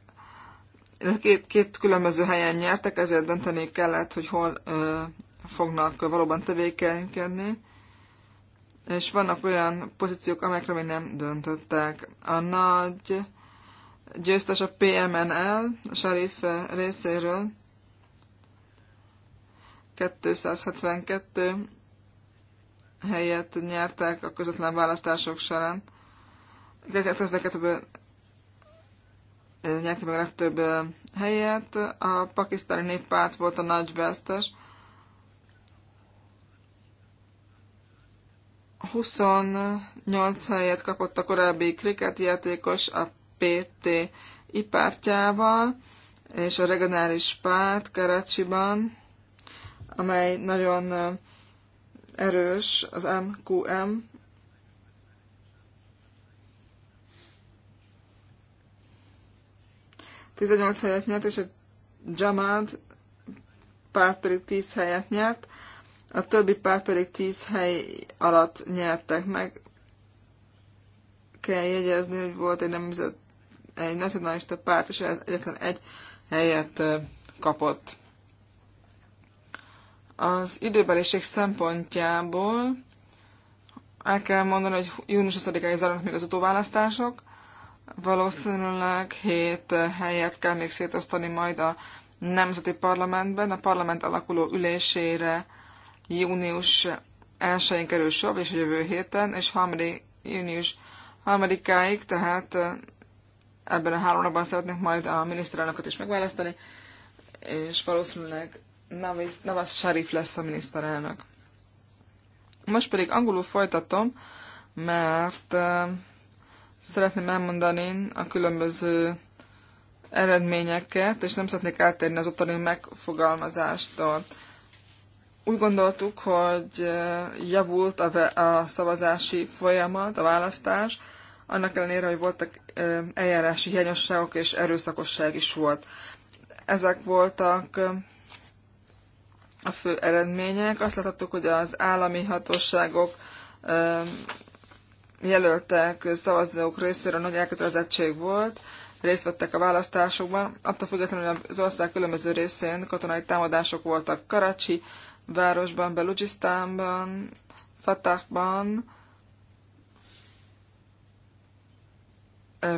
két, két különböző helyen nyertek, ezért dönteni kellett, hogy hol ö, fognak valóban tevékenykedni. És vannak olyan pozíciók, amelyekre még nem döntöttek. A nagy győztes a PMNL, a Sharif részéről, 272 helyet nyertek a közvetlen választások során. 2022-ben hát nyerte meg a legtöbb helyet, a pakisztáni néppárt volt a nagy vesztes. 28 helyet kapott a korábbi kriketjátékos a PTI pártjával, és a regionális párt Karachiban, amely nagyon erős, az MQM 18 helyet nyert, és a Jamad párt pedig 10 helyet nyert, a többi párt pedig 10 hely alatt nyertek meg. Kell jegyezni, hogy volt egy, nemzet, egy nacionalista párt, és ez egyetlen egy helyet kapott. Az időbeliség szempontjából el kell mondani, hogy június 20-áig zárnak még az utóválasztások, Valószínűleg hét helyet kell még szétosztani majd a Nemzeti Parlamentben. A parlament alakuló ülésére június 1-én kerül sor, vagyis jövő héten, és harmadik, június 3-áig, tehát ebben a három napban szeretnék majd a miniszterelnököt is megválasztani, és valószínűleg Navaz, Navaz Sharif lesz a miniszterelnök. Most pedig angolul folytatom, mert szeretném elmondani a különböző eredményeket, és nem szeretnék eltérni az ottani megfogalmazástól. Úgy gondoltuk, hogy eh, javult a, a szavazási folyamat, a választás, annak ellenére, hogy voltak eh, eljárási hiányosságok és erőszakosság is volt. Ezek voltak eh, a fő eredmények. Azt láthattuk, hogy az állami hatóságok jelöltek szavazók részéről nagy elkötelezettség volt, részt vettek a választásokban, attól függetlenül hogy az ország különböző részén katonai támadások voltak Karacsi városban, Belugisztánban, Fatahban,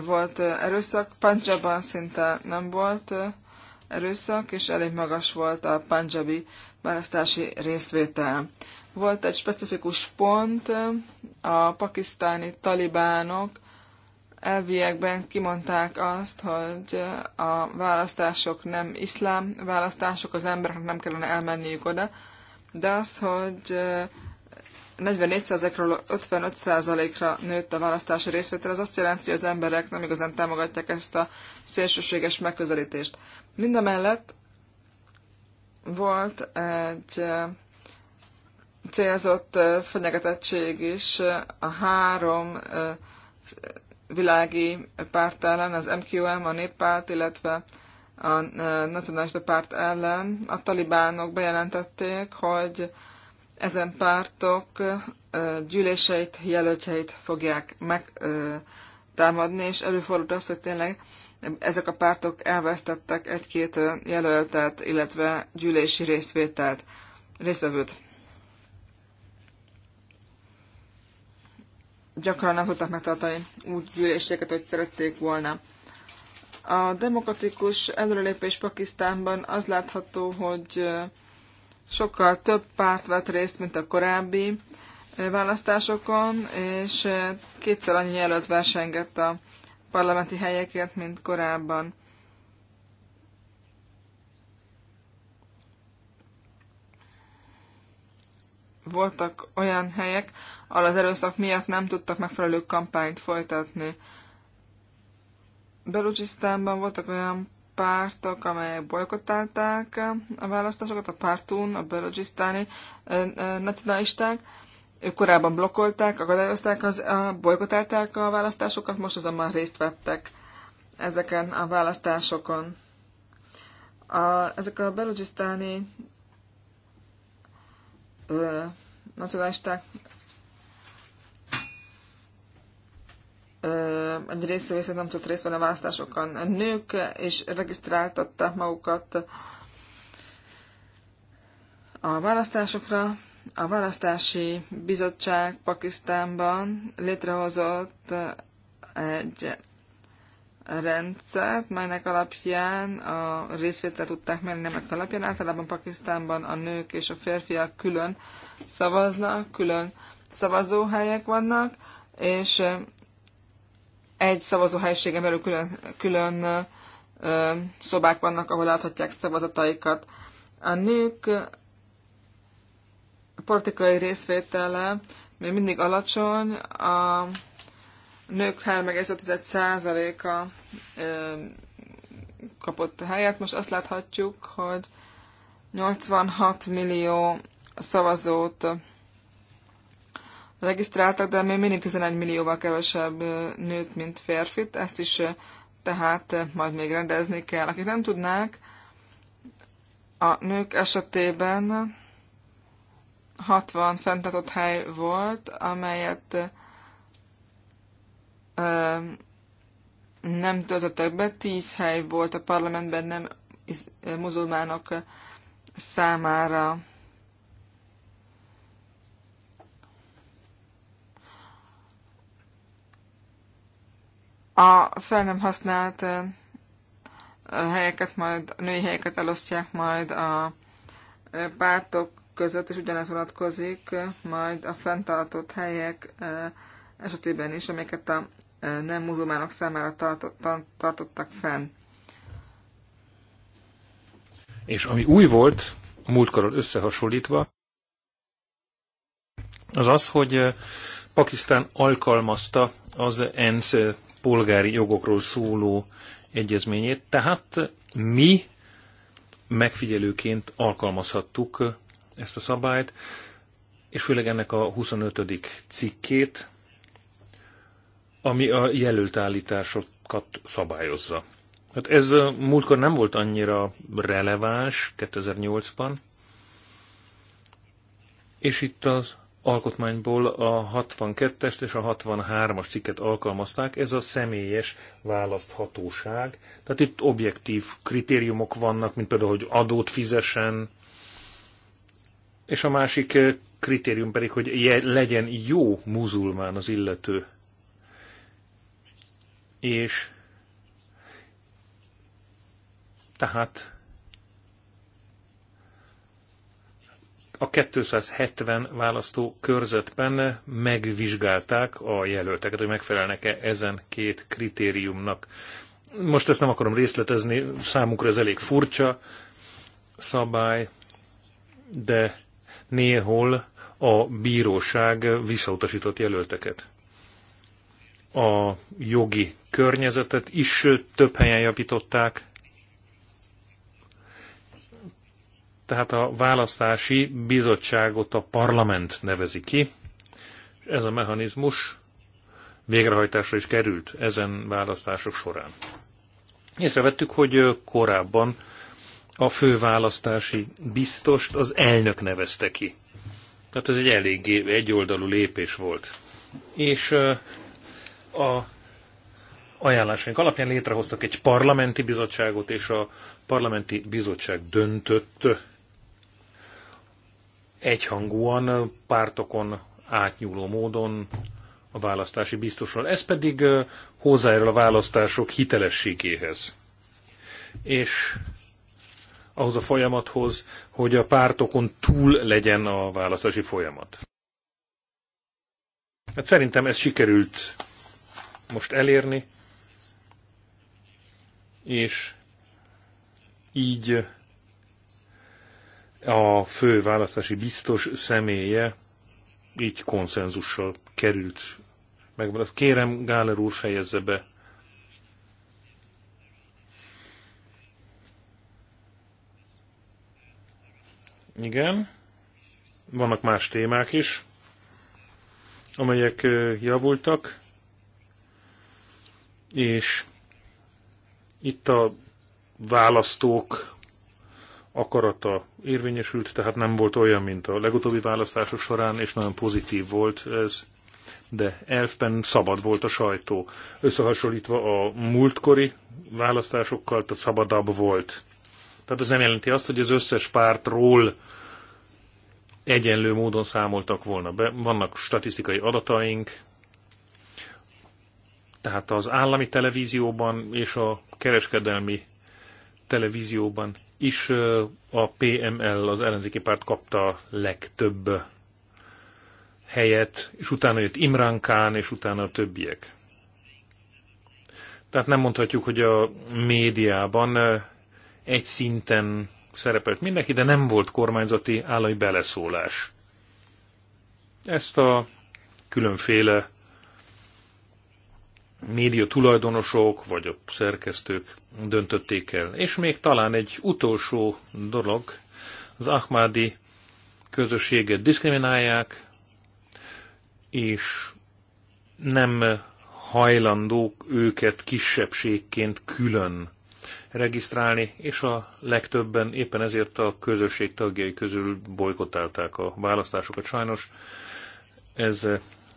volt erőszak, Punjabban szinte nem volt erőszak, és elég magas volt a panjabi választási részvétel. Volt egy specifikus pont, a pakisztáni talibánok elviekben kimondták azt, hogy a választások nem iszlám választások, az embereknek nem kellene elmenniük oda, de az, hogy 44%-ról eh, 55%-ra nőtt a választási részvétel, az azt jelenti, hogy az emberek nem igazán támogatják ezt a szélsőséges megközelítést. Mindemellett volt egy eh, célzott fenyegetettség is a három világi párt ellen, az MQM, a Néppárt, illetve a Nacionalista Párt ellen. A talibánok bejelentették, hogy ezen pártok gyűléseit, jelöltjeit fogják megtámadni, és előfordult az, hogy tényleg ezek a pártok elvesztettek egy-két jelöltet, illetve gyűlési részvételt, részvevőt. gyakran nem tudták megtartani úgy gyűléseket, hogy szerették volna. A demokratikus előrelépés Pakisztánban az látható, hogy sokkal több párt vett részt, mint a korábbi választásokon, és kétszer annyi jelölt versengett a parlamenti helyekért, mint korábban. voltak olyan helyek, ahol az erőszak miatt nem tudtak megfelelő kampányt folytatni. Belucsisztánban voltak olyan pártok, amelyek bolykottálták a választásokat, a pártún, a belucsisztáni nacionalisták. Ők korábban blokkolták, akadályozták, az, a, bolykottálták a választásokat, most azonban részt vettek ezeken a választásokon. A, ezek a belucsisztáni nacionalisták egy része viszont nem tudott részt venni a választásokon. A nők és regisztráltatták magukat a választásokra. A választási bizottság Pakisztánban létrehozott egy rendszert, melynek alapján a részvétel tudták mérni nemek alapján. Általában Pakisztánban a nők és a férfiak külön szavaznak, külön szavazóhelyek vannak, és egy szavazóhelységen belül külön, külön szobák vannak, ahol adhatják szavazataikat. A nők politikai részvétele még mindig alacsony, a nők 3,5%-a kapott helyet. Most azt láthatjuk, hogy 86 millió szavazót regisztráltak, de még mindig 11 millióval kevesebb nőt, mint férfit. Ezt is tehát majd még rendezni kell. Akik nem tudnák, a nők esetében 60 fenntartott hely volt, amelyet nem töltöttek be, tíz hely volt a parlamentben nem eh, muzulmánok számára. A fel nem használt eh, helyeket majd, a női helyeket elosztják majd a eh, pártok között, és ugyanez vonatkozik majd a fenntartott helyek esetében is, amiket a nem muzulmánok számára tartottak fenn. És ami új volt, a múltkorral összehasonlítva, az az, hogy eh, Pakisztán alkalmazta az ENSZ eh, polgári jogokról szóló egyezményét, tehát eh, mi megfigyelőként alkalmazhattuk ezt a szabályt, és főleg ennek a 25. cikkét, ami a jelölt állításokat szabályozza. Hát ez múltkor nem volt annyira releváns 2008-ban, és itt az alkotmányból a 62-est és a 63-as cikket alkalmazták, ez a személyes választhatóság. Tehát itt objektív kritériumok vannak, mint például, hogy adót fizessen, és a másik kritérium pedig, hogy legyen jó muzulmán az illető és tehát a 270 választó körzetben megvizsgálták a jelölteket, hogy megfelelnek-e ezen két kritériumnak. Most ezt nem akarom részletezni, számukra ez elég furcsa szabály, de néhol a bíróság visszautasított jelölteket a jogi környezetet is több helyen javították. Tehát a választási bizottságot a parlament nevezi ki. Ez a mechanizmus végrehajtásra is került ezen választások során. Észrevettük, hogy korábban a főválasztási biztost az elnök nevezte ki. Tehát ez egy eléggé egyoldalú lépés volt. És a ajánlásaink alapján létrehoztak egy parlamenti bizottságot, és a parlamenti bizottság döntött egyhangúan, pártokon átnyúló módon a választási biztosról. Ez pedig hozzájárul a választások hitelességéhez. És ahhoz a folyamathoz, hogy a pártokon túl legyen a választási folyamat. Hát szerintem ez sikerült most elérni, és így a fő választási biztos személye így konszenzussal került meg. Kérem, Gáler úr fejezze be. Igen. Vannak más témák is, amelyek javultak és itt a választók akarata érvényesült, tehát nem volt olyan, mint a legutóbbi választások során, és nagyon pozitív volt ez, de elfben szabad volt a sajtó. Összehasonlítva a múltkori választásokkal, tehát szabadabb volt. Tehát ez nem jelenti azt, hogy az összes pártról egyenlő módon számoltak volna be. Vannak statisztikai adataink, tehát az állami televízióban és a kereskedelmi televízióban is a PML, az ellenzéki párt kapta legtöbb helyet, és utána jött Imran Khan, és utána a többiek. Tehát nem mondhatjuk, hogy a médiában egy szinten szerepelt mindenki, de nem volt kormányzati állami beleszólás. Ezt a különféle média tulajdonosok vagy a szerkesztők döntötték el. És még talán egy utolsó dolog, az Ahmadi közösséget diszkriminálják, és nem hajlandók őket kisebbségként külön regisztrálni, és a legtöbben éppen ezért a közösség tagjai közül bolykotálták a választásokat. Sajnos ez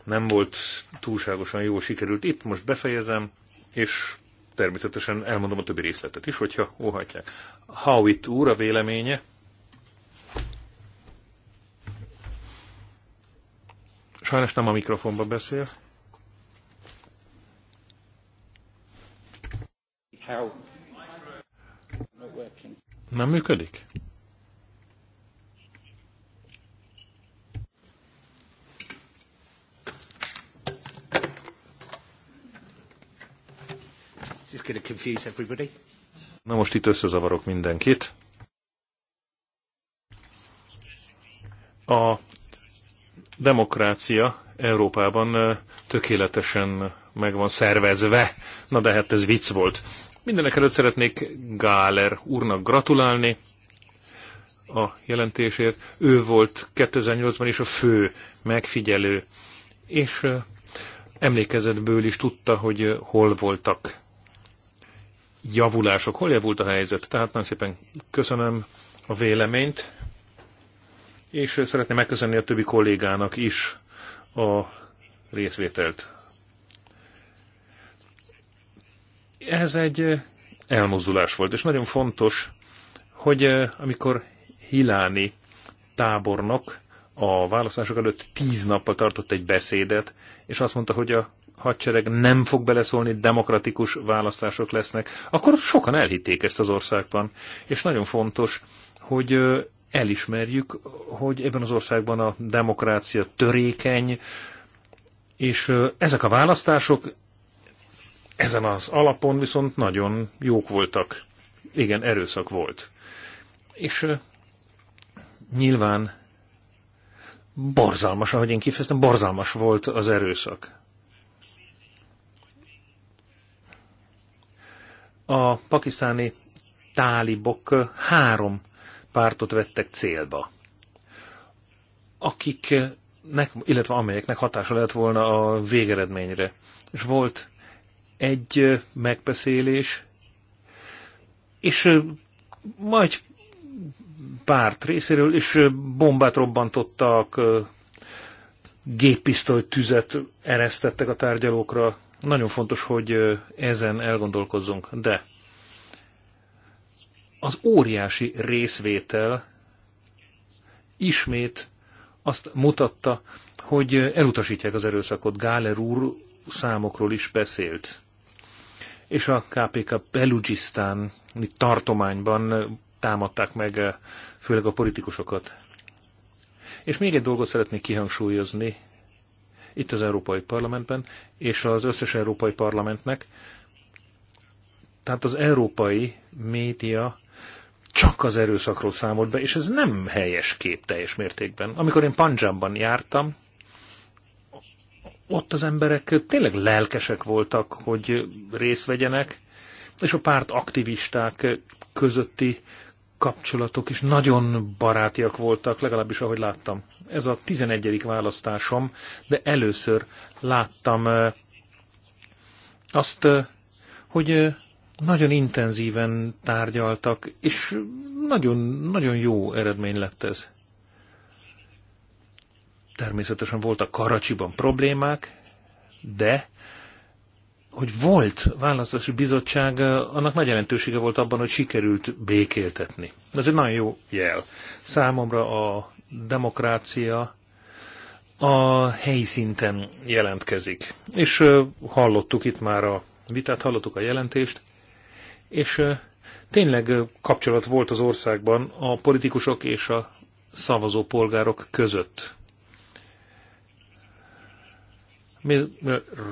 nem volt túlságosan jó sikerült itt, most befejezem, és természetesen elmondom a többi részletet is, hogyha óhatják. Howitt úr a véleménye. Sajnos nem a mikrofonba beszél. How? Nem működik? Na most itt összezavarok mindenkit. A demokrácia Európában tökéletesen meg van szervezve. Na de hát ez vicc volt. Mindenek előtt szeretnék Gáler úrnak gratulálni a jelentésért. Ő volt 2008-ban is a fő megfigyelő, és emlékezetből is tudta, hogy hol voltak javulások. Hol javult a helyzet? Tehát nagyon szépen köszönöm a véleményt, és szeretném megköszönni a többi kollégának is a részvételt. Ez egy elmozdulás volt, és nagyon fontos, hogy eh, amikor Hiláni tábornok a választások előtt tíz nappal tartott egy beszédet, és azt mondta, hogy a hadsereg nem fog beleszólni, demokratikus választások lesznek, akkor sokan elhitték ezt az országban. És nagyon fontos, hogy elismerjük, hogy ebben az országban a demokrácia törékeny, és ezek a választások ezen az alapon viszont nagyon jók voltak. Igen, erőszak volt. És nyilván borzalmas, ahogy én kifejeztem, borzalmas volt az erőszak. a pakisztáni tálibok három pártot vettek célba, akiknek, illetve amelyeknek hatása lett volna a végeredményre. És volt egy megbeszélés, és majd párt részéről, és bombát robbantottak, géppisztoly tüzet eresztettek a tárgyalókra, nagyon fontos, hogy ezen elgondolkozzunk, de az óriási részvétel ismét azt mutatta, hogy elutasítják az erőszakot. Gáler úr számokról is beszélt. És a KPK Belugisztán tartományban támadták meg főleg a politikusokat. És még egy dolgot szeretnék kihangsúlyozni, itt az Európai Parlamentben, és az összes Európai Parlamentnek. Tehát az európai média csak az erőszakról számolt be, és ez nem helyes kép teljes mértékben. Amikor én Panjabban jártam, ott az emberek tényleg lelkesek voltak, hogy részt vegyenek, és a párt aktivisták közötti kapcsolatok is nagyon barátiak voltak, legalábbis ahogy láttam. Ez a 11. választásom, de először láttam azt, hogy nagyon intenzíven tárgyaltak, és nagyon, nagyon jó eredmény lett ez. Természetesen voltak Karacsiban problémák, de hogy volt választási bizottság, annak nagy jelentősége volt abban, hogy sikerült békéltetni. Ez egy nagyon jó jel. Számomra a demokrácia a helyi szinten jelentkezik. És hallottuk itt már a vitát, hallottuk a jelentést, és tényleg kapcsolat volt az országban a politikusok és a szavazó polgárok között.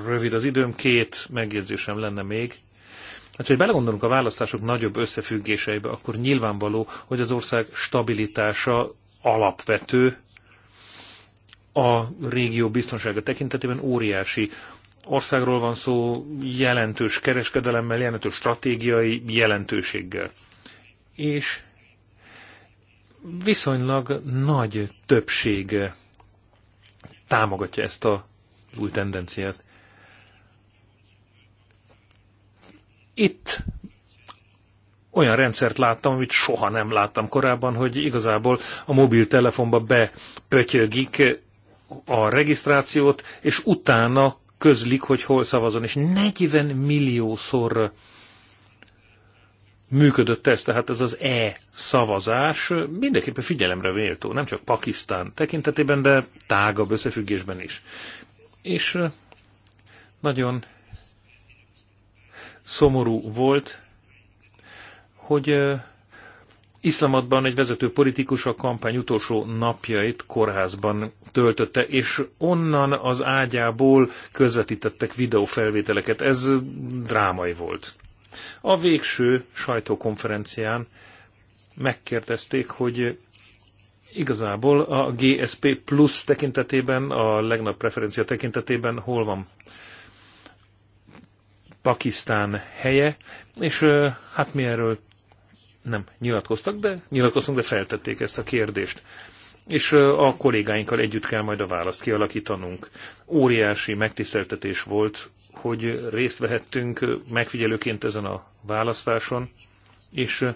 Rövid az időm, két megjegyzésem lenne még. Hát, hogy belegondolunk a választások nagyobb összefüggéseibe, akkor nyilvánvaló, hogy az ország stabilitása alapvető a régió biztonsága tekintetében óriási országról van szó jelentős kereskedelemmel, jelentős stratégiai jelentőséggel. És viszonylag nagy többség támogatja ezt a új tendenciát. Itt olyan rendszert láttam, amit soha nem láttam korábban, hogy igazából a mobiltelefonba bepötyögik a regisztrációt, és utána közlik, hogy hol szavazon, és 40 milliószor működött ez, tehát ez az e-szavazás mindenképpen figyelemre méltó, nem csak Pakisztán tekintetében, de tágabb összefüggésben is. És nagyon szomorú volt, hogy Iszlamatban egy vezető politikus a kampány utolsó napjait kórházban töltötte, és onnan az ágyából közvetítettek videófelvételeket. Ez drámai volt. A végső sajtókonferencián megkérdezték, hogy igazából a GSP plusz tekintetében, a legnagyobb preferencia tekintetében hol van Pakisztán helye, és hát mi erről nem nyilatkoztak, de nyilatkoztunk, de feltették ezt a kérdést. És a kollégáinkkal együtt kell majd a választ kialakítanunk. Óriási megtiszteltetés volt, hogy részt vehettünk megfigyelőként ezen a választáson, és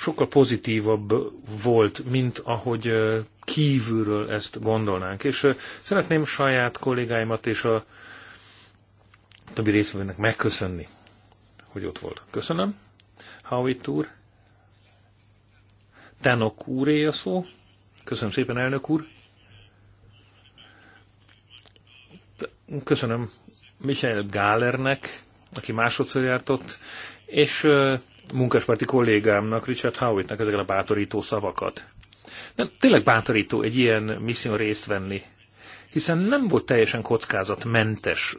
sokkal pozitívabb volt, mint ahogy kívülről ezt gondolnánk. És szeretném saját kollégáimat és a többi részvevőnek megköszönni, hogy ott volt. Köszönöm. Howitt úr. Tenok úré a szó. Köszönöm szépen, elnök úr. Köszönöm Michael Gálernek, aki másodszor jártott, és munkáspárti kollégámnak, Richard Howittnak ezeket a bátorító szavakat. Nem, tényleg bátorító egy ilyen misszión részt venni, hiszen nem volt teljesen kockázatmentes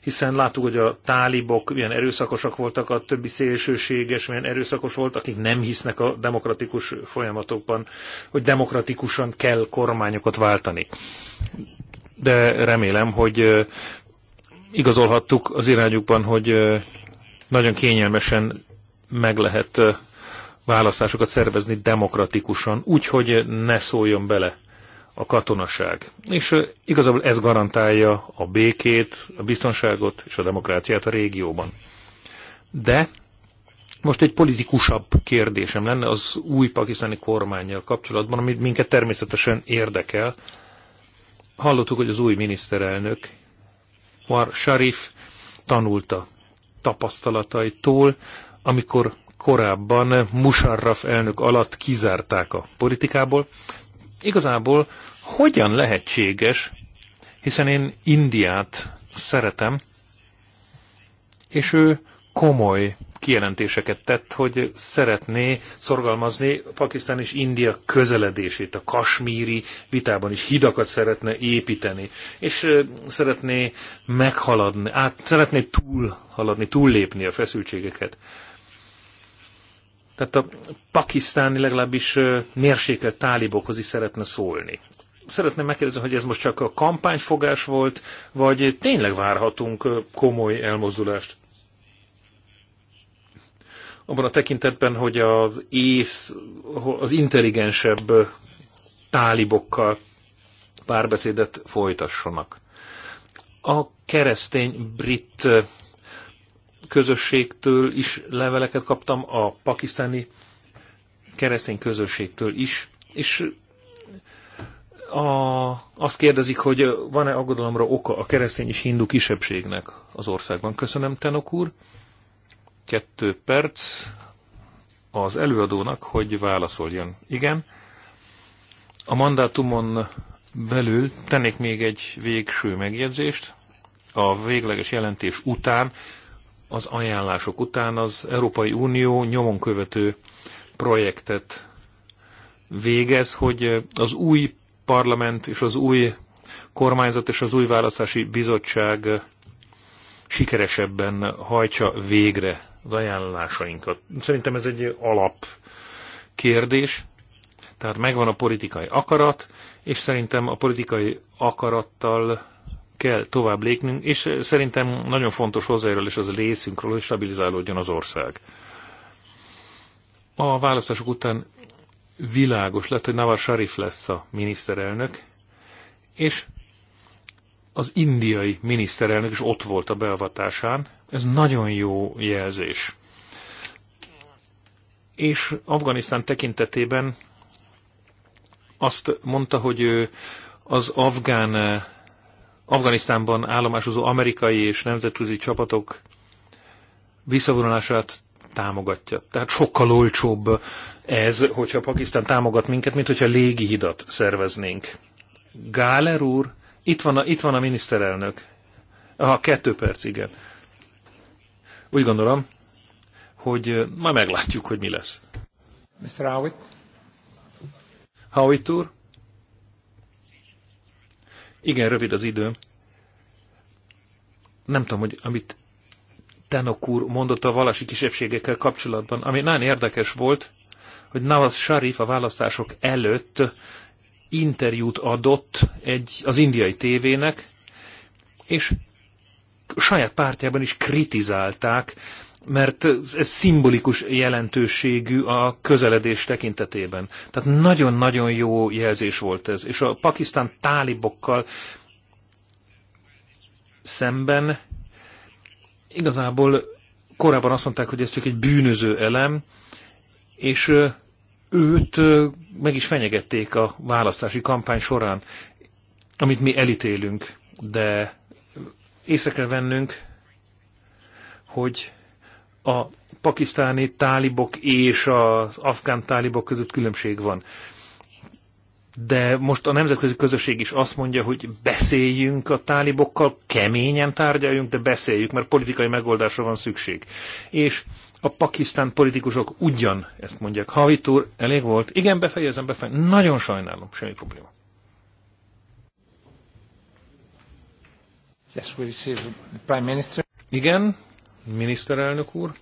hiszen láttuk, hogy a tálibok milyen erőszakosak voltak, a többi szélsőséges milyen erőszakos volt, akik nem hisznek a demokratikus folyamatokban, hogy demokratikusan kell kormányokat váltani. De remélem, hogy igazolhattuk az irányukban, hogy nagyon kényelmesen meg lehet választásokat szervezni demokratikusan, úgy, hogy ne szóljon bele a katonaság. És igazából ez garantálja a békét, a biztonságot és a demokráciát a régióban. De most egy politikusabb kérdésem lenne az új pakisztáni kormányjal kapcsolatban, amit minket természetesen érdekel. Hallottuk, hogy az új miniszterelnök, var Sharif tanulta tapasztalataitól, amikor korábban Musarraf elnök alatt kizárták a politikából. Igazából hogyan lehetséges, hiszen én Indiát szeretem, és ő komoly kijelentéseket tett, hogy szeretné szorgalmazni Pakisztán és India közeledését, a kasmíri vitában is hidakat szeretne építeni, és szeretné meghaladni, át, szeretné túlhaladni, túllépni a feszültségeket tehát a pakisztáni legalábbis mérsékelt tálibokhoz is szeretne szólni. Szeretném megkérdezni, hogy ez most csak a kampányfogás volt, vagy tényleg várhatunk komoly elmozdulást? Abban a tekintetben, hogy az ész, az intelligensebb tálibokkal párbeszédet folytassanak. A keresztény brit közösségtől is leveleket kaptam, a pakisztáni keresztény közösségtől is, és a, azt kérdezik, hogy van-e aggodalomra oka a keresztény és hindu kisebbségnek az országban. Köszönöm, Tenok úr. Kettő perc az előadónak, hogy válaszoljon. Igen. A mandátumon belül tennék még egy végső megjegyzést. A végleges jelentés után az ajánlások után az Európai Unió nyomon követő projektet végez, hogy az új parlament és az új kormányzat és az új választási bizottság sikeresebben hajtsa végre az ajánlásainkat. Szerintem ez egy alap kérdés, tehát megvan a politikai akarat, és szerintem a politikai akarattal kell tovább lépnünk, és szerintem nagyon fontos hozzájárulás az a részünkről, hogy stabilizálódjon az ország. A választások után világos lett, hogy Navar Sharif lesz a miniszterelnök, és az indiai miniszterelnök is ott volt a beavatásán. Ez nagyon jó jelzés. És Afganisztán tekintetében azt mondta, hogy az afgán Afganisztánban állomásozó amerikai és nemzetközi csapatok visszavonulását támogatja. Tehát sokkal olcsóbb ez, hogyha Pakisztán támogat minket, mint hogyha légi hidat szerveznénk. Gáler úr, itt van a, itt van a miniszterelnök. Aha, kettő perc, igen. Úgy gondolom, hogy ma meglátjuk, hogy mi lesz. Mr. Howitt? Howitt úr? Igen, rövid az idő. Nem tudom, hogy amit Tenok úr mondott a vallási kisebbségekkel kapcsolatban, ami nagyon érdekes volt, hogy Nawaz Sharif a választások előtt interjút adott egy, az indiai tévének, és saját pártjában is kritizálták mert ez szimbolikus jelentőségű a közeledés tekintetében. Tehát nagyon-nagyon jó jelzés volt ez. És a Pakisztán tálibokkal szemben igazából korábban azt mondták, hogy ez csak egy bűnöző elem, és őt meg is fenyegették a választási kampány során, amit mi elítélünk, de észre kell vennünk, hogy a pakisztáni tálibok és az afgán tálibok között különbség van. De most a nemzetközi közösség is azt mondja, hogy beszéljünk a tálibokkal, keményen tárgyaljunk, de beszéljük, mert politikai megoldásra van szükség. És a pakisztán politikusok ugyan ezt mondják. Havit úr, elég volt? Igen, befejezem, befejezem. Nagyon sajnálom, semmi probléma. Yes, we the Prime Minister. Igen, miniszterelnök úr.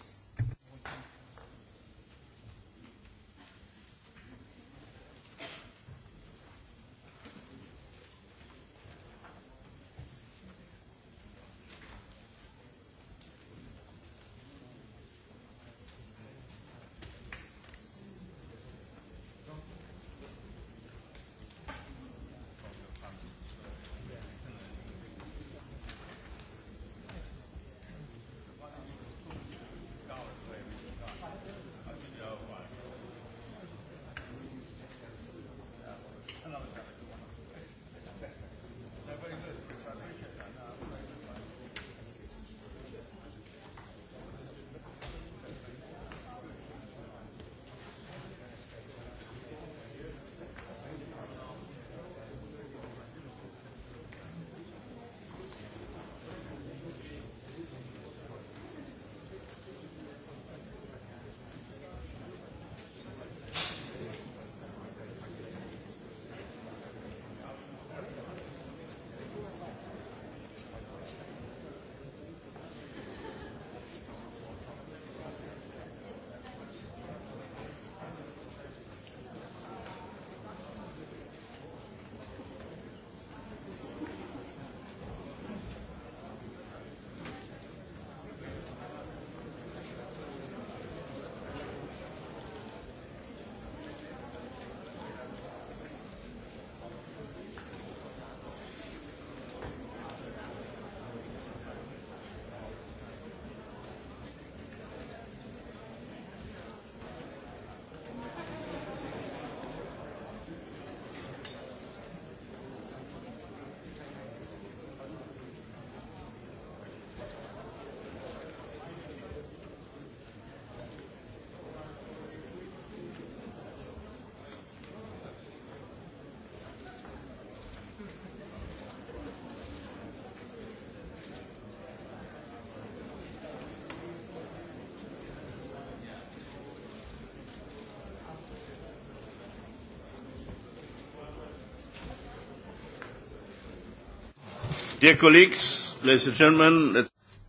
Dear colleagues, ladies and gentlemen, let's...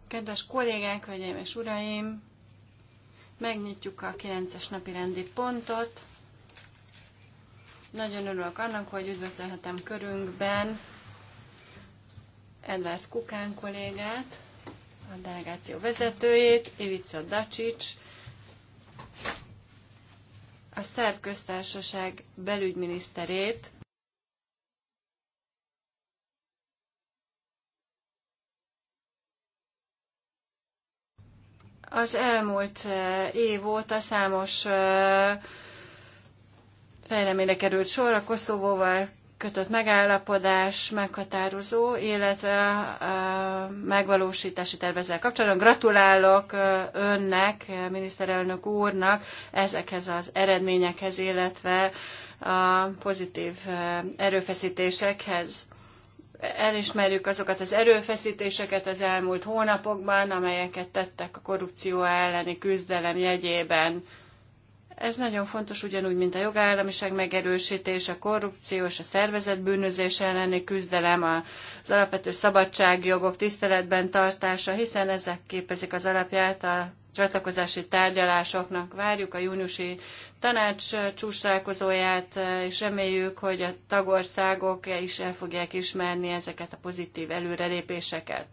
Kedves kollégák, hölgyeim és uraim, megnyitjuk a 9-es napi rendi pontot. Nagyon örülök annak, hogy üdvözölhetem körünkben Edward Kukán kollégát, a delegáció vezetőjét, Ivica Dacsics, a szerb köztársaság belügyminiszterét, Az elmúlt év óta számos fejleményre került sor, a Koszovóval kötött megállapodás meghatározó, illetve a megvalósítási tervezel kapcsolatban. Gratulálok önnek, miniszterelnök úrnak ezekhez az eredményekhez, illetve a pozitív erőfeszítésekhez elismerjük azokat az erőfeszítéseket az elmúlt hónapokban, amelyeket tettek a korrupció elleni küzdelem jegyében. Ez nagyon fontos, ugyanúgy, mint a jogállamiság megerősítés, a korrupció és a szervezett bűnözés elleni küzdelem, az alapvető szabadságjogok tiszteletben tartása, hiszen ezek képezik az alapját a csatlakozási tárgyalásoknak várjuk a júniusi tanács csúcsálkozóját, eh, és reméljük, hogy a tagországok is el fogják ismerni ezeket a pozitív előrelépéseket.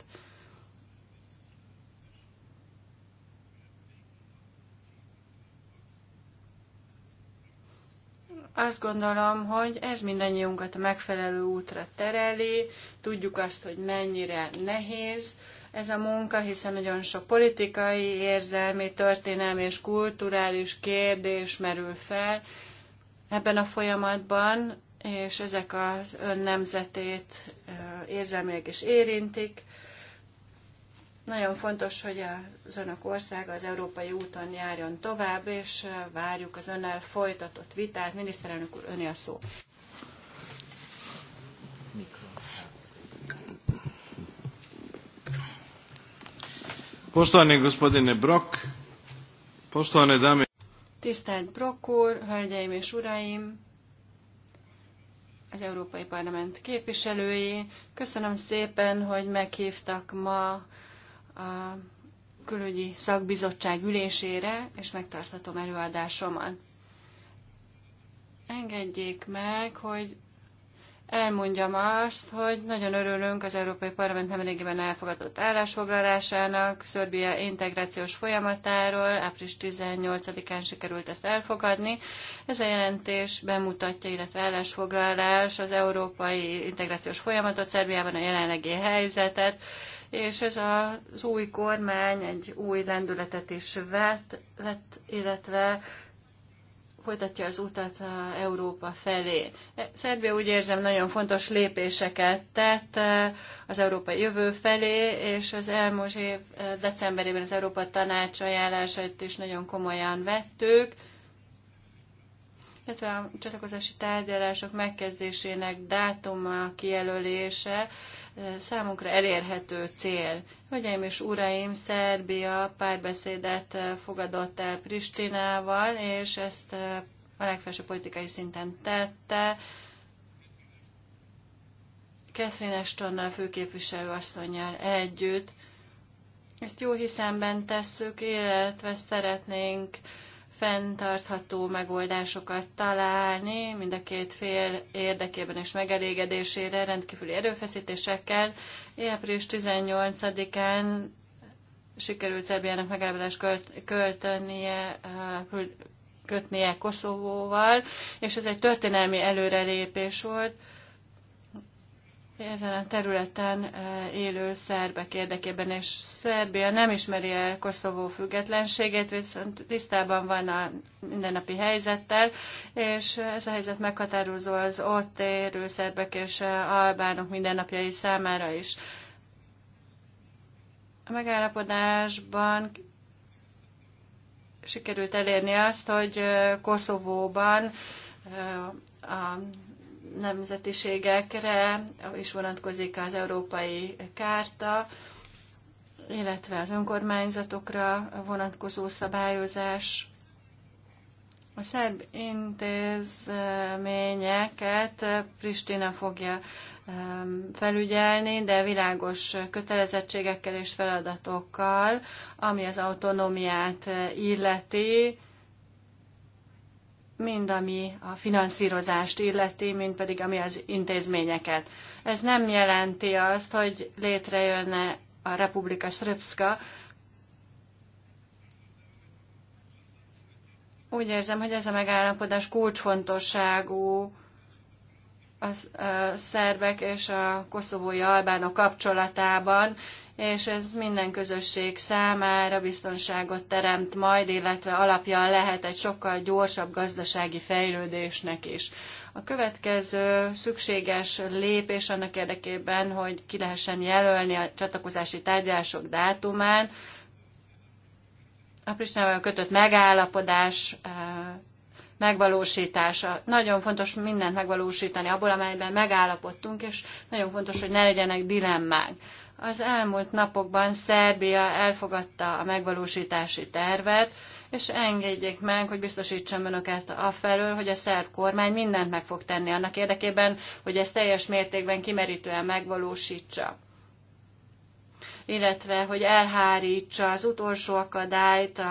Azt gondolom, hogy ez mindannyiunkat a megfelelő útra tereli, tudjuk azt, hogy mennyire nehéz, ez a munka, hiszen nagyon sok politikai, érzelmi, történelmi és kulturális kérdés merül fel ebben a folyamatban, és ezek az ön nemzetét érzelmileg is érintik. Nagyon fontos, hogy az önök országa az európai úton járjon tovább, és várjuk az önnel folytatott vitát. Miniszterelnök úr, öné a szó. Poštovani gospodine Brock, poštovane dame... Tisztelt Brock úr, hölgyeim és uraim, az Európai Parlament képviselői, köszönöm szépen, hogy meghívtak ma a külügyi szakbizottság ülésére, és megtarthatom előadásomat. Engedjék meg, hogy elmondjam azt, hogy nagyon örülünk az Európai Parlament nemrégiben elfogadott állásfoglalásának, Szörbia integrációs folyamatáról, április 18-án sikerült ezt elfogadni. Ez a jelentés bemutatja, illetve állásfoglalás az európai integrációs folyamatot, Szerbiában a jelenlegi helyzetet, és ez az új kormány egy új lendületet is vett, vett illetve folytatja az utat Európa felé. E, Szerbia úgy érzem nagyon fontos lépéseket tett e, az európai jövő felé, és az elmúlt év e, decemberében az Európa Tanács ajánlásait is nagyon komolyan vettük illetve a csatlakozási tárgyalások megkezdésének dátuma kijelölése eh, számunkra elérhető cél. Hölgyeim és uraim, Szerbia párbeszédet eh, fogadott el Pristinával, és ezt eh, a legfelső politikai szinten tette. Catherine Estonnal főképviselő asszonyjal együtt. Ezt jó hiszemben tesszük, illetve szeretnénk fenntartható megoldásokat találni, mind a két fél érdekében és megelégedésére rendkívüli erőfeszítésekkel. Április 18-án sikerült Szerbiának megállapodást költönnie, eh, kötnie Koszovóval, és ez egy történelmi előrelépés volt ezen a területen eh, élő szerbek érdekében, és Szerbia nem ismeri el Koszovó függetlenségét, viszont tisztában van a mindennapi helyzettel, és ez a helyzet meghatározó az ott érő szerbek és eh, albánok mindennapjai számára is. A megállapodásban sikerült elérni azt, hogy eh, Koszovóban a nemzetiségekre is vonatkozik az Európai Kárta, illetve az önkormányzatokra vonatkozó szabályozás. A szerb intézményeket Pristina fogja felügyelni, de világos kötelezettségekkel és feladatokkal, ami az autonómiát eh, illeti, mind ami a finanszírozást illeti, mind pedig ami az intézményeket. Ez nem jelenti azt, hogy létrejönne a Republika Srpska. Úgy érzem, hogy ez a megállapodás kulcsfontosságú a szerbek és a koszovói albánok kapcsolatában, és ez minden közösség számára biztonságot teremt majd, illetve alapja lehet egy sokkal gyorsabb gazdasági fejlődésnek is. A következő szükséges lépés annak érdekében, hogy ki lehessen jelölni a csatlakozási tárgyalások dátumán, a Pristinával kötött megállapodás eh, megvalósítása. Nagyon fontos mindent megvalósítani abból, amelyben megállapodtunk, és nagyon fontos, hogy ne legyenek dilemmák. Az elmúlt napokban Szerbia elfogadta a megvalósítási tervet, és engedjék meg, hogy biztosítsam önöket afelől, hogy a szerb kormány mindent meg fog tenni annak érdekében, hogy ezt teljes mértékben kimerítően megvalósítsa illetve hogy elhárítsa az utolsó akadályt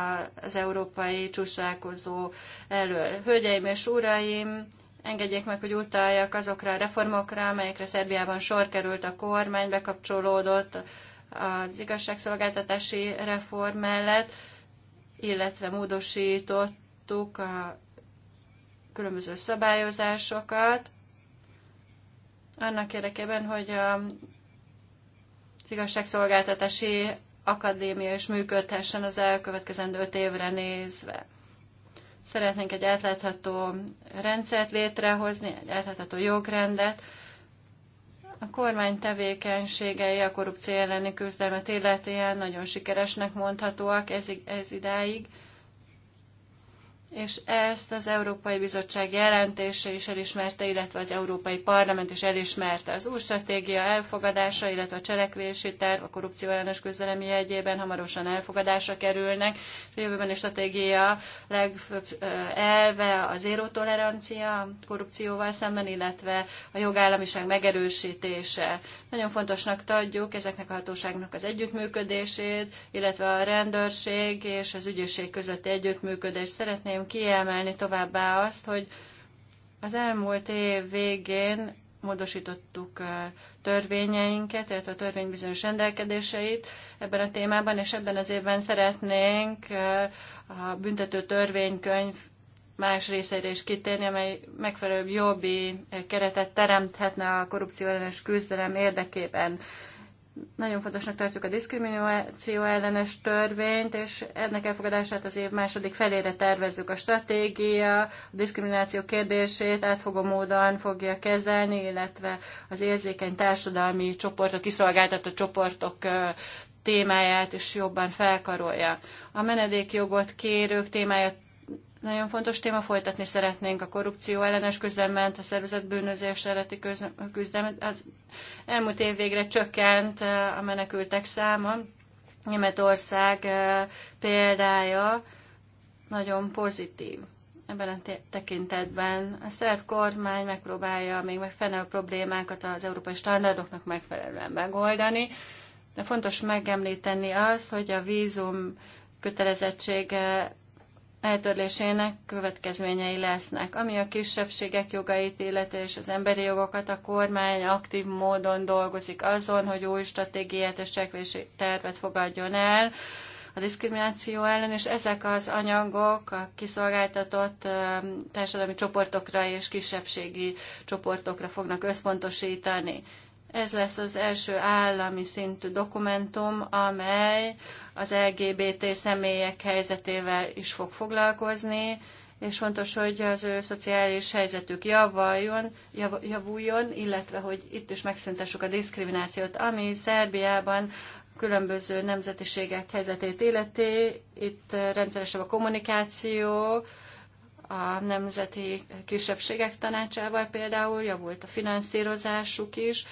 az európai csúszálkozó elől. Hölgyeim és uraim, Engedjék meg, hogy utaljak azokra a reformokra, amelyekre Szerbiában sor került a kormány, bekapcsolódott az igazságszolgáltatási reform mellett, illetve módosítottuk a különböző szabályozásokat, annak érdekében, hogy a igazságszolgáltatási akadémia is működhessen az elkövetkezendő öt évre nézve. Szeretnénk egy átlátható rendszert létrehozni, egy átlátható jogrendet. A kormány tevékenységei a korrupció elleni küzdelmet illetően nagyon sikeresnek mondhatóak ez, ez idáig és ezt az Európai Bizottság jelentése is elismerte, illetve az Európai Parlament is elismerte az új stratégia elfogadása, illetve a cselekvési terv a korrupció ellenes küzdelem jegyében hamarosan elfogadásra kerülnek. A jövőben a stratégia legfőbb elve a zéró tolerancia korrupcióval szemben, illetve a jogállamiság megerősítése. Nagyon fontosnak tartjuk ezeknek a hatóságnak az együttműködését, illetve a rendőrség és az ügyészség közötti együttműködést. Szeretném kiemelni továbbá azt, hogy az elmúlt év végén módosítottuk törvényeinket, illetve a törvény bizonyos rendelkedéseit ebben a témában, és ebben az évben szeretnénk a büntető törvénykönyv más részeire is kitérni, amely megfelelőbb jobbi keretet teremthetne a korrupció ellenes küzdelem érdekében. Nagyon fontosnak tartjuk a diszkrimináció ellenes törvényt, és ennek elfogadását az év második felére tervezzük. A stratégia a diszkrimináció kérdését átfogó módon fogja kezelni, illetve az érzékeny társadalmi csoportok, kiszolgáltatott csoportok témáját is jobban felkarolja. A menedékjogot kérők témája nagyon fontos téma, folytatni szeretnénk a korrupció ellenes küzdelmet, a bűnözés előtti küzdelmet. Az elmúlt év végre csökkent eh, a menekültek száma. Németország eh, példája nagyon pozitív ebben a tekintetben. A szerb kormány megpróbálja még megfelelő problémákat az európai standardoknak megfelelően megoldani, de fontos megemlíteni azt, hogy a vízum kötelezettség eltörlésének következményei lesznek. Ami a kisebbségek jogait illeti és az emberi jogokat, a kormány aktív módon dolgozik azon, hogy új stratégiát és cselekvési tervet fogadjon el a diszkrimináció ellen, és ezek az anyagok a kiszolgáltatott társadalmi csoportokra és kisebbségi csoportokra fognak összpontosítani. Ez lesz az első állami szintű dokumentum, amely az LGBT személyek helyzetével is fog foglalkozni, és fontos, hogy az ő szociális helyzetük javuljon, jav, javuljon, illetve hogy itt is megszüntessük a diszkriminációt, ami Szerbiában különböző nemzetiségek helyzetét illeti. Itt rendszeresebb a kommunikáció, a Nemzeti Kisebbségek Tanácsával például javult a finanszírozásuk is,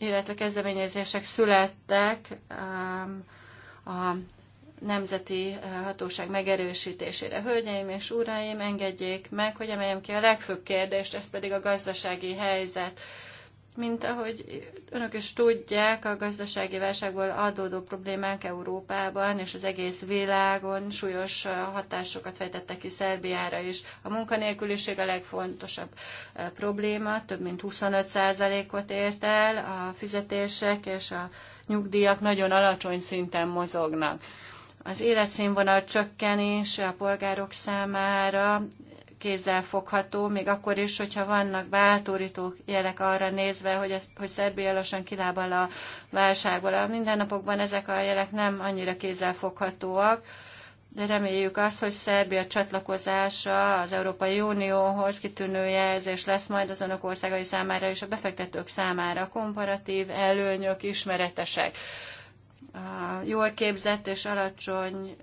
illetve kezdeményezések születtek a nemzeti eh, hatóság megerősítésére. Hölgyeim és uraim, engedjék meg, hogy emeljem ki a legfőbb kérdést, ez pedig a gazdasági helyzet. Mint ahogy önök is tudják, a gazdasági válságból adódó problémák Európában és az egész világon súlyos uh, hatásokat fejtettek ki Szerbiára is. A munkanélküliség a legfontosabb uh, probléma, több mint 25%-ot ért el, a fizetések és a nyugdíjak nagyon alacsony szinten mozognak. Az életszínvonal csökkenés a polgárok számára fogható, még akkor is, hogyha vannak bátorító jelek arra nézve, hogy, ez, hogy Szerbia lassan kilábal a válságból. A mindennapokban ezek a jelek nem annyira foghatóak, de reméljük azt, hogy Szerbia csatlakozása az Európai Unióhoz kitűnő jelzés lesz majd az önök országai számára és a befektetők számára. Komparatív előnyök ismeretesek. A jól képzett és alacsony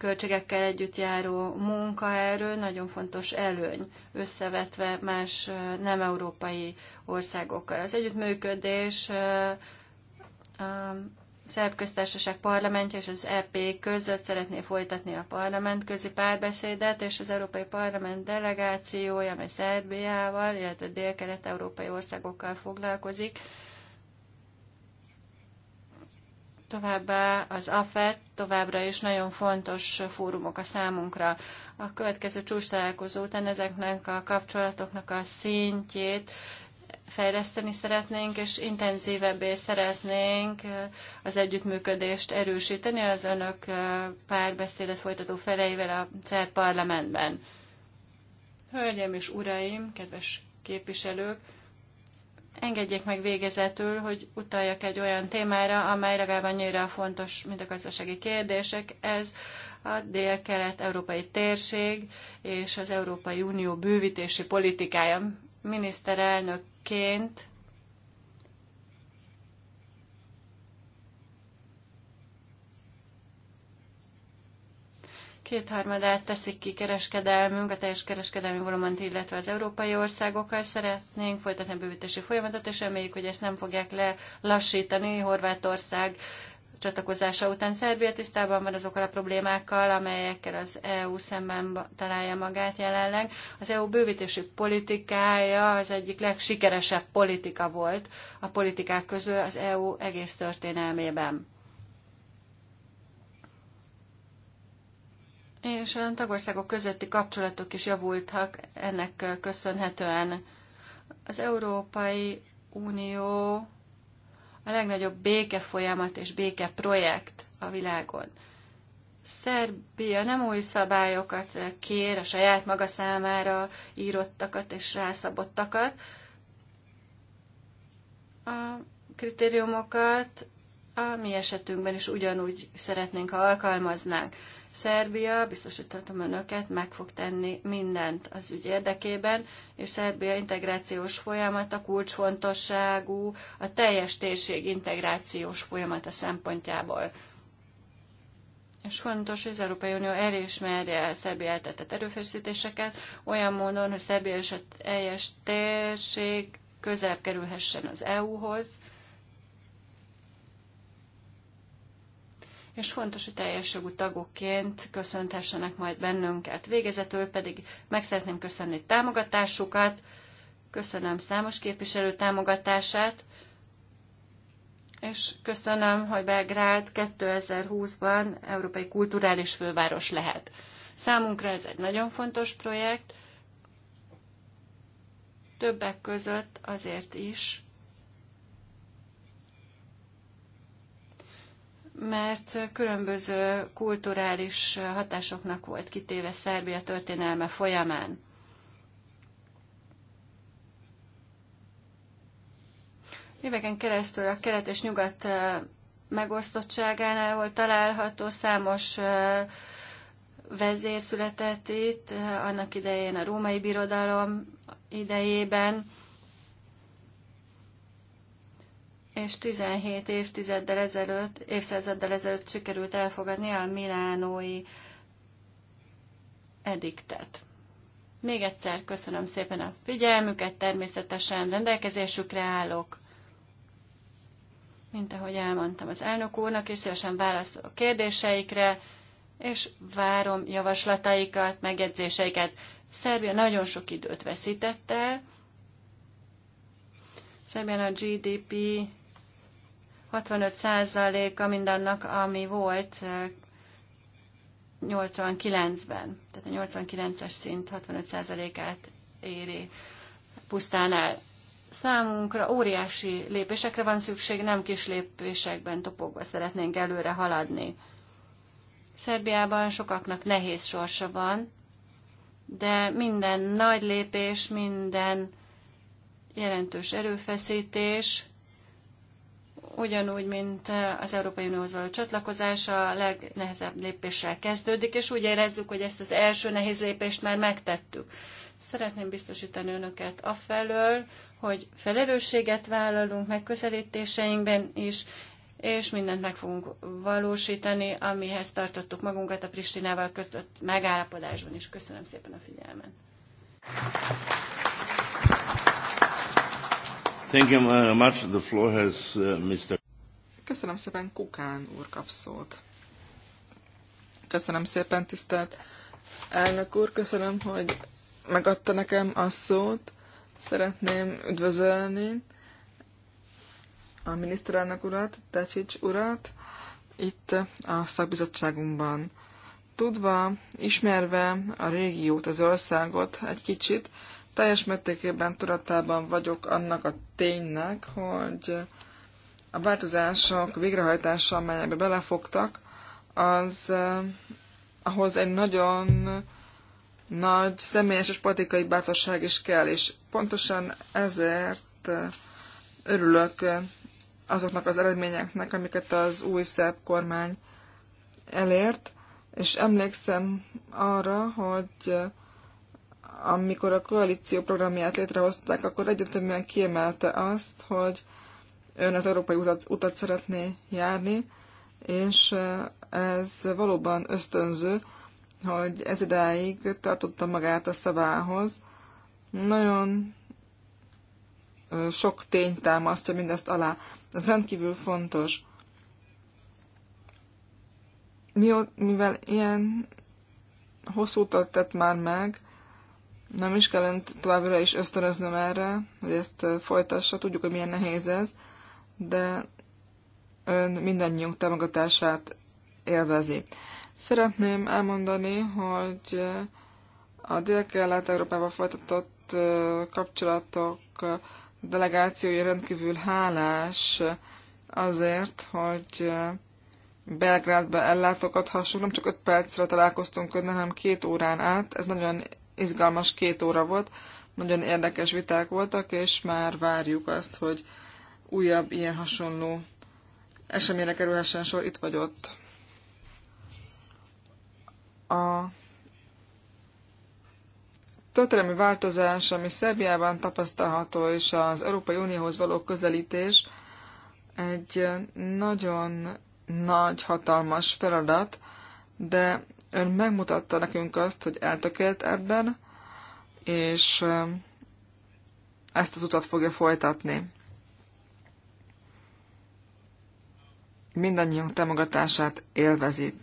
költségekkel együtt járó munkaerő nagyon fontos előny összevetve más nem európai országokkal. Az együttműködés a Szerb Köztársaság parlamentje és az EP között szeretné folytatni a parlament közi párbeszédet, és az Európai Parlament delegációja, amely Szerbiával, illetve dél-kelet-európai országokkal foglalkozik, Továbbá az AFET továbbra is nagyon fontos fórumok a számunkra. A következő csúcs találkozó után ezeknek a kapcsolatoknak a szintjét fejleszteni szeretnénk, és intenzívebbé szeretnénk az együttműködést erősíteni az önök párbeszédet folytató feleivel a CER parlamentben. Hölgyeim és uraim, kedves képviselők, Engedjék meg végezetül, hogy utaljak egy olyan témára, amely legalább annyira fontos, mint a gazdasági kérdések. Ez a dél-kelet-európai térség és az Európai Unió bővítési politikája. Miniszterelnökként kétharmadát teszik ki kereskedelmünk, a teljes kereskedelmi volumant, illetve az európai országokkal szeretnénk folytatni a bővítési folyamatot, és reméljük, hogy ezt nem fogják lelassítani Horvátország csatlakozása után Szerbia tisztában van azokkal a problémákkal, amelyekkel az EU szemben találja magát jelenleg. Az EU bővítési politikája az egyik legsikeresebb politika volt a politikák közül az EU egész történelmében. És a tagországok közötti kapcsolatok is javultak ennek köszönhetően. Az Európai Unió a legnagyobb békefolyamat és békeprojekt a világon. Szerbia nem új szabályokat kér a saját maga számára írottakat és rászabottakat. A kritériumokat a mi esetünkben is ugyanúgy szeretnénk, ha alkalmaznánk. Szerbia, biztosítottam önöket, meg fog tenni mindent az ügy érdekében, és Szerbia integrációs folyamata kulcsfontosságú, a teljes térség integrációs folyamata szempontjából. És fontos, hogy az Európai Unió elismerje Szerbia eltetett erőfeszítéseket olyan módon, hogy Szerbia és a teljes térség közelebb kerülhessen az EU-hoz, és fontos, hogy teljes jogú tagokként köszönthessenek majd bennünket. Végezetül pedig meg szeretném köszönni támogatásukat, köszönöm számos képviselő támogatását, és köszönöm, hogy Belgrád 2020-ban Európai Kulturális Főváros lehet. Számunkra ez egy nagyon fontos projekt, többek között azért is, mert különböző kulturális hatásoknak volt kitéve Szerbia történelme folyamán. Éveken keresztül a kelet és nyugat megosztottságánál volt található számos vezér született itt, annak idején a római birodalom idejében, és 17 évtizeddel ezelőtt, évszázaddal ezelőtt sikerült elfogadni a milánói ediktet. Még egyszer köszönöm szépen a figyelmüket, természetesen rendelkezésükre állok. Mint ahogy elmondtam az elnök úrnak, és szívesen válaszolok a kérdéseikre, és várom javaslataikat, megjegyzéseiket. Szerbia nagyon sok időt veszített el. a GDP 65%-a mindannak, ami volt 89-ben. Eh, Tehát a 89-es szint 65%-át éri pusztán el. Számunkra óriási lépésekre van szükség, nem kis lépésekben topogva szeretnénk előre haladni. Szerbiában sokaknak nehéz sorsa van, de minden nagy lépés, minden jelentős erőfeszítés ugyanúgy, mint az Európai Unióhoz való csatlakozás a legnehezebb lépéssel kezdődik, és úgy érezzük, hogy ezt az első nehéz lépést már megtettük. Szeretném biztosítani önöket afelől, hogy felelősséget vállalunk megközelítéseinkben is, és mindent meg fogunk valósítani, amihez tartottuk magunkat a Pristinával kötött megállapodásban is. Köszönöm szépen a figyelmet! Thank you uh, much. The floor has uh, Mr. Köszönöm szépen, Kukán úr kap szót. Köszönöm szépen, tisztelt elnök úr, köszönöm, hogy megadta nekem a szót. Szeretném üdvözölni a miniszterelnök urat, Tecsics urat itt a szakbizottságunkban. Tudva, ismerve a régiót, az országot egy kicsit, teljes mértékében tudatában vagyok annak a ténynek, hogy a változások végrehajtása, amelyekbe belefogtak, az eh, ahhoz egy nagyon nagy személyes és politikai bátorság is kell, és pontosan ezért eh, örülök eh, azoknak az eredményeknek, amiket az új szép kormány elért, és emlékszem arra, hogy amikor a koalíció programját létrehozták, akkor egyetemben kiemelte azt, hogy ön az európai utat, utat szeretné járni, és ez valóban ösztönző, hogy ez idáig tartotta magát a szavához. Nagyon sok tény támasztja mindezt alá. Ez rendkívül fontos. Mivel ilyen hosszú utat tett már meg, nem is kell önt továbbra is ösztönöznöm erre, hogy ezt folytassa. Tudjuk, hogy milyen nehéz ez, de ön mindannyiunk támogatását élvezi. Szeretném elmondani, hogy a Dél-Kelet-Európával folytatott kapcsolatok delegációja rendkívül hálás azért, hogy Belgrádba ellátogathassunk. Nem csak 5 percre találkoztunk önnel, hanem két órán át. Ez nagyon izgalmas két óra volt, nagyon érdekes viták voltak, és már várjuk azt, hogy újabb ilyen hasonló eseményre kerülhessen sor itt vagy ott. A történelmi változás, ami Szerbiában tapasztalható, és az Európai Unióhoz való közelítés egy nagyon nagy, hatalmas feladat, de Ön megmutatta nekünk azt, hogy eltökélt ebben, és eh, ezt az utat fogja folytatni. Mindannyiunk támogatását élvezi.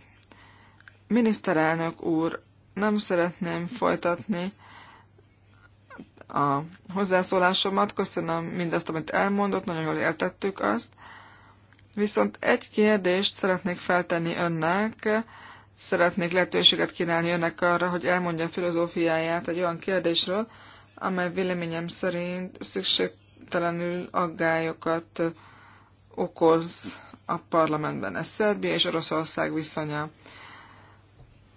Miniszterelnök úr, nem szeretném folytatni a hozzászólásomat, köszönöm mindazt, amit elmondott, nagyon jól értettük azt. Viszont egy kérdést szeretnék feltenni önnek, szeretnék lehetőséget kínálni önnek arra, hogy elmondja a filozófiáját egy olyan kérdésről, amely véleményem szerint szükségtelenül aggályokat okoz a parlamentben. Ez Szerbia és Oroszország viszonya.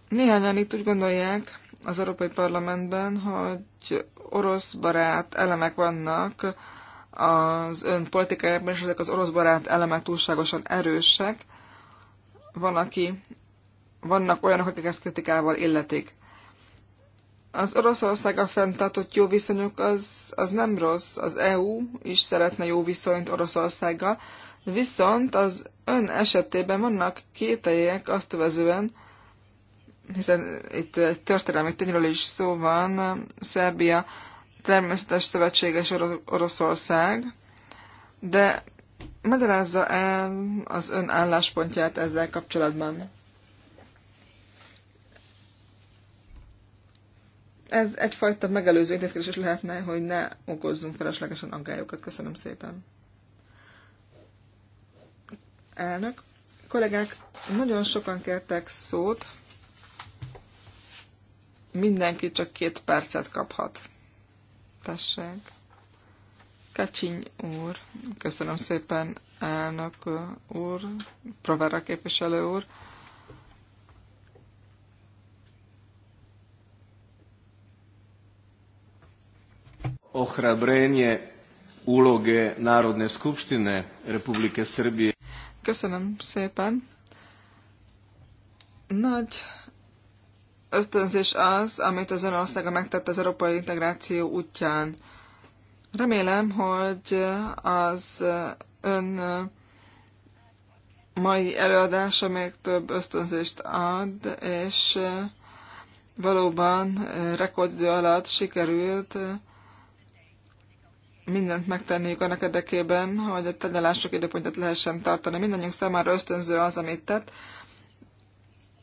Néhányan itt úgy gondolják az Európai Parlamentben, hogy orosz barát elemek vannak az ön politikájában, és ezek az orosz barát elemek túlságosan erősek. Van, aki vannak olyanok, akik ezt kritikával illetik. Az oroszország a fenntartott jó viszonyok az, az nem rossz, az EU is szeretne jó viszonyt Oroszországgal, viszont az ön esetében vannak kételjek azt vezően, hiszen itt történelmi tényről is szó van, Szerbia természetes szövetséges Or- Oroszország, de magyarázza el az ön álláspontját ezzel kapcsolatban. ez egyfajta megelőző intézkedés is lehetne, hogy ne okozzunk feleslegesen aggályokat. Köszönöm szépen. Elnök. Kollégák, nagyon sokan kértek szót. Mindenki csak két percet kaphat. Tessék. Kacsiny úr, köszönöm szépen, elnök úr, Provera képviselő úr. ohrabrenje uloge Narodne skupštine Republike Srbije. Köszönöm szépen. Nagy ösztönzés az, amit az Önországa megtett az európai integráció útján. Remélem, hogy az ön mai előadása még több ösztönzést ad, és valóban rekordidő alatt sikerült mindent megtenniük annak érdekében, hogy a tárgyalások időpontját lehessen tartani. Mindannyiunk számára ösztönző az, amit tett.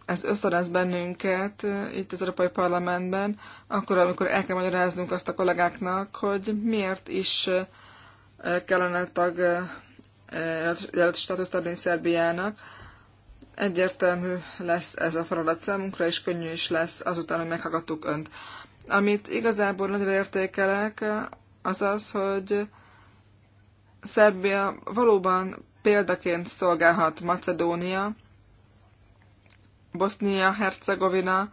Ez ösztönöz bennünket eh, itt az Európai Parlamentben, akkor, amikor el kell magyaráznunk azt a kollégáknak, hogy miért is eh, kellene tag eh, státuszt adni Szerbiának. Egyértelmű lesz ez a feladat számunkra, és könnyű is lesz azután, hogy meghallgattuk Önt. Amit igazából nagyra értékelek, az az, hogy Szerbia valóban példaként szolgálhat Macedónia, Bosznia, Hercegovina,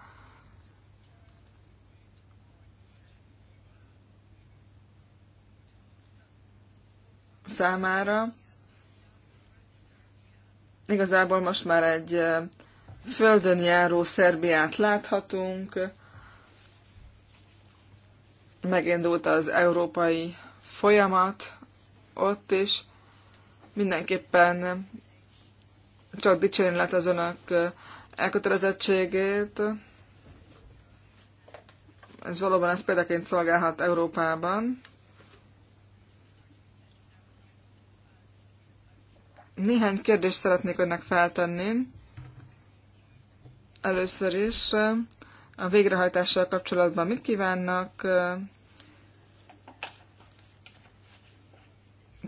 számára. Igazából most már egy földön járó Szerbiát láthatunk, megindult az európai folyamat ott is. Mindenképpen csak dicsérni lehet az önök elkötelezettségét. Ez valóban ez példaként szolgálhat Európában. Néhány kérdést szeretnék önnek feltenni. Először is a végrehajtással kapcsolatban mit kívánnak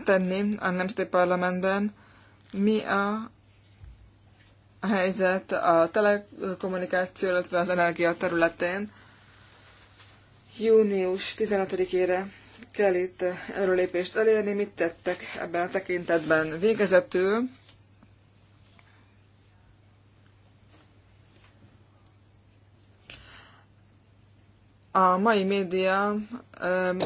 tenni a Nemzeti Parlamentben. Mi a, helyzet a telekommunikáció, illetve az energia területén? Június 15-ére kell itt erőlépést elérni. Mit tettek ebben a tekintetben végezetül? A mai média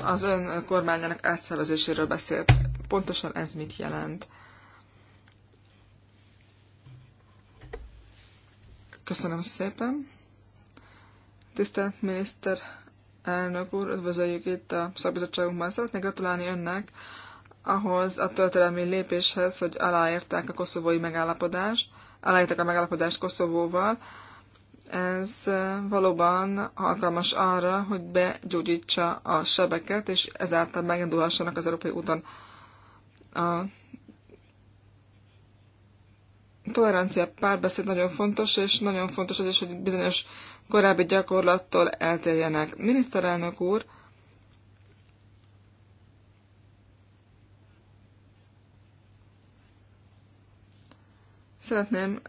az ön kormányának átszervezéséről beszélt pontosan ez mit jelent. Köszönöm szépen. Tisztelt miniszter elnök úr, üdvözöljük itt a szakbizottságunkban. Szeretnék gratulálni önnek ahhoz a történelmi lépéshez, hogy aláírták a koszovói megállapodást, aláírták a megállapodást Koszovóval. Ez eh, valóban alkalmas arra, hogy begyógyítsa a sebeket, és ezáltal megindulhassanak az európai úton. A tolerancia párbeszéd nagyon fontos, és nagyon fontos az is, hogy bizonyos korábbi gyakorlattól eltérjenek. Miniszterelnök úr, szeretném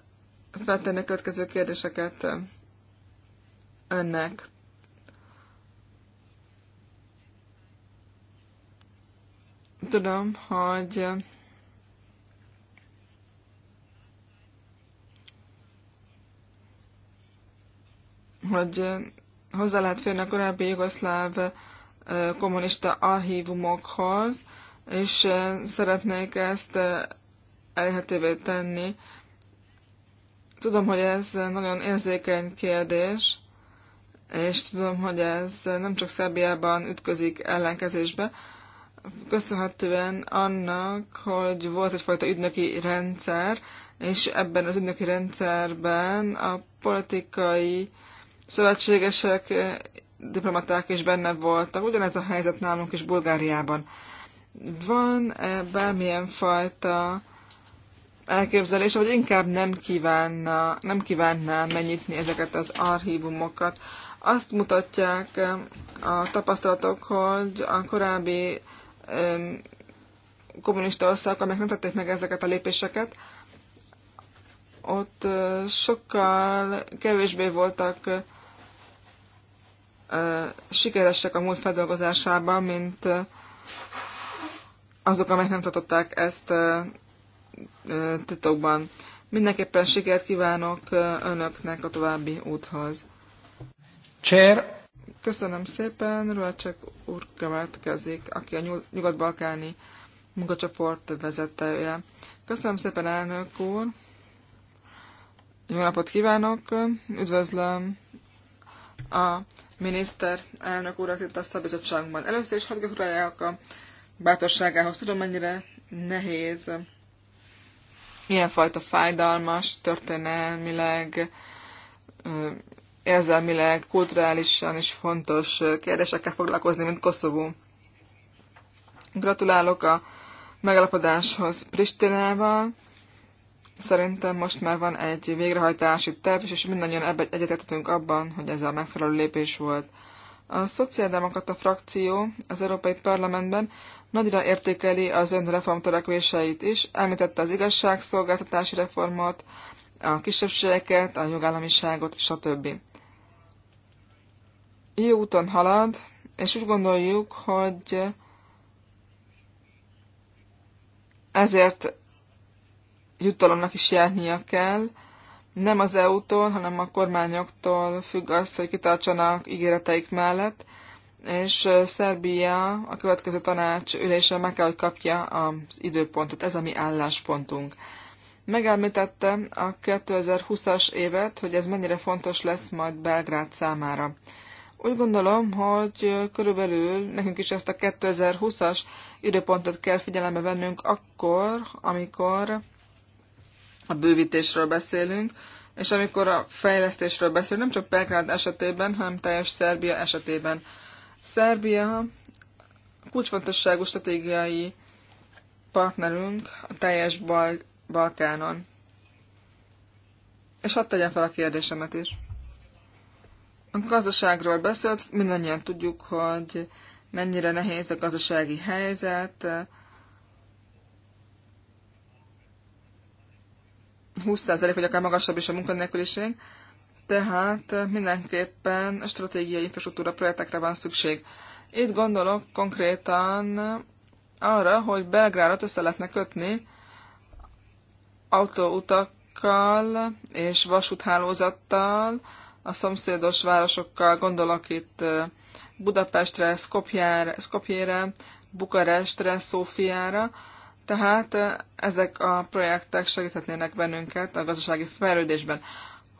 feltenni a következő kérdéseket önnek. Tudom, hogy eh, hogy eh, hozzá lehet férni a korábbi jugoszláv eh, kommunista archívumokhoz, és szeretnék ezt elérhetővé tenni. Tudom, hogy ez nagyon érzékeny kérdés, és tudom, hogy ez nem csak Szerbiában ütközik ellenkezésbe, köszönhetően annak, hogy volt egyfajta ügynöki rendszer, és ebben az ügynöki rendszerben a politikai szövetségesek, diplomaták is benne voltak. Ugyanez a helyzet nálunk is Bulgáriában. Van -e bármilyen fajta elképzelés, hogy inkább nem, kívánna, nem kívánná mennyitni ezeket az archívumokat. Azt mutatják a tapasztalatok, hogy a korábbi kommunista országok, amelyek nem tették meg ezeket a lépéseket, ott sokkal kevésbé voltak sikeresek a múlt feldolgozásában, mint azok, amelyek nem tartották ezt titokban. Mindenképpen sikert kívánok önöknek a további úthoz. Chair, Köszönöm szépen, Rulacsek úr következik, aki a nyugat-balkáni munkacsoport vezetője. Köszönöm szépen, elnök úr! Jó napot kívánok! Üdvözlöm a miniszter elnök úr itt a szabizottságunkban. Először is hadd a bátorságához. Tudom, mennyire nehéz ilyenfajta fájdalmas, történelmileg érzelmileg, kulturálisan is fontos kérdésekkel foglalkozni, mint Koszovó. Gratulálok a megalapodáshoz Pristinával. Szerintem most már van egy végrehajtási terv, és mindannyian ebbe egyetértettünk abban, hogy ez a megfelelő lépés volt. A Szociáldemokrata frakció az Európai Parlamentben nagyra értékeli az önreform törekvéseit is, említette az igazságszolgáltatási reformot, a kisebbségeket, a jogállamiságot, stb jó úton halad, és úgy gondoljuk, hogy ezért juttalomnak is járnia kell. Nem az EU-tól, hanem a kormányoktól függ az, hogy kitartsanak ígéreteik mellett, és Szerbia a következő tanács ülése meg kell, hogy kapja az időpontot. Ez a mi álláspontunk. Megelmítette a 2020-as évet, hogy ez mennyire fontos lesz majd Belgrád számára. Úgy gondolom, hogy körülbelül nekünk is ezt a 2020-as időpontot kell figyelembe vennünk akkor, amikor a bővítésről beszélünk, és amikor a fejlesztésről beszélünk, nem csak Belgrád esetében, hanem teljes Szerbia esetében. Szerbia kulcsfontosságú stratégiai partnerünk a teljes Bal- Balkánon. És hadd tegyem fel a kérdésemet is. A gazdaságról beszélt, mindannyian tudjuk, hogy mennyire nehéz a gazdasági helyzet. 20% vagy akár magasabb is a munkanélküliség, tehát mindenképpen stratégiai infrastruktúra projektekre van szükség. Itt gondolok konkrétan arra, hogy Belgrádot össze lehetne kötni autóutakkal és vasúthálózattal, a szomszédos városokkal, gondolok itt Budapestre, Skopjára, Skopjére, Bukarestre, Szófiára. Tehát ezek a projektek segíthetnének bennünket a gazdasági fejlődésben.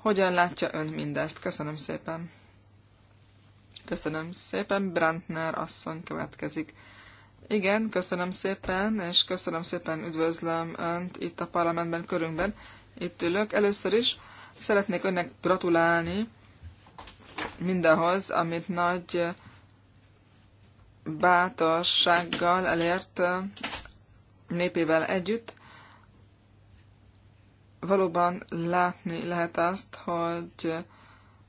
Hogyan látja ön mindezt? Köszönöm szépen. Köszönöm szépen. Brandner asszony következik. Igen, köszönöm szépen, és köszönöm szépen üdvözlöm Önt itt a parlamentben, körünkben. Itt ülök. Először is Szeretnék önnek gratulálni mindahhoz, amit nagy bátorsággal elért népével együtt. Valóban látni lehet azt, hogy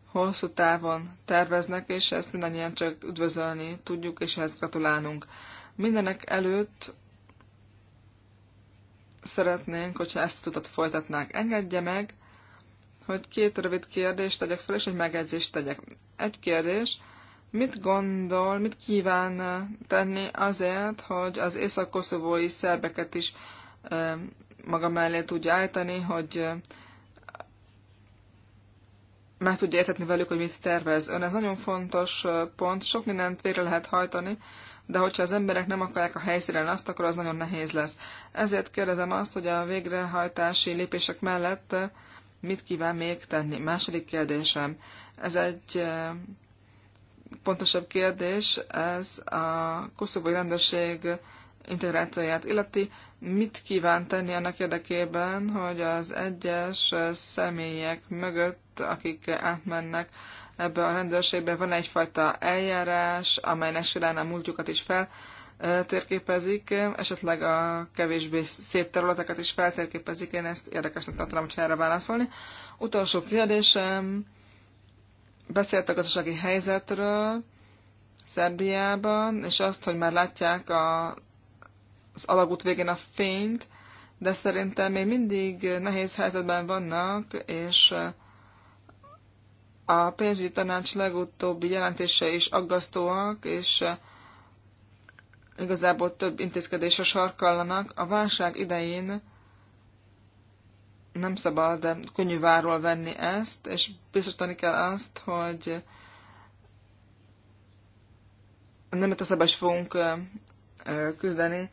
hosszú távon terveznek, és ezt mindannyian csak üdvözölni tudjuk, és ehhez gratulálunk. Mindenek előtt szeretnénk, hogyha ezt a tudat folytatnák. Engedje meg, hogy két rövid kérdést tegyek fel, és egy megjegyzést tegyek. Egy kérdés, mit gondol, mit kíván tenni azért, hogy az észak-koszovói szerbeket is maga mellé tudja állítani, hogy meg tudja értetni velük, hogy mit tervez ön. Ez nagyon fontos pont, sok mindent végre lehet hajtani, de hogyha az emberek nem akarják a helyszínen azt, akkor az nagyon nehéz lesz. Ezért kérdezem azt, hogy a végrehajtási lépések mellett mit kíván még tenni? Második kérdésem. Ez egy eh, pontosabb kérdés, ez a koszovói rendőrség integrációját illeti. Mit kíván tenni annak érdekében, hogy az egyes személyek mögött, akik átmennek ebbe a rendőrségbe, van egyfajta eljárás, amelynek során a múltjukat is fel térképezik, esetleg a kevésbé szép területeket is feltérképezik, én ezt érdekesnek tartanám, hogyha erre válaszolni. Utolsó kérdésem, beszélt a gazdasági helyzetről Szerbiában, és azt, hogy már látják a, az alagút végén a fényt, de szerintem még mindig nehéz helyzetben vannak, és a pénzügyi tanács legutóbbi jelentése is aggasztóak, és igazából több intézkedésre sarkallanak. A válság idején nem szabad de könnyű váról venni ezt, és biztosítani kell azt, hogy nem a szabás fogunk küzdeni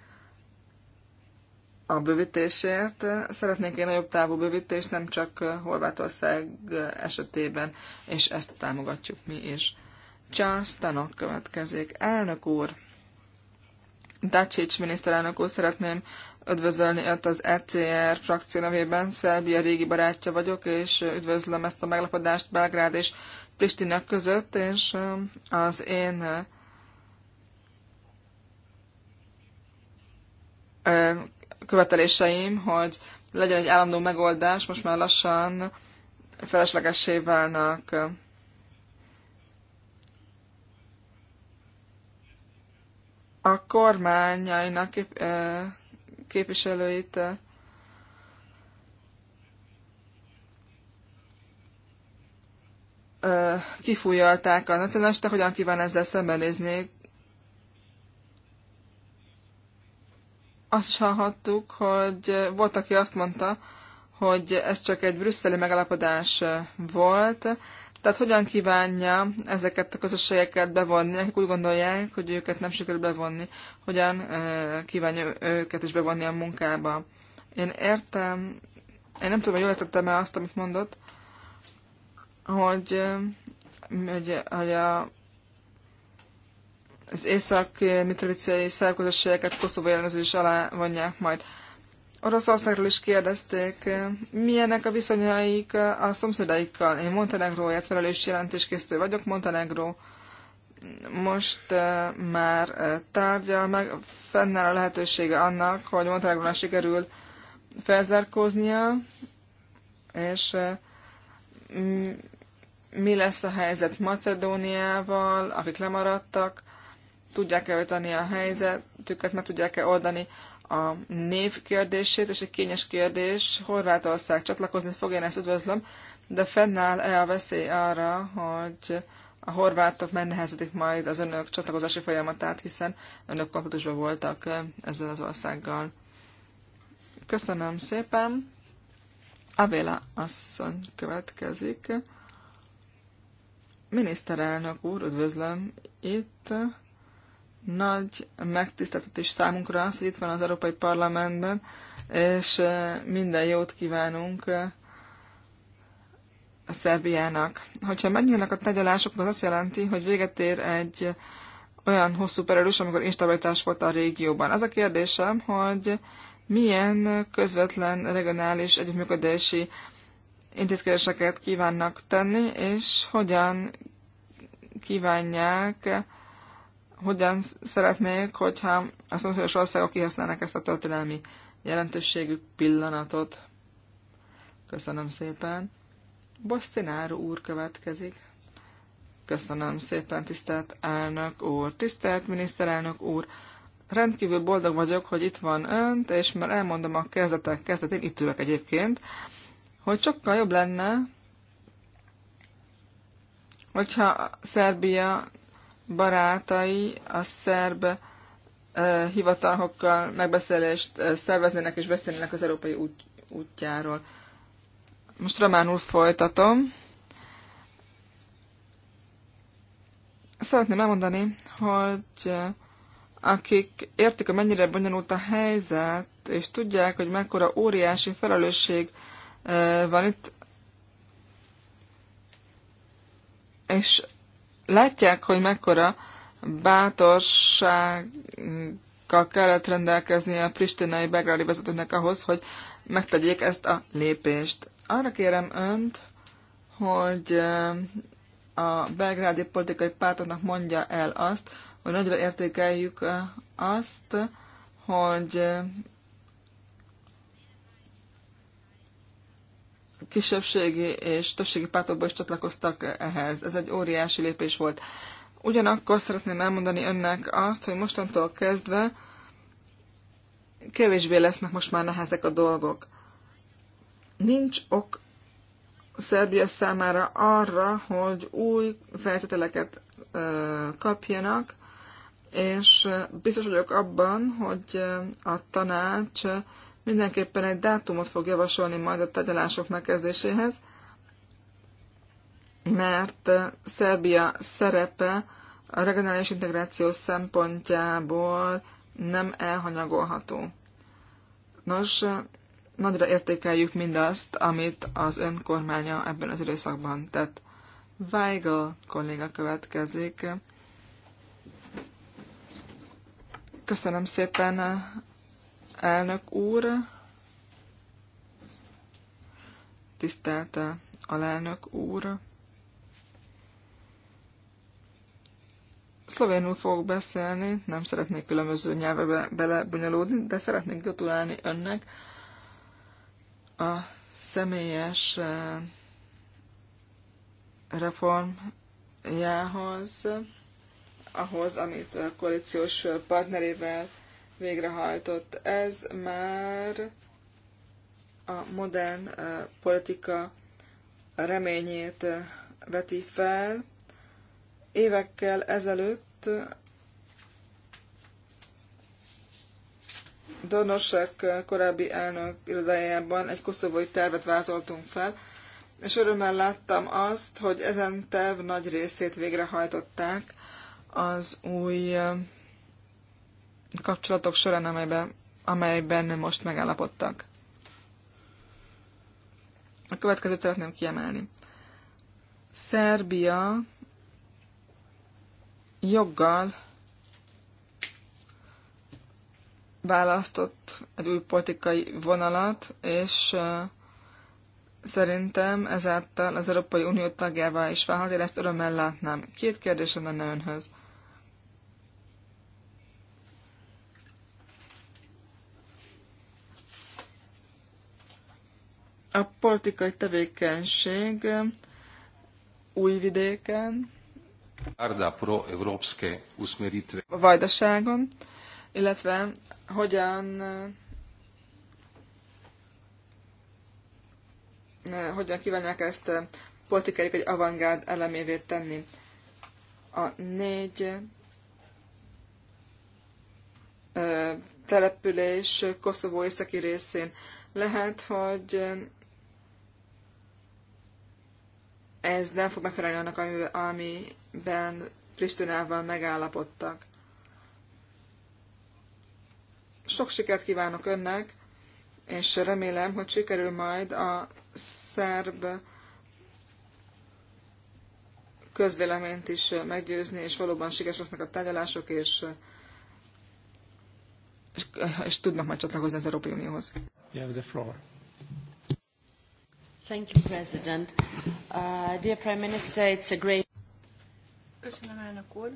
a bővítésért. Szeretnénk egy nagyobb távú bővítést, nem csak Horvátország esetében, és ezt támogatjuk mi is. Charles Tanok következik. Elnök úr! Dacic miniszterelnök úr szeretném üdvözölni öt az ECR frakció nevében. Szerbia régi barátja vagyok, és üdvözlöm ezt a meglepodást Belgrád és Pristina között, és az én követeléseim, hogy legyen egy állandó megoldás, most már lassan feleslegessé válnak. a kormányainak kép, képviselőit kifújolták a nacionalista, hogyan kíván ezzel szembenézni. Azt is hallhattuk, hogy volt, aki azt mondta, hogy ez csak egy brüsszeli megalapodás volt, tehát hogyan kívánja ezeket a közösségeket bevonni, akik úgy gondolják, hogy őket nem sikerül bevonni, hogyan kívánja őket is bevonni a munkába. Én értem, én nem tudom, hogy jól értettem-e azt, amit mondott, hogy, hogy, hogy a, az észak mitrovicei szerközösségeket Koszovó ellenőrzés alá vonják majd. Oroszországról is kérdezték, milyenek a viszonyaik a szomszédaikkal. Én Montenegróért felelős jelentéskészítő vagyok, Montenegró most eh, már eh, tárgyal, meg fennáll a lehetősége annak, hogy Montenegrónak sikerül felzárkóznia, és eh, mi lesz a helyzet Macedóniával, akik lemaradtak, tudják-e a helyzetüket, meg tudják-e oldani a név kérdését, és egy kényes kérdés, Horvátország csatlakozni fog, én ezt üdvözlöm, de fennáll-e a veszély arra, hogy a horvátok megnehezedik majd az önök csatlakozási folyamatát, hiszen önök konfliktusban voltak eh, ezzel az országgal. Köszönöm szépen. Avéla asszony következik. Miniszterelnök úr, üdvözlöm itt nagy megtiszteltetés számunkra az, hogy itt van az Európai Parlamentben, és minden jót kívánunk a Szerbiának. Hogyha megnyílnak a tárgyalások, az azt jelenti, hogy véget ér egy olyan hosszú periódus, amikor instabilitás volt a régióban. Az a kérdésem, hogy milyen közvetlen regionális együttműködési intézkedéseket kívánnak tenni, és hogyan kívánják hogyan szeretnék, hogyha a szomszédos országok kihasználnak ezt a történelmi jelentőségű pillanatot. Köszönöm szépen. Bosztináró úr következik. Köszönöm szépen, tisztelt elnök úr, tisztelt miniszterelnök úr. Rendkívül boldog vagyok, hogy itt van önt, és már elmondom a kezdetek kezdetén, itt ülök egyébként, hogy sokkal jobb lenne, hogyha Szerbia barátai a szerb hivatalokkal megbeszélést szerveznének és beszélnének az európai út, útjáról. Most románul folytatom. Szeretném elmondani, hogy akik értik, hogy mennyire bonyolult a helyzet, és tudják, hogy mekkora óriási felelősség van itt, és látják, hogy mekkora bátorsággal kellett rendelkezni a pristinai belgrádi vezetőnek ahhoz, hogy megtegyék ezt a lépést. Arra kérem önt, hogy a belgrádi politikai pártoknak mondja el azt, hogy nagyra értékeljük azt, hogy kisebbségi és többségi pártokból is csatlakoztak ehhez. Ez egy óriási lépés volt. Ugyanakkor szeretném elmondani önnek azt, hogy mostantól kezdve kevésbé lesznek most már nehezek a dolgok. Nincs ok Szerbia számára arra, hogy új feltételeket kapjanak, és biztos vagyok abban, hogy a tanács mindenképpen egy dátumot fog javasolni majd a tagyalások megkezdéséhez, mert Szerbia szerepe a regionális integráció szempontjából nem elhanyagolható. Nos, nagyra értékeljük mindazt, amit az önkormánya ebben az időszakban tett. Weigel kolléga következik. Köszönöm szépen, elnök úr, tisztelt alelnök úr. Szlovénul fogok beszélni, nem szeretnék különböző nyelvebe belebonyolódni, de szeretnék gratulálni önnek a személyes eh, reformjához, ahhoz, amit a koalíciós partnerével végrehajtott. Ez már a modern politika reményét veti fel. Évekkel ezelőtt Donosek korábbi elnök irodájában egy koszovói tervet vázoltunk fel, és örömmel láttam azt, hogy ezen terv nagy részét végrehajtották az új kapcsolatok során, amelyben, amelyben most megállapodtak. A következőt szeretném kiemelni. Szerbia joggal választott egy új politikai vonalat, és szerintem ezáltal az Európai Unió tagjává is válhat, én ezt örömmel látnám. Két kérdésem lenne önhöz. A politikai tevékenység újvidéken, Arda pro-evropské usmeritve. A vajdaságon, illetve hogyan hogyan kívánják ezt politikai egy avantgárd elemévé tenni. A négy település Koszovó északi részén lehet, hogy ez nem fog megfelelni annak, amiben Pristinával megállapodtak. Sok sikert kívánok önnek, és remélem, hogy sikerül majd a szerb közvéleményt is meggyőzni, és valóban sikeres lesznek a tárgyalások, és, és, és tudnak majd csatlakozni az Európai Unióhoz. You have the floor. Thank you, President. Uh, dear Prime Minister, it's a great... Köszönöm, elnök úr.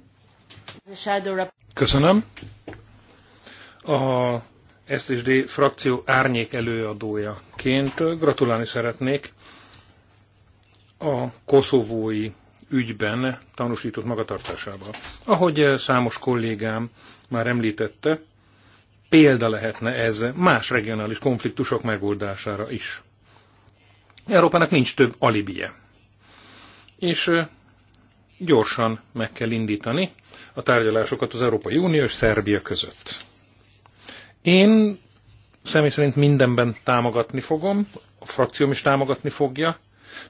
The shadow Köszönöm. A SSD frakció árnyék előadójaként gratulálni szeretnék a koszovói ügyben tanúsított magatartásába. Ahogy számos kollégám már említette, példa lehetne ez más regionális konfliktusok megoldására is. Európának nincs több alibije. És gyorsan meg kell indítani a tárgyalásokat az Európai Unió és Szerbia között. Én személy szerint mindenben támogatni fogom, a frakcióm is támogatni fogja.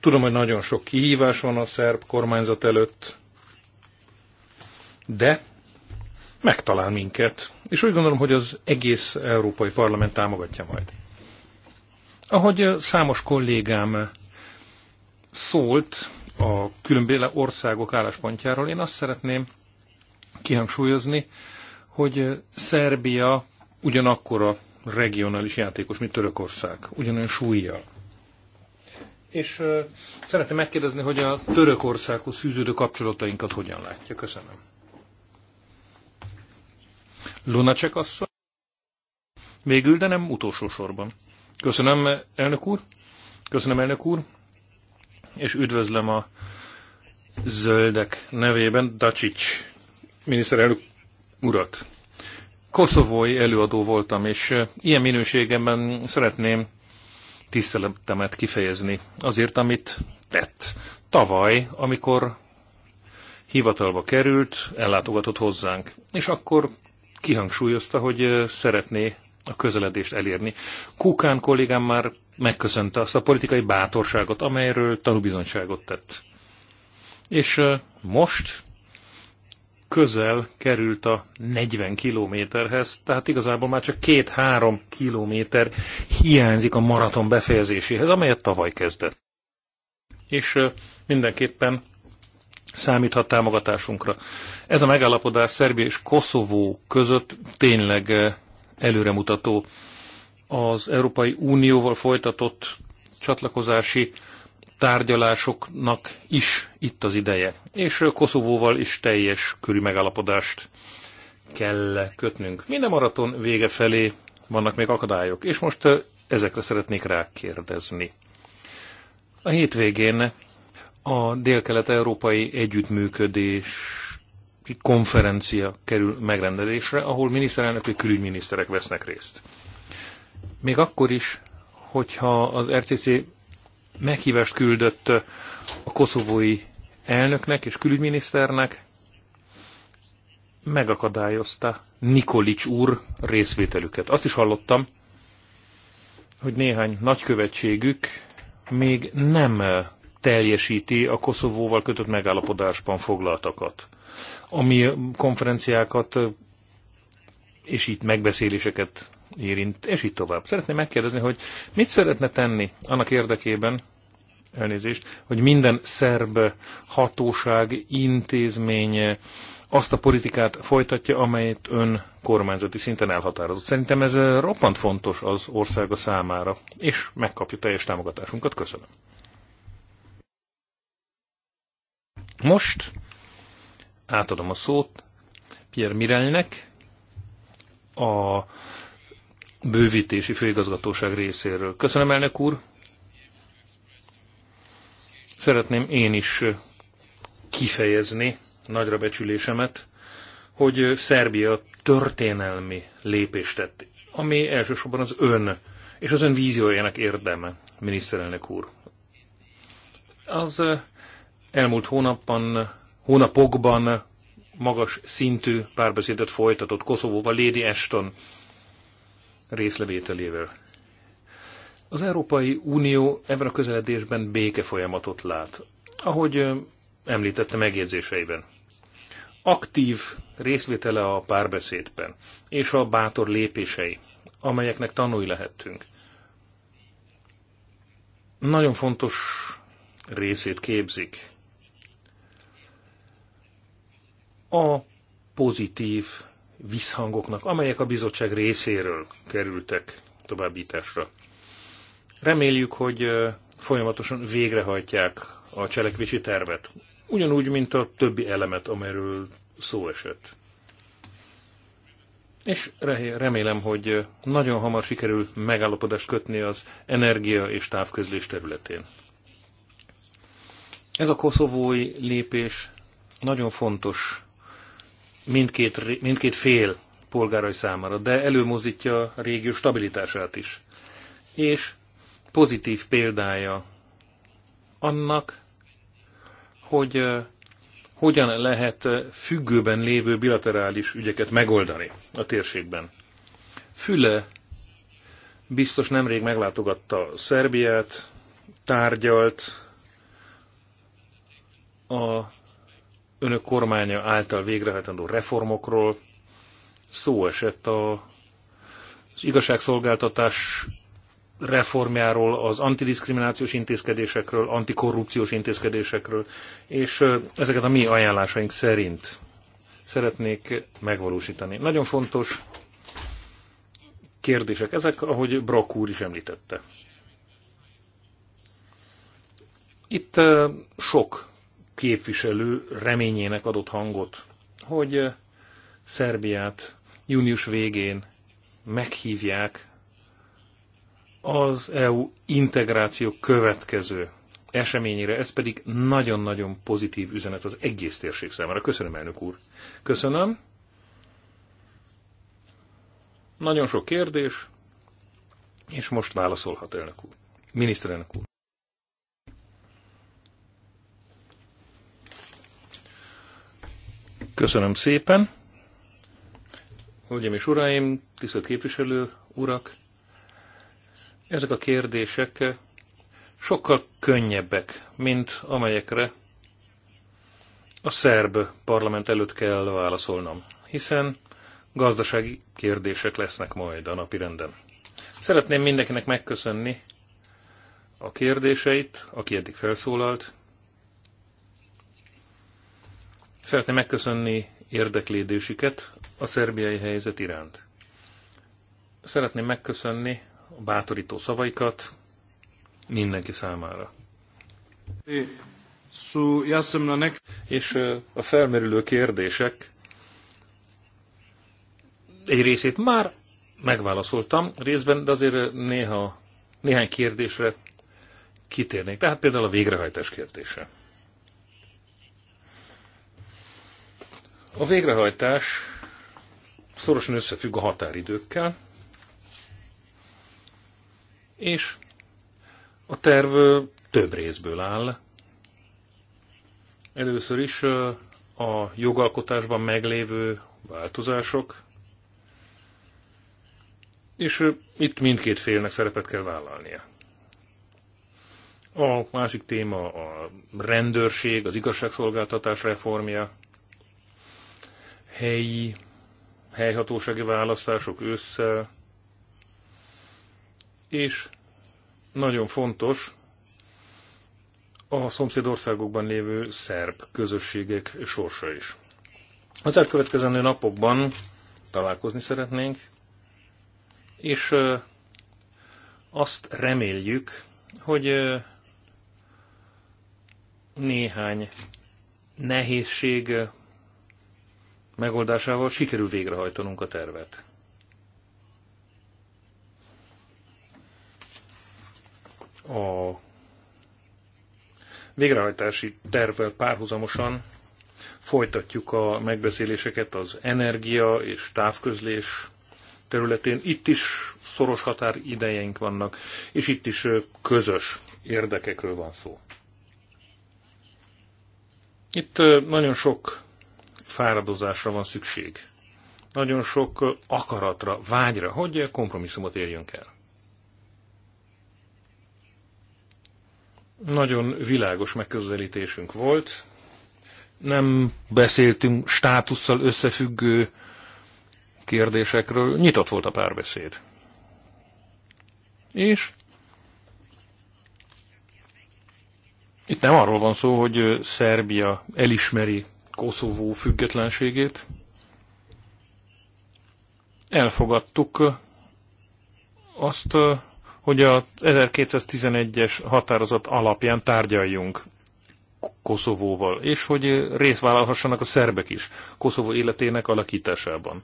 Tudom, hogy nagyon sok kihívás van a szerb kormányzat előtt, de megtalál minket. És úgy gondolom, hogy az egész Európai Parlament támogatja majd. Ahogy számos kollégám szólt a különböző országok álláspontjáról, én azt szeretném kihangsúlyozni, hogy Szerbia ugyanakkora regionális játékos, mint Törökország, ugyanolyan súlyjal. És uh, szeretném megkérdezni, hogy a Törökországhoz fűződő kapcsolatainkat hogyan látja. Köszönöm. Lunacek asszony? Végül, de nem utolsó sorban. Köszönöm, elnök úr. Köszönöm, elnök úr. És üdvözlöm a zöldek nevében Dacic miniszterelnök urat. Koszovói előadó voltam, és ilyen minőségemben szeretném tiszteletemet kifejezni azért, amit tett. Tavaly, amikor hivatalba került, ellátogatott hozzánk, és akkor kihangsúlyozta, hogy szeretné a közeledést elérni. Kukán kollégám már megköszönte azt a politikai bátorságot, amelyről tanúbizonyságot tett. És most közel került a 40 kilométerhez, tehát igazából már csak két-három kilométer hiányzik a maraton befejezéséhez, amelyet tavaly kezdett. És mindenképpen számíthat támogatásunkra. Ez a megállapodás Szerbia és Koszovó között tényleg előremutató. Az Európai Unióval folytatott csatlakozási tárgyalásoknak is itt az ideje. És Koszovóval is teljes körű megállapodást kell kötnünk. Minden maraton vége felé vannak még akadályok, és most ezekre szeretnék rákérdezni. A hétvégén a dél-kelet-európai együttműködés konferencia kerül megrendelésre, ahol miniszterelnök és külügyminiszterek vesznek részt. Még akkor is, hogyha az RCC meghívást küldött a koszovói elnöknek és külügyminiszternek, megakadályozta Nikolics úr részvételüket. Azt is hallottam, hogy néhány nagykövetségük még nem teljesíti a Koszovóval kötött megállapodásban foglaltakat ami konferenciákat és itt megbeszéléseket érint, és itt tovább. Szeretném megkérdezni, hogy mit szeretne tenni annak érdekében, elnézést, hogy minden szerb hatóság, intézmény azt a politikát folytatja, amelyet ön kormányzati szinten elhatározott. Szerintem ez roppant fontos az országa számára, és megkapja teljes támogatásunkat. Köszönöm. Most átadom a szót Pierre Mirelnek, a bővítési főigazgatóság részéről. Köszönöm, elnök úr! Szeretném én is kifejezni nagyra becsülésemet, hogy Szerbia történelmi lépést tett, ami elsősorban az ön és az ön víziójának érdeme, miniszterelnök úr. Az elmúlt hónapban hónapokban magas szintű párbeszédet folytatott Koszovóval Lady Ashton részlevételével. Az Európai Unió ebben a közeledésben béke folyamatot lát, ahogy említette megjegyzéseiben. Aktív részvétele a párbeszédben, és a bátor lépései, amelyeknek tanúi lehettünk. Nagyon fontos részét képzik a pozitív visszhangoknak, amelyek a bizottság részéről kerültek továbbításra. Reméljük, hogy folyamatosan végrehajtják a cselekvési tervet, ugyanúgy, mint a többi elemet, amelyről szó esett. És remélem, hogy nagyon hamar sikerül megállapodást kötni az energia és távközlés területén. Ez a koszovói lépés nagyon fontos mindkét, mindkét fél polgárai számára, de előmozítja a régió stabilitását is. És pozitív példája annak, hogy hogyan lehet függőben lévő bilaterális ügyeket megoldani a térségben. Füle biztos nemrég meglátogatta Szerbiát, tárgyalt a önök kormánya által végrehajtandó reformokról, szó esett a, az igazságszolgáltatás reformjáról, az antidiskriminációs intézkedésekről, antikorrupciós intézkedésekről, és ezeket a mi ajánlásaink szerint szeretnék megvalósítani. Nagyon fontos kérdések ezek, ahogy Brock úr is említette. Itt sok képviselő reményének adott hangot, hogy eh, Szerbiát június végén meghívják az EU integráció következő eseményére, ez pedig nagyon-nagyon pozitív üzenet az egész térség számára. Köszönöm, elnök úr. Köszönöm. Nagyon sok kérdés, és most válaszolhat elnök úr. Miniszterelnök úr. Köszönöm szépen. Hölgyeim és uraim, tisztelt képviselő urak, ezek a kérdések sokkal könnyebbek, mint amelyekre a szerb parlament előtt kell válaszolnom, hiszen gazdasági kérdések lesznek majd a renden. Szeretném mindenkinek megköszönni a kérdéseit, aki eddig felszólalt, Szeretném megköszönni érdeklődésüket a szerbiai helyzet iránt. Szeretném megköszönni a bátorító szavaikat mindenki számára. És a felmerülő kérdések egy részét már megválaszoltam részben, de azért néha néhány kérdésre kitérnék. Tehát például a végrehajtás kérdése. A végrehajtás szorosan összefügg a határidőkkel, és a terv több részből áll. Először is a jogalkotásban meglévő változások, és itt mindkét félnek szerepet kell vállalnia. A másik téma a rendőrség, az igazságszolgáltatás reformja, helyi, helyhatósági választások ősszel, és nagyon fontos a szomszédországokban lévő szerb közösségek sorsa is. Az elkövetkezendő napokban találkozni szeretnénk, és azt reméljük, hogy néhány nehézség megoldásával sikerül végrehajtanunk a tervet. A végrehajtási tervvel párhuzamosan folytatjuk a megbeszéléseket az energia és távközlés területén. Itt is szoros idejeink vannak, és itt is közös érdekekről van szó. Itt nagyon sok fáradozásra van szükség. Nagyon sok akaratra, vágyra, hogy kompromisszumot érjünk el. Nagyon világos megközelítésünk volt. Nem beszéltünk státusszal összefüggő kérdésekről. Nyitott volt a párbeszéd. És itt nem arról van szó, hogy Szerbia elismeri Koszovó függetlenségét. Elfogadtuk azt, hogy a 1211-es határozat alapján tárgyaljunk Koszovóval, és hogy részt vállalhassanak a szerbek is Koszovó életének alakításában.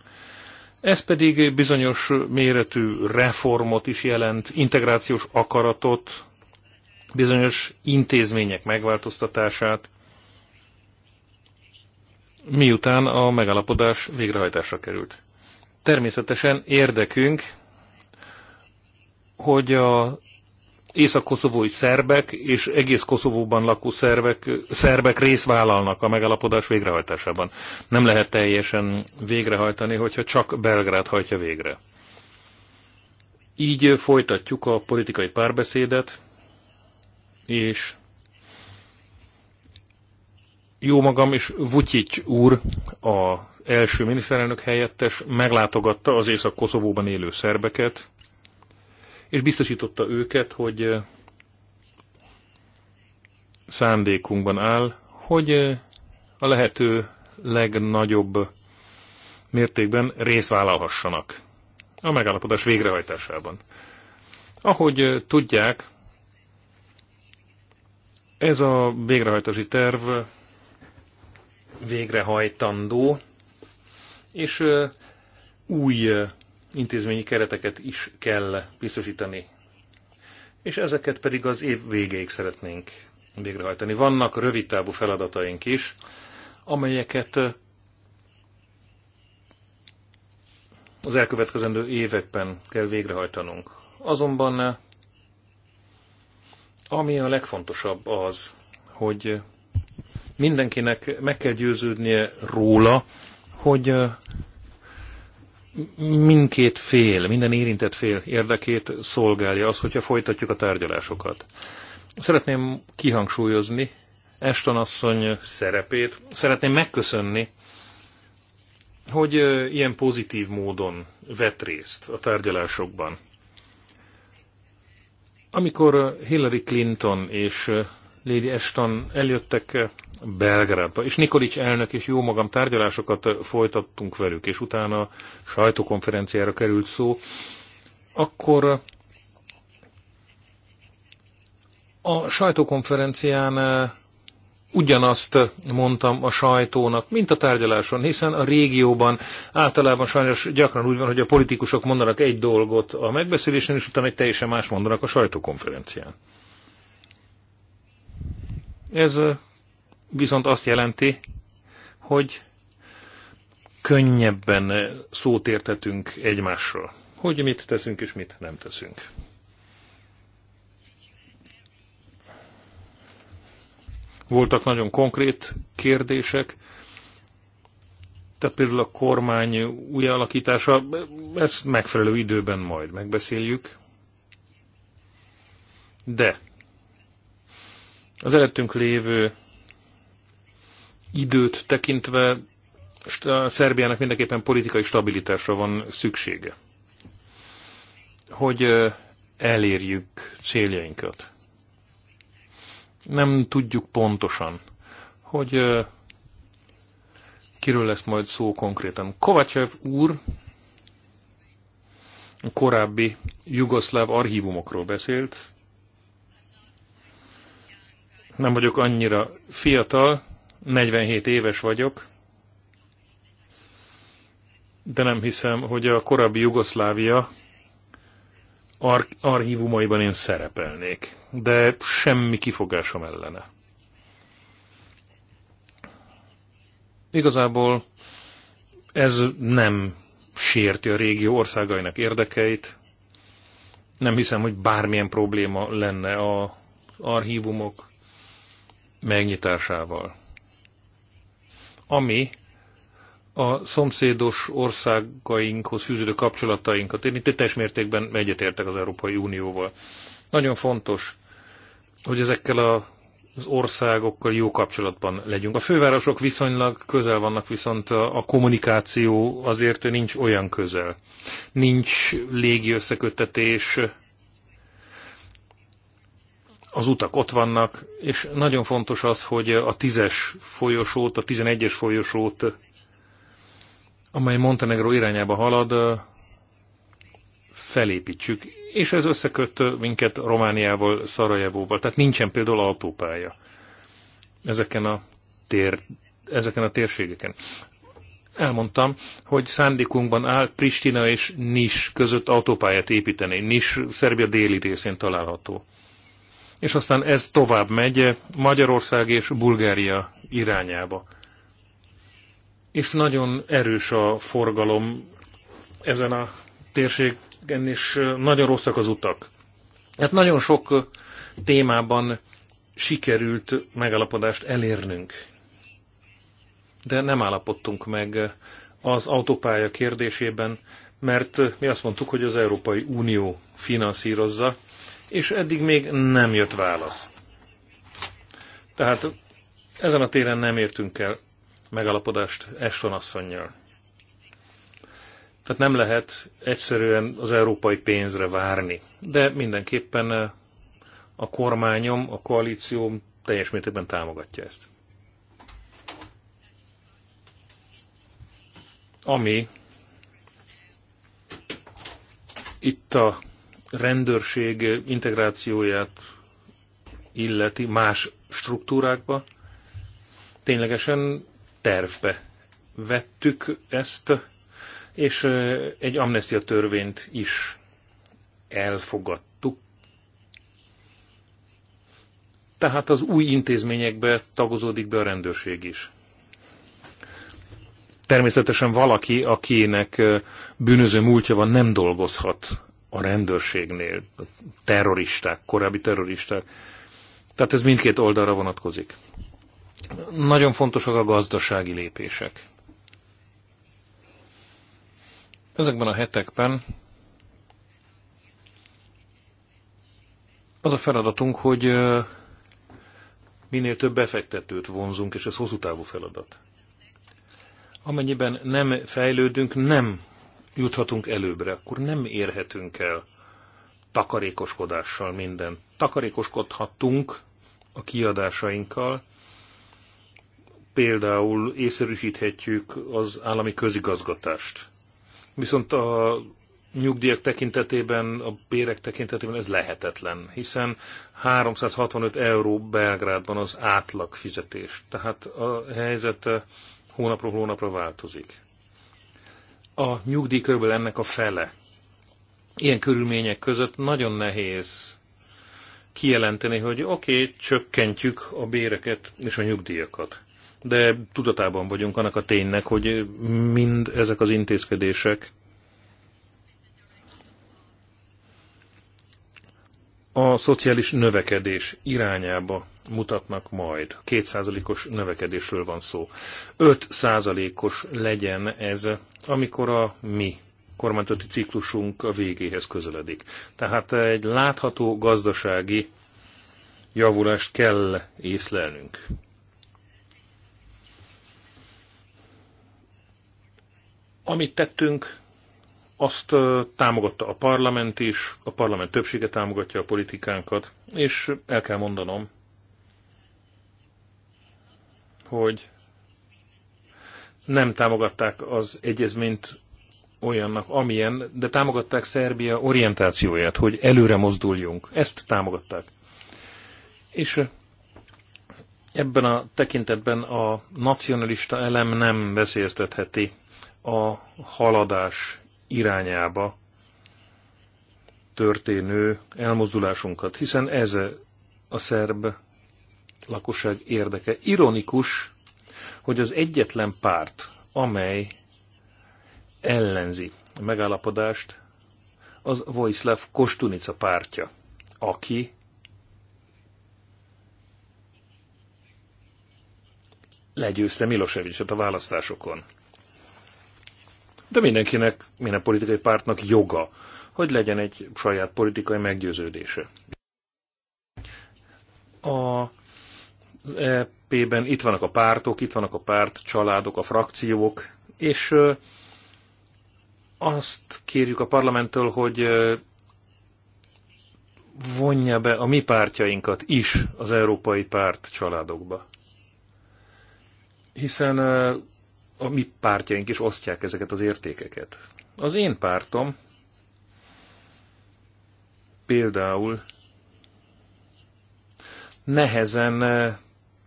Ez pedig bizonyos méretű reformot is jelent, integrációs akaratot, bizonyos intézmények megváltoztatását, miután a megalapodás végrehajtásra került. Természetesen érdekünk, hogy a észak-koszovói szerbek és egész Koszovóban lakó szervek, szerbek részt vállalnak a megalapodás végrehajtásában. Nem lehet teljesen végrehajtani, hogyha csak Belgrád hajtja végre. Így folytatjuk a politikai párbeszédet, és jó magam és Vucic úr, a első miniszterelnök helyettes meglátogatta az Észak-Koszovóban élő szerbeket, és biztosította őket, hogy eh, szándékunkban áll, hogy eh, a lehető legnagyobb mértékben részt vállalhassanak a megállapodás végrehajtásában. Ahogy eh, tudják, ez a végrehajtási terv végrehajtandó, és új intézményi kereteket is kell biztosítani. És ezeket pedig az év végéig szeretnénk végrehajtani. Vannak rövidtávú feladataink is, amelyeket az elkövetkezendő években kell végrehajtanunk. Azonban ami a legfontosabb az, hogy mindenkinek meg kell győződnie róla, hogy mindkét fél, minden érintett fél érdekét szolgálja az, hogyha folytatjuk a tárgyalásokat. Szeretném kihangsúlyozni Eston asszony szerepét. Szeretném megköszönni, hogy ilyen pozitív módon vett részt a tárgyalásokban. Amikor Hillary Clinton és Lady Ashton eljöttek eh, Belgrádba, és Nikolic elnök és jó magam tárgyalásokat eh, folytattunk velük, és utána sajtókonferenciára került szó, akkor eh, a sajtókonferencián ugyanazt mondtam a sajtónak, mint a tárgyaláson, hiszen a régióban általában sajnos gyakran úgy van, hogy a politikusok mondanak egy dolgot a megbeszélésen, és utána egy teljesen más mondanak a sajtókonferencián. Ez viszont azt jelenti, hogy könnyebben szót értetünk egymással. Hogy mit teszünk és mit nem teszünk. Voltak nagyon konkrét kérdések, tehát például a kormány új alakítása, ezt megfelelő időben majd megbeszéljük. De az előttünk lévő időt tekintve Szerbiának mindenképpen politikai stabilitásra van szüksége, hogy elérjük céljainkat. Nem tudjuk pontosan, hogy kiről lesz majd szó konkrétan. Kovácsev úr korábbi jugoszláv archívumokról beszélt, nem vagyok annyira fiatal, 47 éves vagyok, de nem hiszem, hogy a korábbi Jugoszlávia ar archívumaiban én szerepelnék, de semmi kifogásom ellene. Igazából ez nem sérti a régió országainak érdekeit. Nem hiszem, hogy bármilyen probléma lenne a archívumok megnyitásával, ami a szomszédos országainkhoz fűződő kapcsolatainkat, én itt teljes mértékben egyetértek az Európai Unióval. Nagyon fontos, hogy ezekkel a az országokkal jó kapcsolatban legyünk. A fővárosok viszonylag közel vannak, viszont a kommunikáció azért nincs olyan közel. Nincs légi összeköttetés, az utak ott vannak, és nagyon fontos az, hogy a tízes folyosót, a tizenegyes folyosót, amely Montenegro irányába halad, felépítsük. És ez összeköt minket Romániával, Szarajevóval. Tehát nincsen például autópálya ezeken a, tér, ezeken a térségeken. Elmondtam, hogy szándékunkban áll Pristina és Nis között autópályát építeni. Nis Szerbia déli részén található és aztán ez tovább megy Magyarország és Bulgária irányába. És nagyon erős a forgalom ezen a térségen, és nagyon rosszak az utak. Hát nagyon sok témában sikerült megállapodást elérnünk. De nem állapodtunk meg az autópálya kérdésében, mert mi azt mondtuk, hogy az Európai Unió finanszírozza, és eddig még nem jött válasz. Tehát ezen a téren nem értünk el megalapodást Eston asszonynal. Tehát nem lehet egyszerűen az európai pénzre várni. De mindenképpen eh, a kormányom, a koalícióm teljes mértékben támogatja ezt. Ami itt a rendőrség integrációját illeti más struktúrákba, ténylegesen tervbe vettük ezt, és egy amnestia törvényt is elfogadtuk. Tehát az új intézményekbe tagozódik be a rendőrség is. Természetesen valaki, akinek bűnöző múltja van, nem dolgozhat a rendőrségnél, a terroristák, korábbi terroristák. Tehát ez mindkét oldalra vonatkozik. Nagyon fontosak a gazdasági lépések. Ezekben a hetekben az a feladatunk, hogy minél több befektetőt vonzunk, és ez hosszú távú feladat. Amennyiben nem fejlődünk, nem juthatunk előbbre, akkor nem érhetünk el takarékoskodással minden. Takarékoskodhatunk a kiadásainkkal, például észerűsíthetjük az állami közigazgatást. Viszont a nyugdíjak tekintetében, a bérek tekintetében ez lehetetlen, hiszen 365 euró Belgrádban az átlag fizetés. Tehát a helyzet hónapról hónapra változik a nyugdíj körülbelül ennek a fele. Ilyen körülmények között nagyon nehéz kijelenteni, hogy oké, okay, csökkentjük a béreket és a nyugdíjakat. De tudatában vagyunk annak a ténynek, hogy mind ezek az intézkedések a szociális növekedés irányába mutatnak majd. 2%-os növekedésről van szó. 5%-os legyen ez amikor a mi kormányzati ciklusunk a végéhez közeledik. Tehát egy látható gazdasági javulást kell észlelnünk. Amit tettünk, azt támogatta a parlament is, a parlament többsége támogatja a politikánkat, és el kell mondanom, hogy nem támogatták az egyezményt olyannak, amilyen, de támogatták Szerbia orientációját, hogy előre mozduljunk. Ezt támogatták. És ebben a tekintetben a nacionalista elem nem veszélyeztetheti a haladás irányába történő elmozdulásunkat, hiszen ez a szerb lakosság érdeke. Ironikus, hogy az egyetlen párt, amely ellenzi a megállapodást, az Vojislav Kostunica pártja, aki legyőzte Milosevicet a választásokon. De mindenkinek, minden politikai pártnak joga, hogy legyen egy saját politikai meggyőződése. A, EP-ben itt vannak a pártok, itt vannak a párt családok, a frakciók, és azt kérjük a parlamenttől, hogy vonja be a mi pártjainkat is az európai párt családokba. Hiszen a mi pártjaink is osztják ezeket az értékeket. Az én pártom például nehezen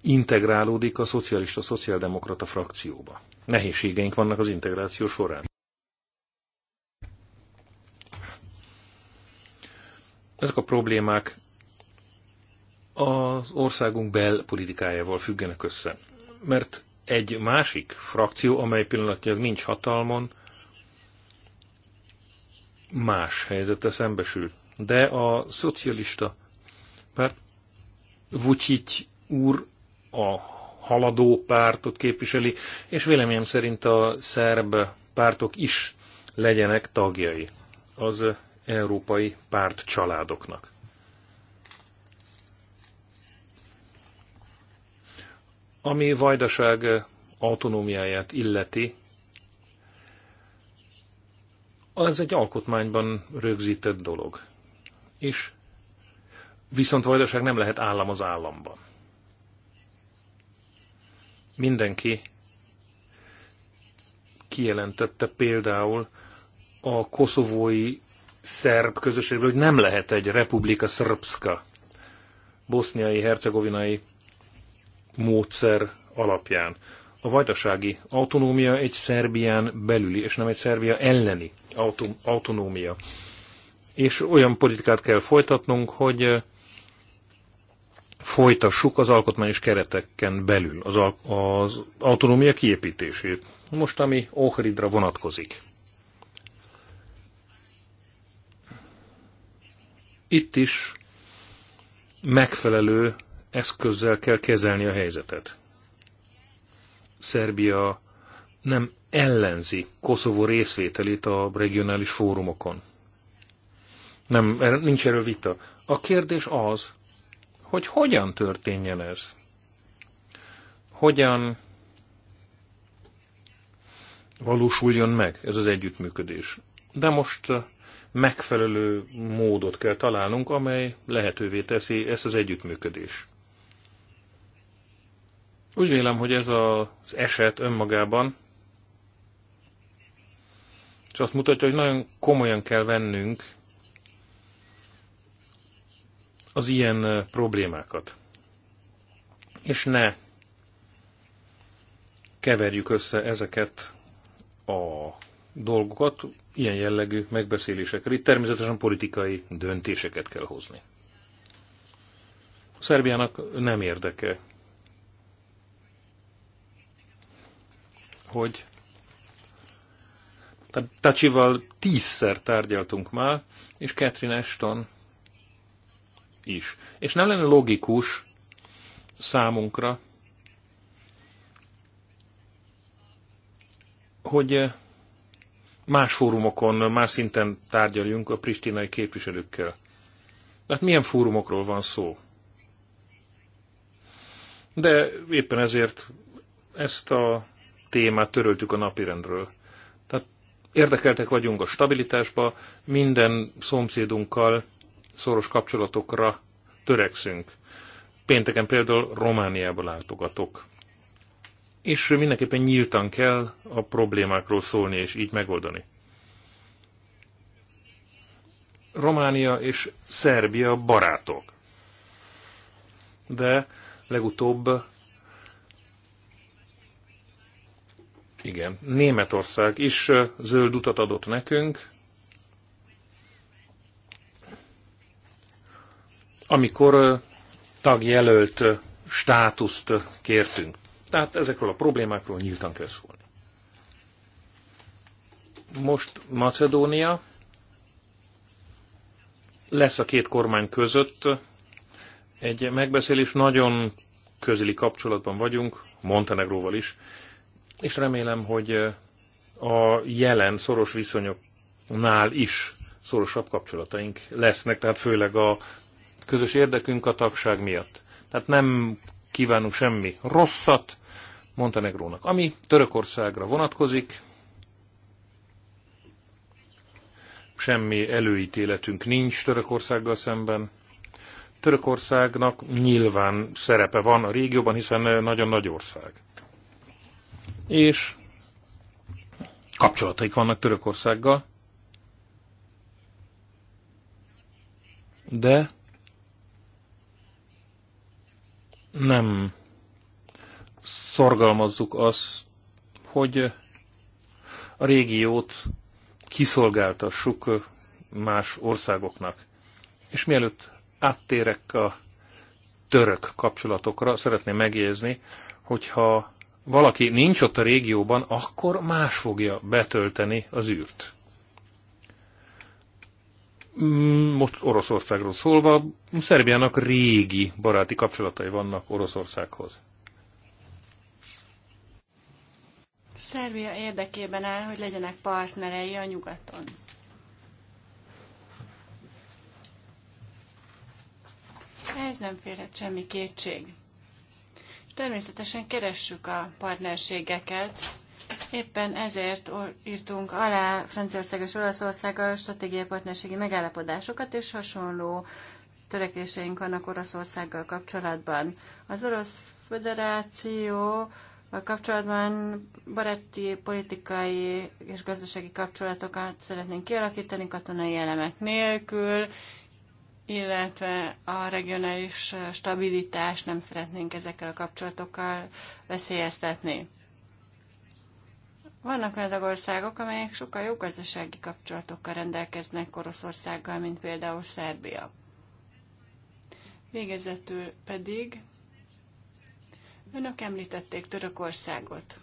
integrálódik a szocialista-szociáldemokrata frakcióba. Nehézségeink vannak az integráció során. Ezek a problémák az országunk belpolitikájával függenek össze. Mert egy másik frakció, amely pillanatnyilag nincs hatalmon, más helyzete szembesül. De a szocialista párt Vucic úr a haladó pártot képviseli, és véleményem szerint a szerb pártok is legyenek tagjai az európai párt családoknak. Ami vajdaság autonómiáját illeti, az egy alkotmányban rögzített dolog. És viszont vajdaság nem lehet állam az államban mindenki kijelentette például a koszovói szerb közösségből, hogy nem lehet egy republika Srpska, boszniai, hercegovinai módszer alapján. A vajdasági autonómia egy Szerbián belüli, és nem egy Szerbia elleni autonómia. És olyan politikát kell folytatnunk, hogy folytassuk az alkotmányos kereteken belül az, az autonómia kiépítését. Most, ami Ohridra vonatkozik. Itt is megfelelő eszközzel kell kezelni a helyzetet. Szerbia nem ellenzi Koszovó részvételét a regionális fórumokon. Nem, nincs erről vita. A kérdés az, hogy hogyan történjen ez. Hogyan valósuljon meg ez az együttműködés. De most uh, megfelelő módot kell találnunk, amely lehetővé teszi ezt az együttműködés. Úgy vélem, hogy ez az eset önmagában és azt mutatja, hogy nagyon komolyan kell vennünk az ilyen problémákat. És ne keverjük össze ezeket a dolgokat ilyen jellegű megbeszélésekkel. Itt természetesen politikai döntéseket kell hozni. A Szerbiának nem érdeke, hogy Tacsival tízszer tárgyaltunk már, és Catherine Ashton is. És nem lenne logikus számunkra, hogy eh, más fórumokon, más szinten tárgyaljunk a pristinai képviselőkkel. hát milyen fórumokról van szó? De éppen ezért ezt a témát töröltük a napirendről. Tehát érdekeltek vagyunk a stabilitásba, minden szomszédunkkal szoros kapcsolatokra törekszünk. Pénteken például Romániába látogatok. És mindenképpen nyíltan kell a problémákról szólni és így megoldani. Románia és Szerbia barátok. De legutóbb igen, Németország is zöld utat adott nekünk, amikor tagjelölt státuszt kértünk. Tehát ezekről a problémákról nyíltan kell szólni. Most Macedónia lesz a két kormány között egy megbeszélés, nagyon közeli kapcsolatban vagyunk, Montenegróval is, és remélem, hogy a jelen szoros viszonyoknál is szorosabb kapcsolataink lesznek, tehát főleg a közös érdekünk a tagság miatt. Tehát nem kívánunk semmi rosszat Montenegrónak. Ami Törökországra vonatkozik, semmi előítéletünk nincs Törökországgal szemben. Törökországnak nyilván szerepe van a régióban, hiszen nagyon nagy ország. És kapcsolataik vannak Törökországgal, de nem szorgalmazzuk azt, hogy a régiót kiszolgáltassuk más országoknak. És mielőtt áttérek a török kapcsolatokra, szeretném megjegyezni, hogyha valaki nincs ott a régióban, akkor más fogja betölteni az űrt. Mm, most Oroszországról szólva, Szerbiának régi baráti kapcsolatai vannak Oroszországhoz. Szerbia érdekében áll, hogy legyenek partnerei a nyugaton. Ez nem férhet semmi kétség. Természetesen keressük a partnerségeket, Éppen ezért írtunk alá Franciaország és a stratégiai partnerségi megállapodásokat, és hasonló törekvéseink vannak Oroszországgal kapcsolatban. Az Orosz Föderáció kapcsolatban baráti politikai és gazdasági kapcsolatokat szeretnénk kialakítani katonai elemek nélkül, illetve a regionális stabilitást nem szeretnénk ezekkel a kapcsolatokkal veszélyeztetni. Vannak olyan országok, amelyek sokkal jó gazdasági kapcsolatokkal rendelkeznek Oroszországgal, mint például Szerbia. Végezetül pedig önök említették Törökországot.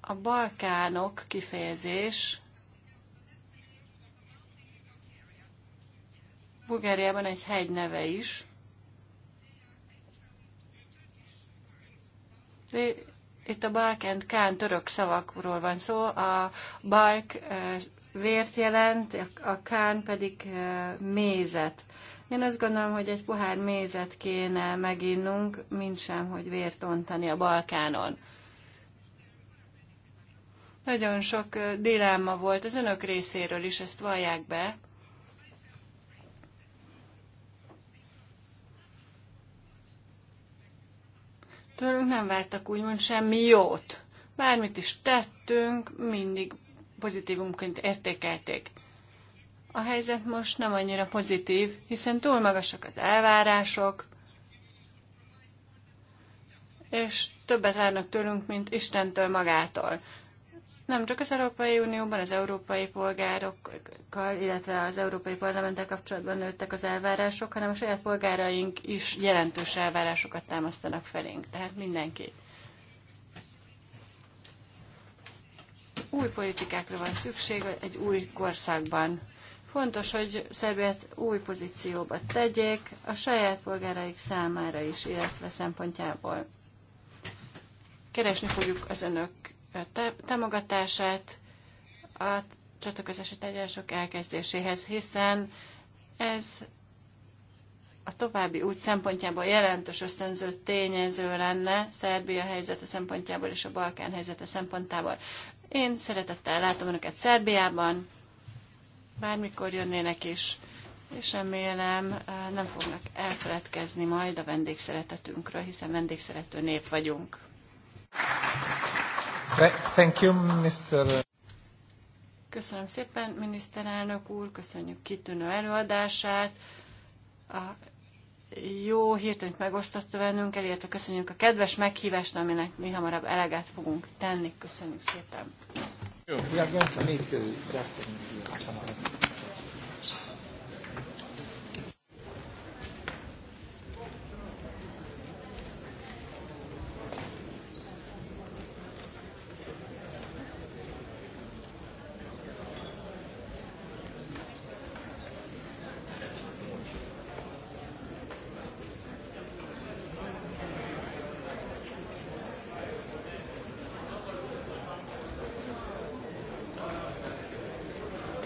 A Balkánok kifejezés Bulgáriában egy hegy neve is, Itt a bark and can török szavakról van szó. A bark vért jelent, a kán pedig mézet. Én azt gondolom, hogy egy pohár mézet kéne meginnunk, mint sem, hogy vért ontani a Balkánon. Nagyon sok dilemma volt az önök részéről is, ezt vallják be. Tőlünk nem vártak úgymond semmi jót. Bármit is tettünk, mindig pozitívumként értékelték. A helyzet most nem annyira pozitív, hiszen túl magasak az elvárások, és többet várnak tőlünk, mint Istentől magától nem csak az Európai Unióban, az európai polgárokkal, illetve az európai parlamenttel kapcsolatban nőttek az elvárások, hanem a saját polgáraink is jelentős elvárásokat támasztanak felénk, tehát mindenki. Új politikákra van szükség egy új korszakban. Fontos, hogy Szerbiát új pozícióba tegyék a saját polgáraik számára is, illetve szempontjából. Keresni fogjuk az önök támogatását a csatlakozási tárgyalások elkezdéséhez, hiszen ez a további út szempontjából jelentős ösztönző tényező lenne Szerbia helyzete szempontjából és a Balkán helyzete szempontjából. Én szeretettel látom Önöket Szerbiában, bármikor jönnének is, és remélem nem fognak elfeledkezni majd a vendégszeretetünkről, hiszen vendégszerető nép vagyunk. Thank you. Thank you, Mr. Köszönöm szépen, miniszterelnök úr, köszönjük kitűnő előadását. A jó hírt, amit megosztott velünk, elérte köszönjük a kedves meghívást, aminek mi hamarabb eleget fogunk tenni. Köszönjük szépen. Uh, jó.